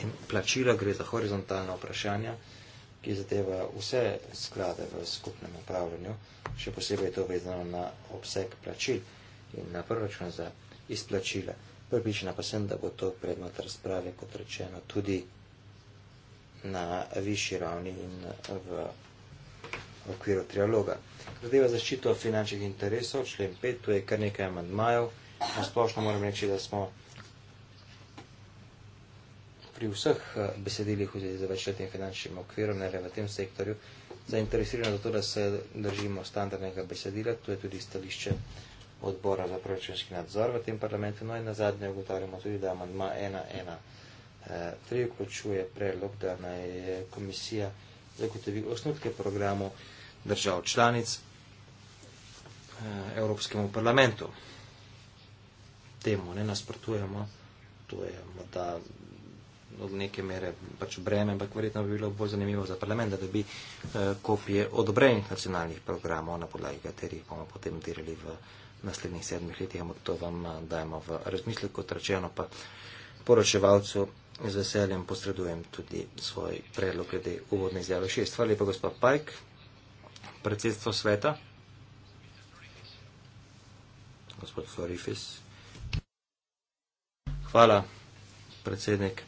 in plačila, gre za horizontalna vprašanja ki zadeva vse sklade v skupnem upravljanju, še posebej je to vezano na obseg plačil in na proračun za izplačila. Pripričana pa sem, da bo to predmet razprave, kot rečeno, tudi na višji ravni in v okviru trialoga. Zadeva zaščito finančnih interesov, člen 5, tu je kar nekaj amandmajev. Na splošno moram reči, da smo pri vseh eh, besedilih v zvezi z večletnim finančnim okvirom, ne le v tem sektorju, zainteresirani za to, da se držimo standardnega besedila. To je tudi stališče odbora za proračunski nadzor v tem parlamentu. No in na zadnje ugotavljamo tudi, da amandma 1.1.3 eh, vključuje predlog, da naj komisija zagotovi osnutke programov držav članic eh, Evropskemu parlamentu. Temu ne nasprotujemo, to je morda od neke mere pač breme, ampak verjetno bi bilo bolj zanimivo za parlament, da dobi eh, kopije odobrenih nacionalnih programov, na podlagi katerih bomo potem delali v naslednjih sedmih letih, ampak to vam eh, dajemo v razmislek, kot rečeno pa poročevalcu z veseljem posredujem tudi svoj predlog glede uvodne izjave šest. Hvala lepa, gospod Pajk, predsedstvo sveta, gospod Florifis. Hvala, predsednik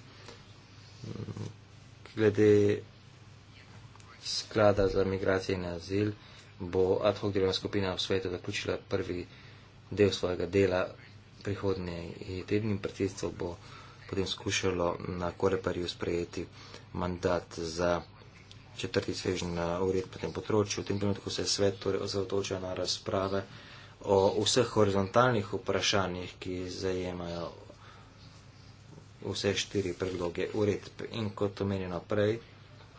glede sklada za migracije in azil bo ad hoc delovna skupina v svetu zaključila prvi del svojega dela prihodnje tedni in predsedstvo bo potem skušalo na koreparju sprejeti mandat za četrti svežen na eh, ured na tem področju. V tem trenutku se svet torej ozavtoča na razprave o vseh horizontalnih vprašanjih, ki zajemajo vse štiri predloge uredb. In kot omenjeno prej,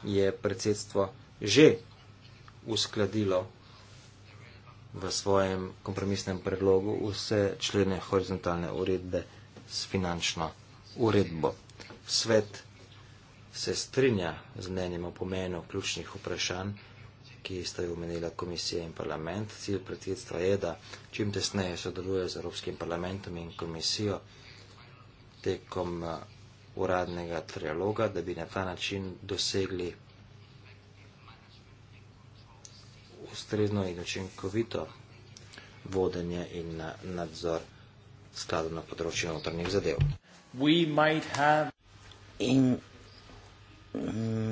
je predsedstvo že uskladilo v svojem kompromisnem predlogu vse člene horizontalne uredbe s finančno uredbo. Svet se strinja z mnenjem o pomenu ključnih vprašanj, ki sta jo omenila komisija in parlament. Cilj predsedstva je, da čim tesneje sodeluje z Evropskim parlamentom in komisijo tekom eh, uradnega trialoga, da bi na ta način dosegli ustrezno in učinkovito vodenje in eh, nadzor skladov na področju notranjih zadev. Have... In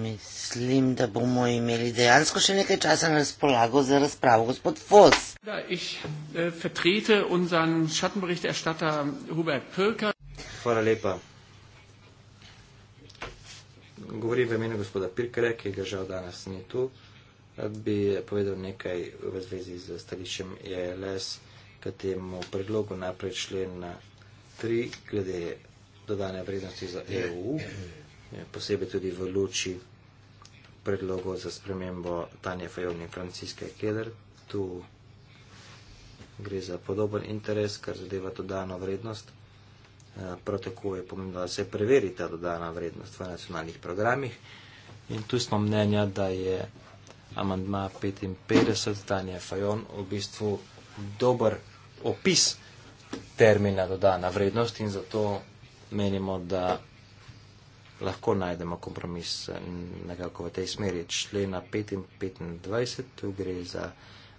mislim, da bomo imeli dejansko še nekaj časa na razpolago za razpravo, gospod Foss. Da, ich, eh, Hvala lepa. Govorim v imenu gospoda Pirkere, ki ga žal danes ni tu. Bi povedal nekaj v zvezi z stališčem ELS, k temu predlogu naprej člen 3, glede dodane vrednosti za EU, posebej tudi v luči predlogo za spremembo Tanja Fajon in Franciske Keder. Tu gre za podoben interes, kar zadeva dodano vrednost. Eh, prav tako je pomembno, da se preveri ta dodana vrednost v nacionalnih programih. In tu smo mnenja, da je amandma 55, Danja Fajon, v bistvu dober opis termina dodana vrednost in zato menimo, da lahko najdemo kompromis eh, nekako v tej smeri. Člena 25, tu gre za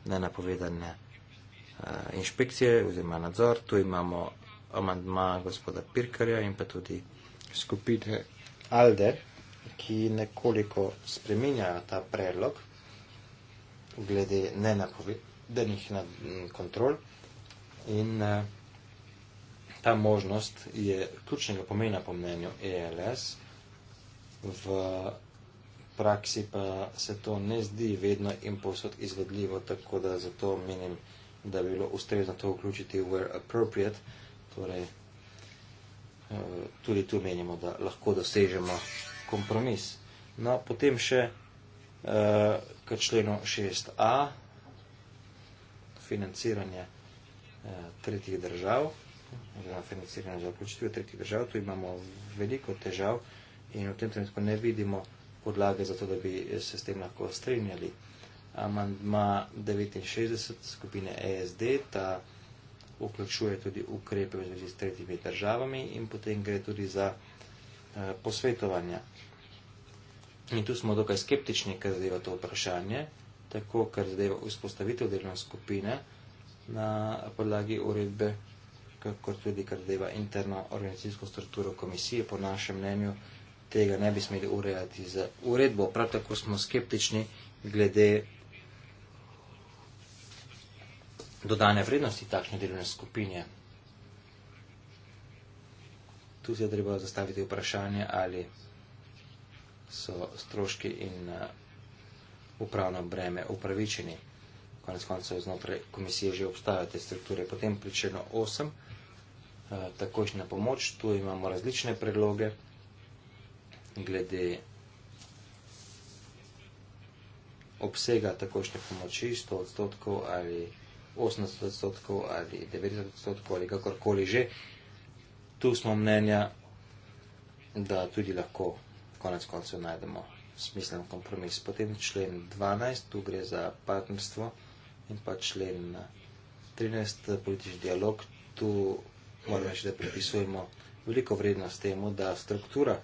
nenapovedane eh, inšpekcije oziroma nadzor, tu imamo amandma gospoda Pirkarja in pa tudi skupine Alde, ki nekoliko spreminjajo ta predlog glede nenapovedenih na kontrol in eh, ta možnost je ključnega pomena po mnenju ELS, v praksi pa se to ne zdi vedno in posod izvedljivo, tako da zato menim, da bi bilo ustrezno to vključiti where appropriate. Torej, eh, tudi tu menimo, da lahko dosežemo kompromis. No, potem še eh, k členu 6a, financiranje eh, tretjih držav, oziroma financiranje za vključitve tretjih držav, tu imamo veliko težav in v tem trenutku ne vidimo podlage za to, da bi se s tem lahko strinjali. Amandma 69 skupine ESD, ta vključuje tudi ukrepe v zvezi s tretjimi državami in potem gre tudi za eh, posvetovanja. In tu smo dokaj skeptični, kar zadeva to vprašanje, tako kar zadeva vzpostavitev delovne skupine na podlagi uredbe, kako tudi kar zadeva interno organizacijsko strukturo komisije. Po našem mnenju tega ne bi smeli urejati z uredbo. Prav tako smo skeptični glede dodane vrednosti takšne delovne skupine. Tu se je treba zastaviti vprašanje, ali so stroški in eh, upravno breme upravičeni. Konec koncev znotraj komisije že obstajajo te strukture. Potem pričeno 8, eh, takošnja pomoč. Tu imamo različne predloge glede obsega takošnje pomoči 100 odstotkov ali 80 odstotkov ali 90 odstotkov ali kakorkoli že, tu smo mnenja, da tudi lahko konec koncev najdemo smislen kompromis. Potem člen 12, tu gre za partnerstvo in pa člen 13, politični dialog, tu moramo reči, da pripisujemo veliko vrednost temu, da struktura,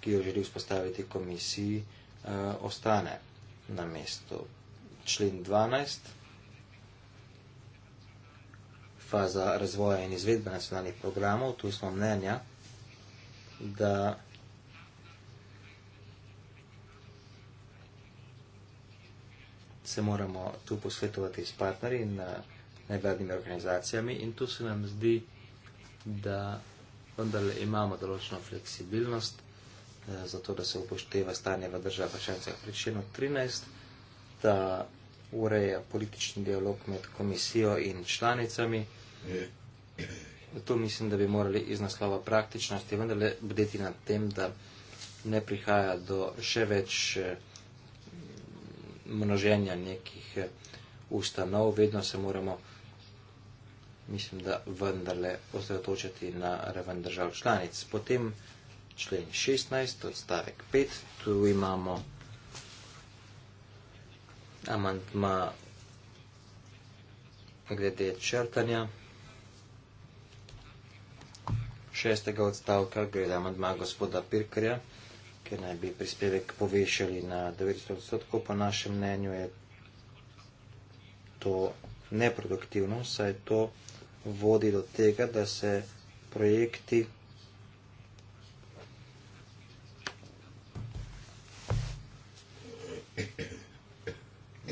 ki jo želi vzpostaviti komisiji, uh, ostane na mestu. Člen 12 faza razvoja in izvedbe nacionalnih programov. Tu smo mnenja, da se moramo tu posvetovati s partnerji in eh, nevladnimi organizacijami in tu se nam zdi, da vendar imamo določeno fleksibilnost, eh, zato da se upošteva stanje v državah šancah pričino 13, da ureja politični dialog med komisijo in članicami. Zato mislim, da bi morali iz naslova praktičnosti vendarle bdeti nad tem, da ne prihaja do še več eh, množenja nekih eh, ustanov. Vedno se moramo, mislim, da vendarle osredotočiti na raven držav članic. Potem člen 16, odstavek 5, tu imamo amantma glede črtanja šestega odstavka gre za amadma gospoda Pirkarja, ki naj bi prispevek povešali na 900 odstotkov. Po našem mnenju je to neproduktivno, saj to vodi do tega, da se projekti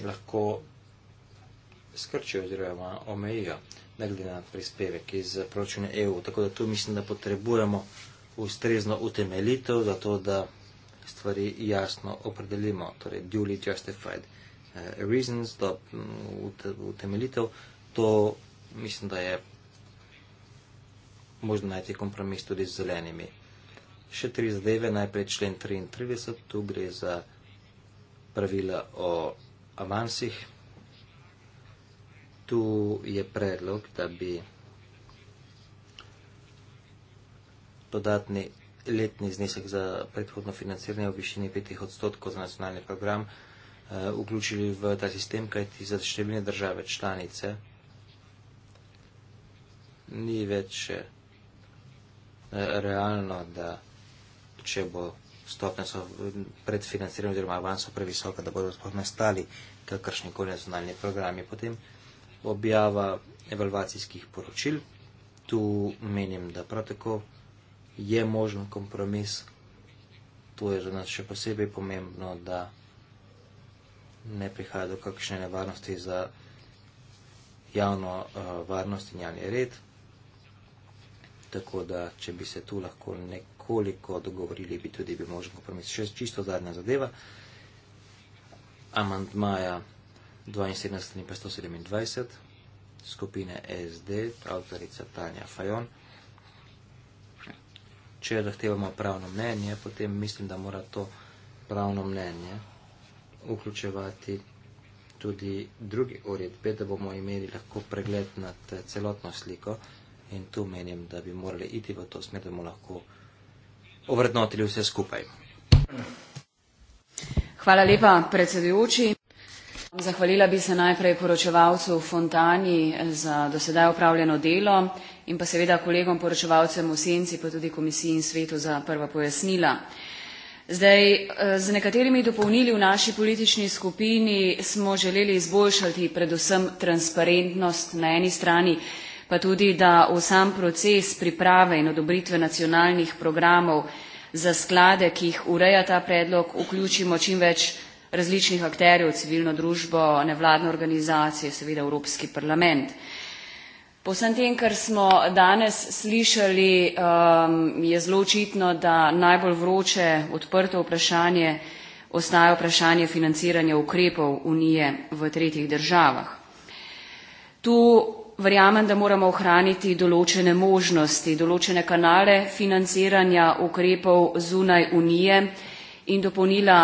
lahko skrčijo oziroma omejijo ne glede na prispevek iz proračuna EU. Tako da tu mislim, da potrebujemo ustrezno utemeljitev, zato da stvari jasno opredelimo, torej duly justified eh, reasons, da utemeljitev, to mislim, da je možno najti kompromis tudi z zelenimi. Še tri zadeve, najprej člen 33, tu gre za pravila o avansih, tu je predlog, da bi dodatni letni znesek za predhodno financiranje v višini 5 odstotkov za nacionalni program eh, vključili v ta sistem, kajti za številne države članice ni več eh, realno, da če bo stopnja so predfinanciranja oziroma avansa previsoka, da bodo sploh nastali kakršni koli nacionalni programi. Potem objava evalvacijskih poročil. Tu menim, da prav tako je možen kompromis. To je za nas še posebej pomembno, da ne prihaja do kakšne nevarnosti za javno uh, varnost in javni red. Tako da, če bi se tu lahko nekoliko dogovorili, bi tudi bi možen kompromis. Še čisto zadnja zadeva. Amandmaja 72-527, skupine SD, avtorica Tanja Fajon. Če zahtevamo pravno mnenje, potem mislim, da mora to pravno mnenje vključevati tudi druge uredbe, da bomo imeli lahko pregled nad celotno sliko in tu menim, da bi morali iti v to smer, da bomo lahko ovrednotili vse skupaj. Hvala lepa, predsedujoči. Zahvalila bi se najprej poročevalcu Fontani eh, za dosedaj upravljeno delo in pa seveda kolegom poročevalcem v Senci, pa tudi Komisiji in Svetu za prva pojasnila. Zdaj, eh, z nekaterimi dopolnili v naši politični skupini smo želeli izboljšati predvsem transparentnost na eni strani, pa tudi, da v sam proces priprave in odobritve nacionalnih programov za sklade, ki jih ureja ta predlog, vključimo čim več različnih akterjev, civilno družbo, nevladne organizacije, seveda Evropski parlament. Po vsem tem, kar smo danes slišali, um, je zelo očitno, da najbolj vroče odprto vprašanje ostaja vprašanje financiranja ukrepov Unije v tretjih državah. Tu verjamem, da moramo ohraniti določene možnosti, določene kanale financiranja ukrepov zunaj Unije in dopolnila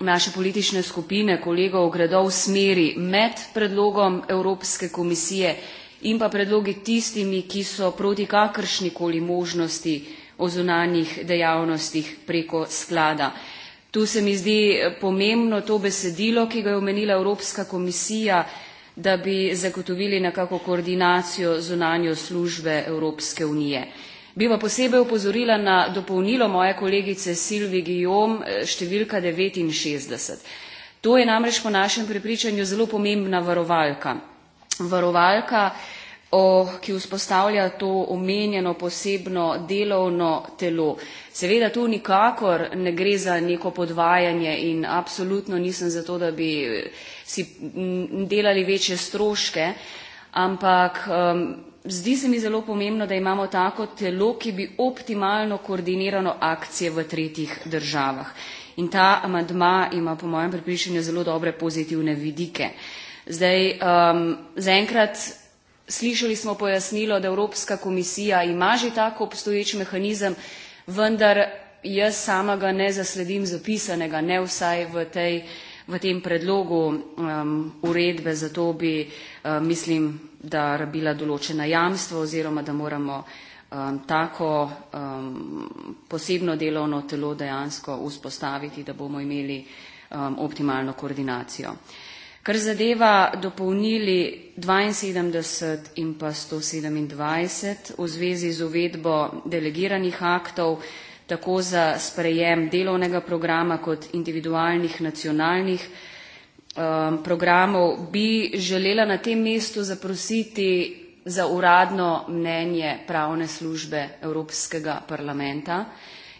naše politične skupine kolegov gredo v smeri med predlogom Evropske komisije in pa predlogi tistimi, ki so proti kakršnikoli možnosti o zunanjih dejavnostih preko sklada. Tu se mi zdi eh, pomembno to besedilo, ki ga je omenila Evropska komisija, da bi zagotovili nekako koordinacijo zunanjo službe Evropske unije. Bi pa posebej upozorila na dopolnilo moje kolegice Silvi Gijom, eh, številka 69. To je namreč po našem prepričanju zelo pomembna varovalka. Varovalka, o, ki vzpostavlja to omenjeno posebno delovno telo. Seveda tu nikakor ne gre za neko podvajanje in apsolutno nisem za to, da bi eh, si delali večje stroške, ampak. Um, zdi se mi zelo pomembno, da imamo tako telo, ki bi optimalno koordinirano akcije v tretjih državah. In ta amadma ima po mojem pripričanju zelo dobre pozitivne vidike. Zdaj, um, zaenkrat slišali smo pojasnilo, da Evropska komisija ima že tako obstoječ mehanizem, vendar jaz sama ga ne zasledim zapisanega, ne vsaj v, tej, v tem predlogu um, uredbe, zato bi, um, mislim, da rabila določena jamstva oziroma da moramo um, tako um, posebno delovno telo dejansko vzpostaviti, da bomo imeli um, optimalno koordinacijo. Kar zadeva dopolnili 72 in pa 127 v zvezi z uvedbo delegiranih aktov, tako za sprejem delovnega programa kot individualnih nacionalnih programov, um, programov, bi želela na tem mestu zaprositi za uradno mnenje pravne službe Evropskega parlamenta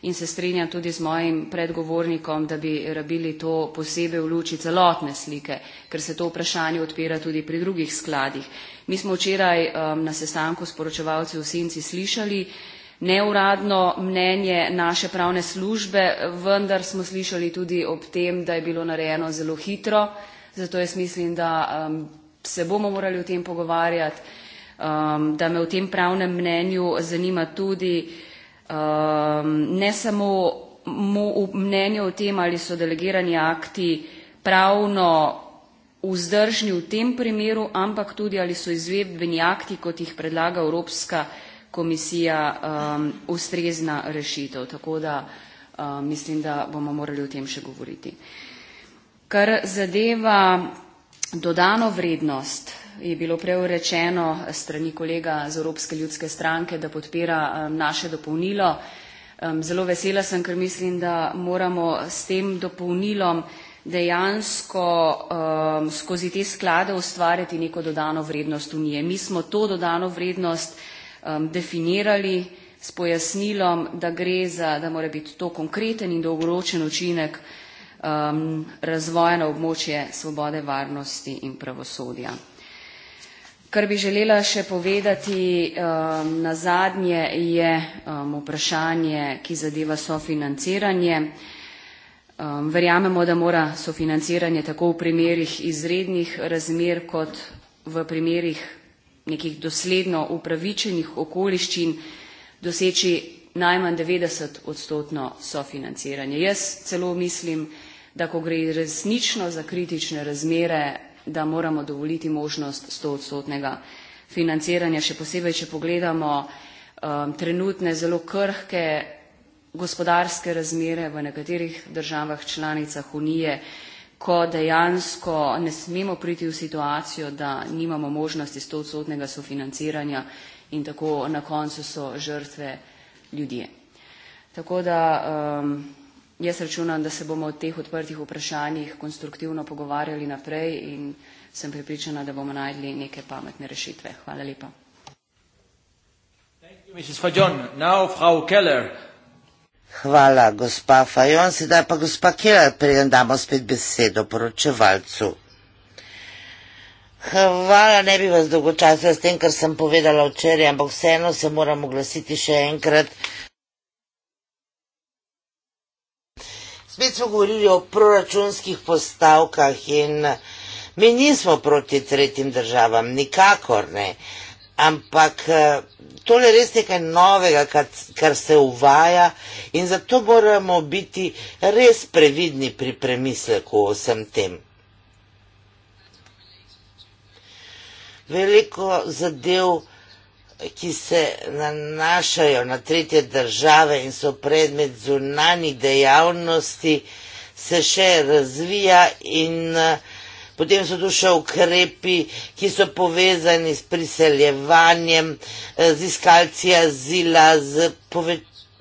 in se strinjam tudi z mojim predgovornikom, da bi rabili to posebej v luči celotne slike, ker se to vprašanje odpira tudi pri drugih skladih. Mi smo včeraj um, na sestanku s poročevalci v Senci slišali, neuradno mnenje naše pravne službe, vendar smo slišali tudi ob tem, da je bilo narejeno zelo hitro. Zato jaz mislim, da um, se bomo morali o tem pogovarjati, um, da me v tem pravnem mnenju zanima tudi um, ne samo mnenje o tem, ali so delegirani akti pravno vzdržni v tem primeru, ampak tudi ali so izvedbeni akti, kot jih predlaga Evropska komisija um, ustrezna rešitev. Tako da um, mislim, da bomo morali o tem še govoriti. Kar zadeva dodano vrednost, je bilo preurečeno strani kolega z Evropske ljudske stranke, da podpira um, naše dopolnilo. Um, zelo vesela sem, ker mislim, da moramo s tem dopolnilom dejansko um, skozi te sklade ustvarjati neko dodano vrednost unije. Mi smo to dodano vrednost um, definirali s pojasnilom, da gre za, da mora biti to konkreten in dolgoročen učinek um, razvoja na območje svobode, varnosti in pravosodja. Kar bi želela še povedati um, na zadnje je um, vprašanje, ki zadeva sofinanciranje. Um, verjamemo, da mora sofinanciranje tako v primerih izrednih razmer kot v primerih nekih dosledno upravičenih okoliščin doseči najmanj 90 odstotno sofinanciranje. Jaz celo mislim, da ko gre resnično za kritične razmere, da moramo dovoliti možnost 100 odstotnega financiranja, še posebej, če pogledamo um, trenutne zelo krhke gospodarske razmere v nekaterih državah članicah Unije, ko dejansko ne smemo priti v situacijo, da nimamo možnosti 100-odstotnega sofinanciranja in tako na koncu so žrtve ljudje. Tako da um, jaz računam, da se bomo o teh odprtih vprašanjih konstruktivno pogovarjali naprej in sem pripričana, da bomo najdli neke pametne rešitve. Hvala lepa. Mrs. Fajon, now Frau Keller. Hvala, gospa Fajon. Sedaj pa gospa Keller, preden damo spet besedo poročevalcu. Hvala, ne bi vas dolgočasila s tem, kar sem povedala včeraj, ampak vseeno se moram oglasiti še enkrat. Spet smo govorili o proračunskih postavkah in mi nismo proti tretjim državam, nikakor ne. Ampak eh, tole res nekaj novega, kar, kar se uvaja in zato moramo biti res previdni pri premisleku o vsem tem. Veliko zadev, ki se nanašajo na tretje države in so predmet zunani dejavnosti, se še razvija in uh, Potem so tu še ukrepi, ki so povezani s priseljevanjem, eh, z iskalci azila, z pove,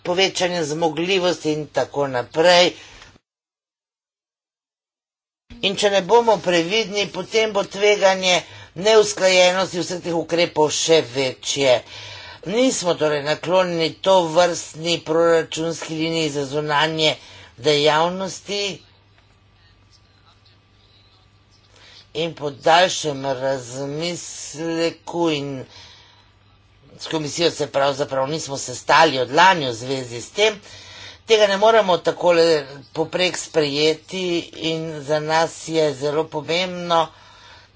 povečanjem zmogljivosti in tako naprej. In če ne bomo previdni, potem bo tveganje neusklajenosti vseh teh ukrepov še večje. Nismo torej naklonjeni to vrstni proračunski liniji za zunanje dejavnosti, in po daljšem razmisleku in s komisijo se pravzaprav nismo sestali od lani v zvezi s tem, tega ne moremo takole poprek sprejeti in za nas je zelo pomembno,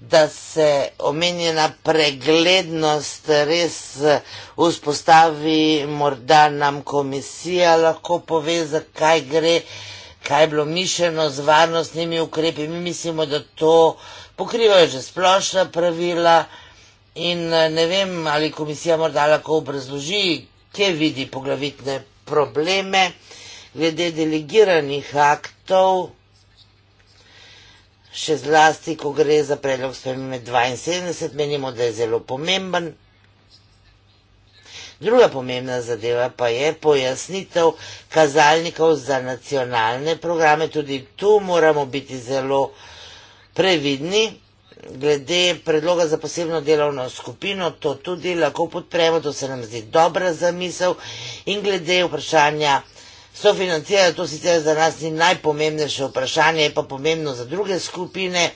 da se omenjena preglednost res vzpostavi, morda nam komisija lahko pove, zakaj gre kaj je bilo mišljeno z varnostnimi ukrepi. Mi mislimo, da to pokrivajo že splošna pravila in eh, ne vem, ali komisija morda lahko obrazloži, kje vidi poglavitne probleme glede delegiranih aktov, še zlasti, ko gre za predlog spremembe 72, menimo, da je zelo pomemben. Druga pomembna zadeva pa je pojasnitev kazalnikov za nacionalne programe. Tudi tu moramo biti zelo previdni. Glede predloga za posebno delovno skupino, to tudi lahko podpremo, to se nam zdi dobra zamisel. In glede vprašanja sofinanciranja, to sicer za nas ni najpomembnejše vprašanje, je pa pomembno za druge skupine.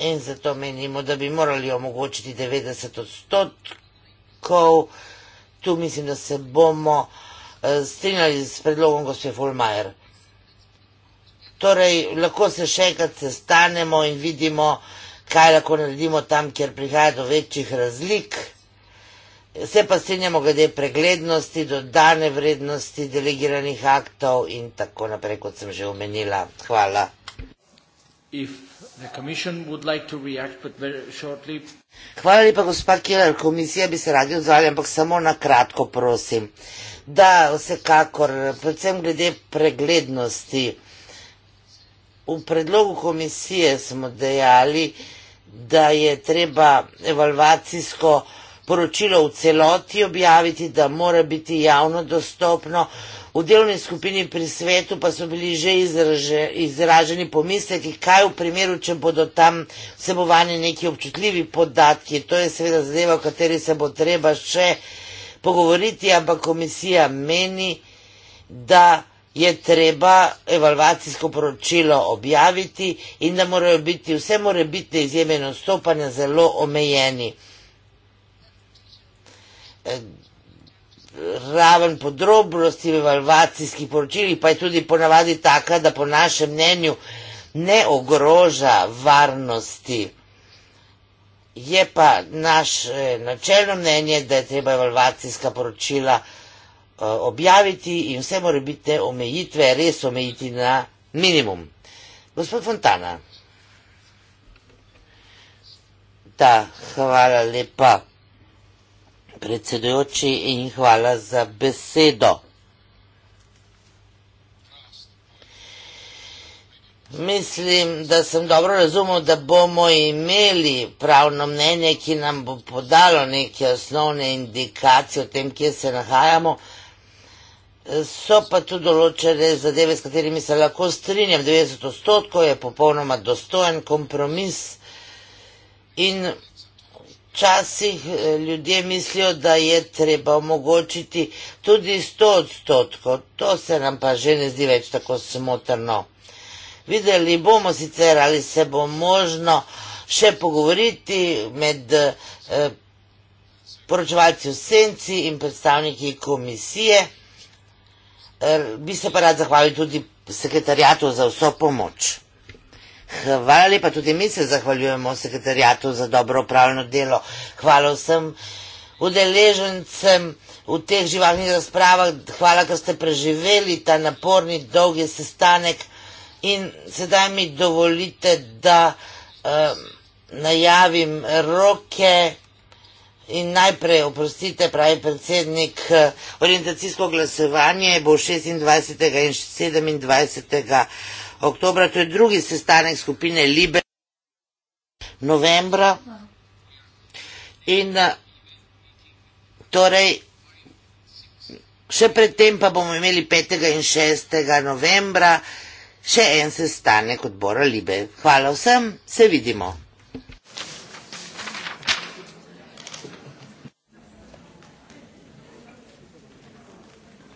In zato menimo, da bi morali omogočiti 90 odstotkov strokov. Tu mislim, da se bomo eh, strinjali s predlogom gospe Fulmajer. Torej, lahko se še enkrat sestanemo in vidimo, kaj lahko naredimo tam, kjer prihaja do večjih razlik. Se pa strinjamo glede preglednosti, dodane vrednosti delegiranih aktov in tako naprej, kot sem že omenila. Hvala. If Hvala lepa, gospod Keller. Komisija bi se radi odzvali, ampak samo na kratko, prosim. Da, vsekakor, predvsem glede preglednosti. V predlogu komisije smo dejali, da je treba evalvacijsko poročilo v celoti objaviti, da mora biti javno dostopno. V delovni skupini pri svetu pa so bili že izraže, izraženi pomisleki, kaj v primeru, če bodo tam vsebovani neki občutljivi podatki. To je seveda zadeva, o kateri se bo treba še pogovoriti, ampak komisija meni, da je treba evalvacijsko poročilo objaviti in da morajo biti vse morebitne izjemene odstopanja zelo omejeni raven podrobnosti v evalvacijskih poročilih pa je tudi ponavadi taka, da po našem mnenju ne ogroža varnosti. Je pa naš načelno mnenje, da je treba evalvacijska poročila eh, objaviti in vse more biti omejitve res omejiti na minimum. Gospod Fontana. Da, hvala lepa predsedujoči in hvala za besedo. Mislim, da sem dobro razumel, da bomo imeli pravno mnenje, ki nam bo podalo neke osnovne indikacije o tem, kje se nahajamo. So pa tu določene zadeve, s katerimi se lahko strinjam. 90 odstotkov je popolnoma dostojen kompromis in Včasih eh, ljudje mislijo, da je treba omogočiti tudi 100 odstotkov, to se nam pa že ne zdi več tako smotrno. Videli bomo sicer, ali se bo možno še pogovoriti med eh, poročevalci v senci in predstavniki komisije. Er, bi se pa rad zahvalil tudi sekretarjatu za vso pomoč. Hvala lepa, tudi mi se zahvaljujemo sekretarjatu za dobro upravljeno delo. Hvala vsem udeležencem v teh živahnih razpravah, hvala, ker ste preživeli ta naporni, dolgi sestanek in sedaj mi dovolite, da um, najavim roke in najprej, oprostite, pravi predsednik, orientacijsko glasovanje bo 26. in 27 oktobra, to je drugi sestanek skupine Liber novembra in eh, torej še predtem pa bomo imeli 5. in 6. novembra še en sestanek odbora Libe. Hvala vsem, se vidimo.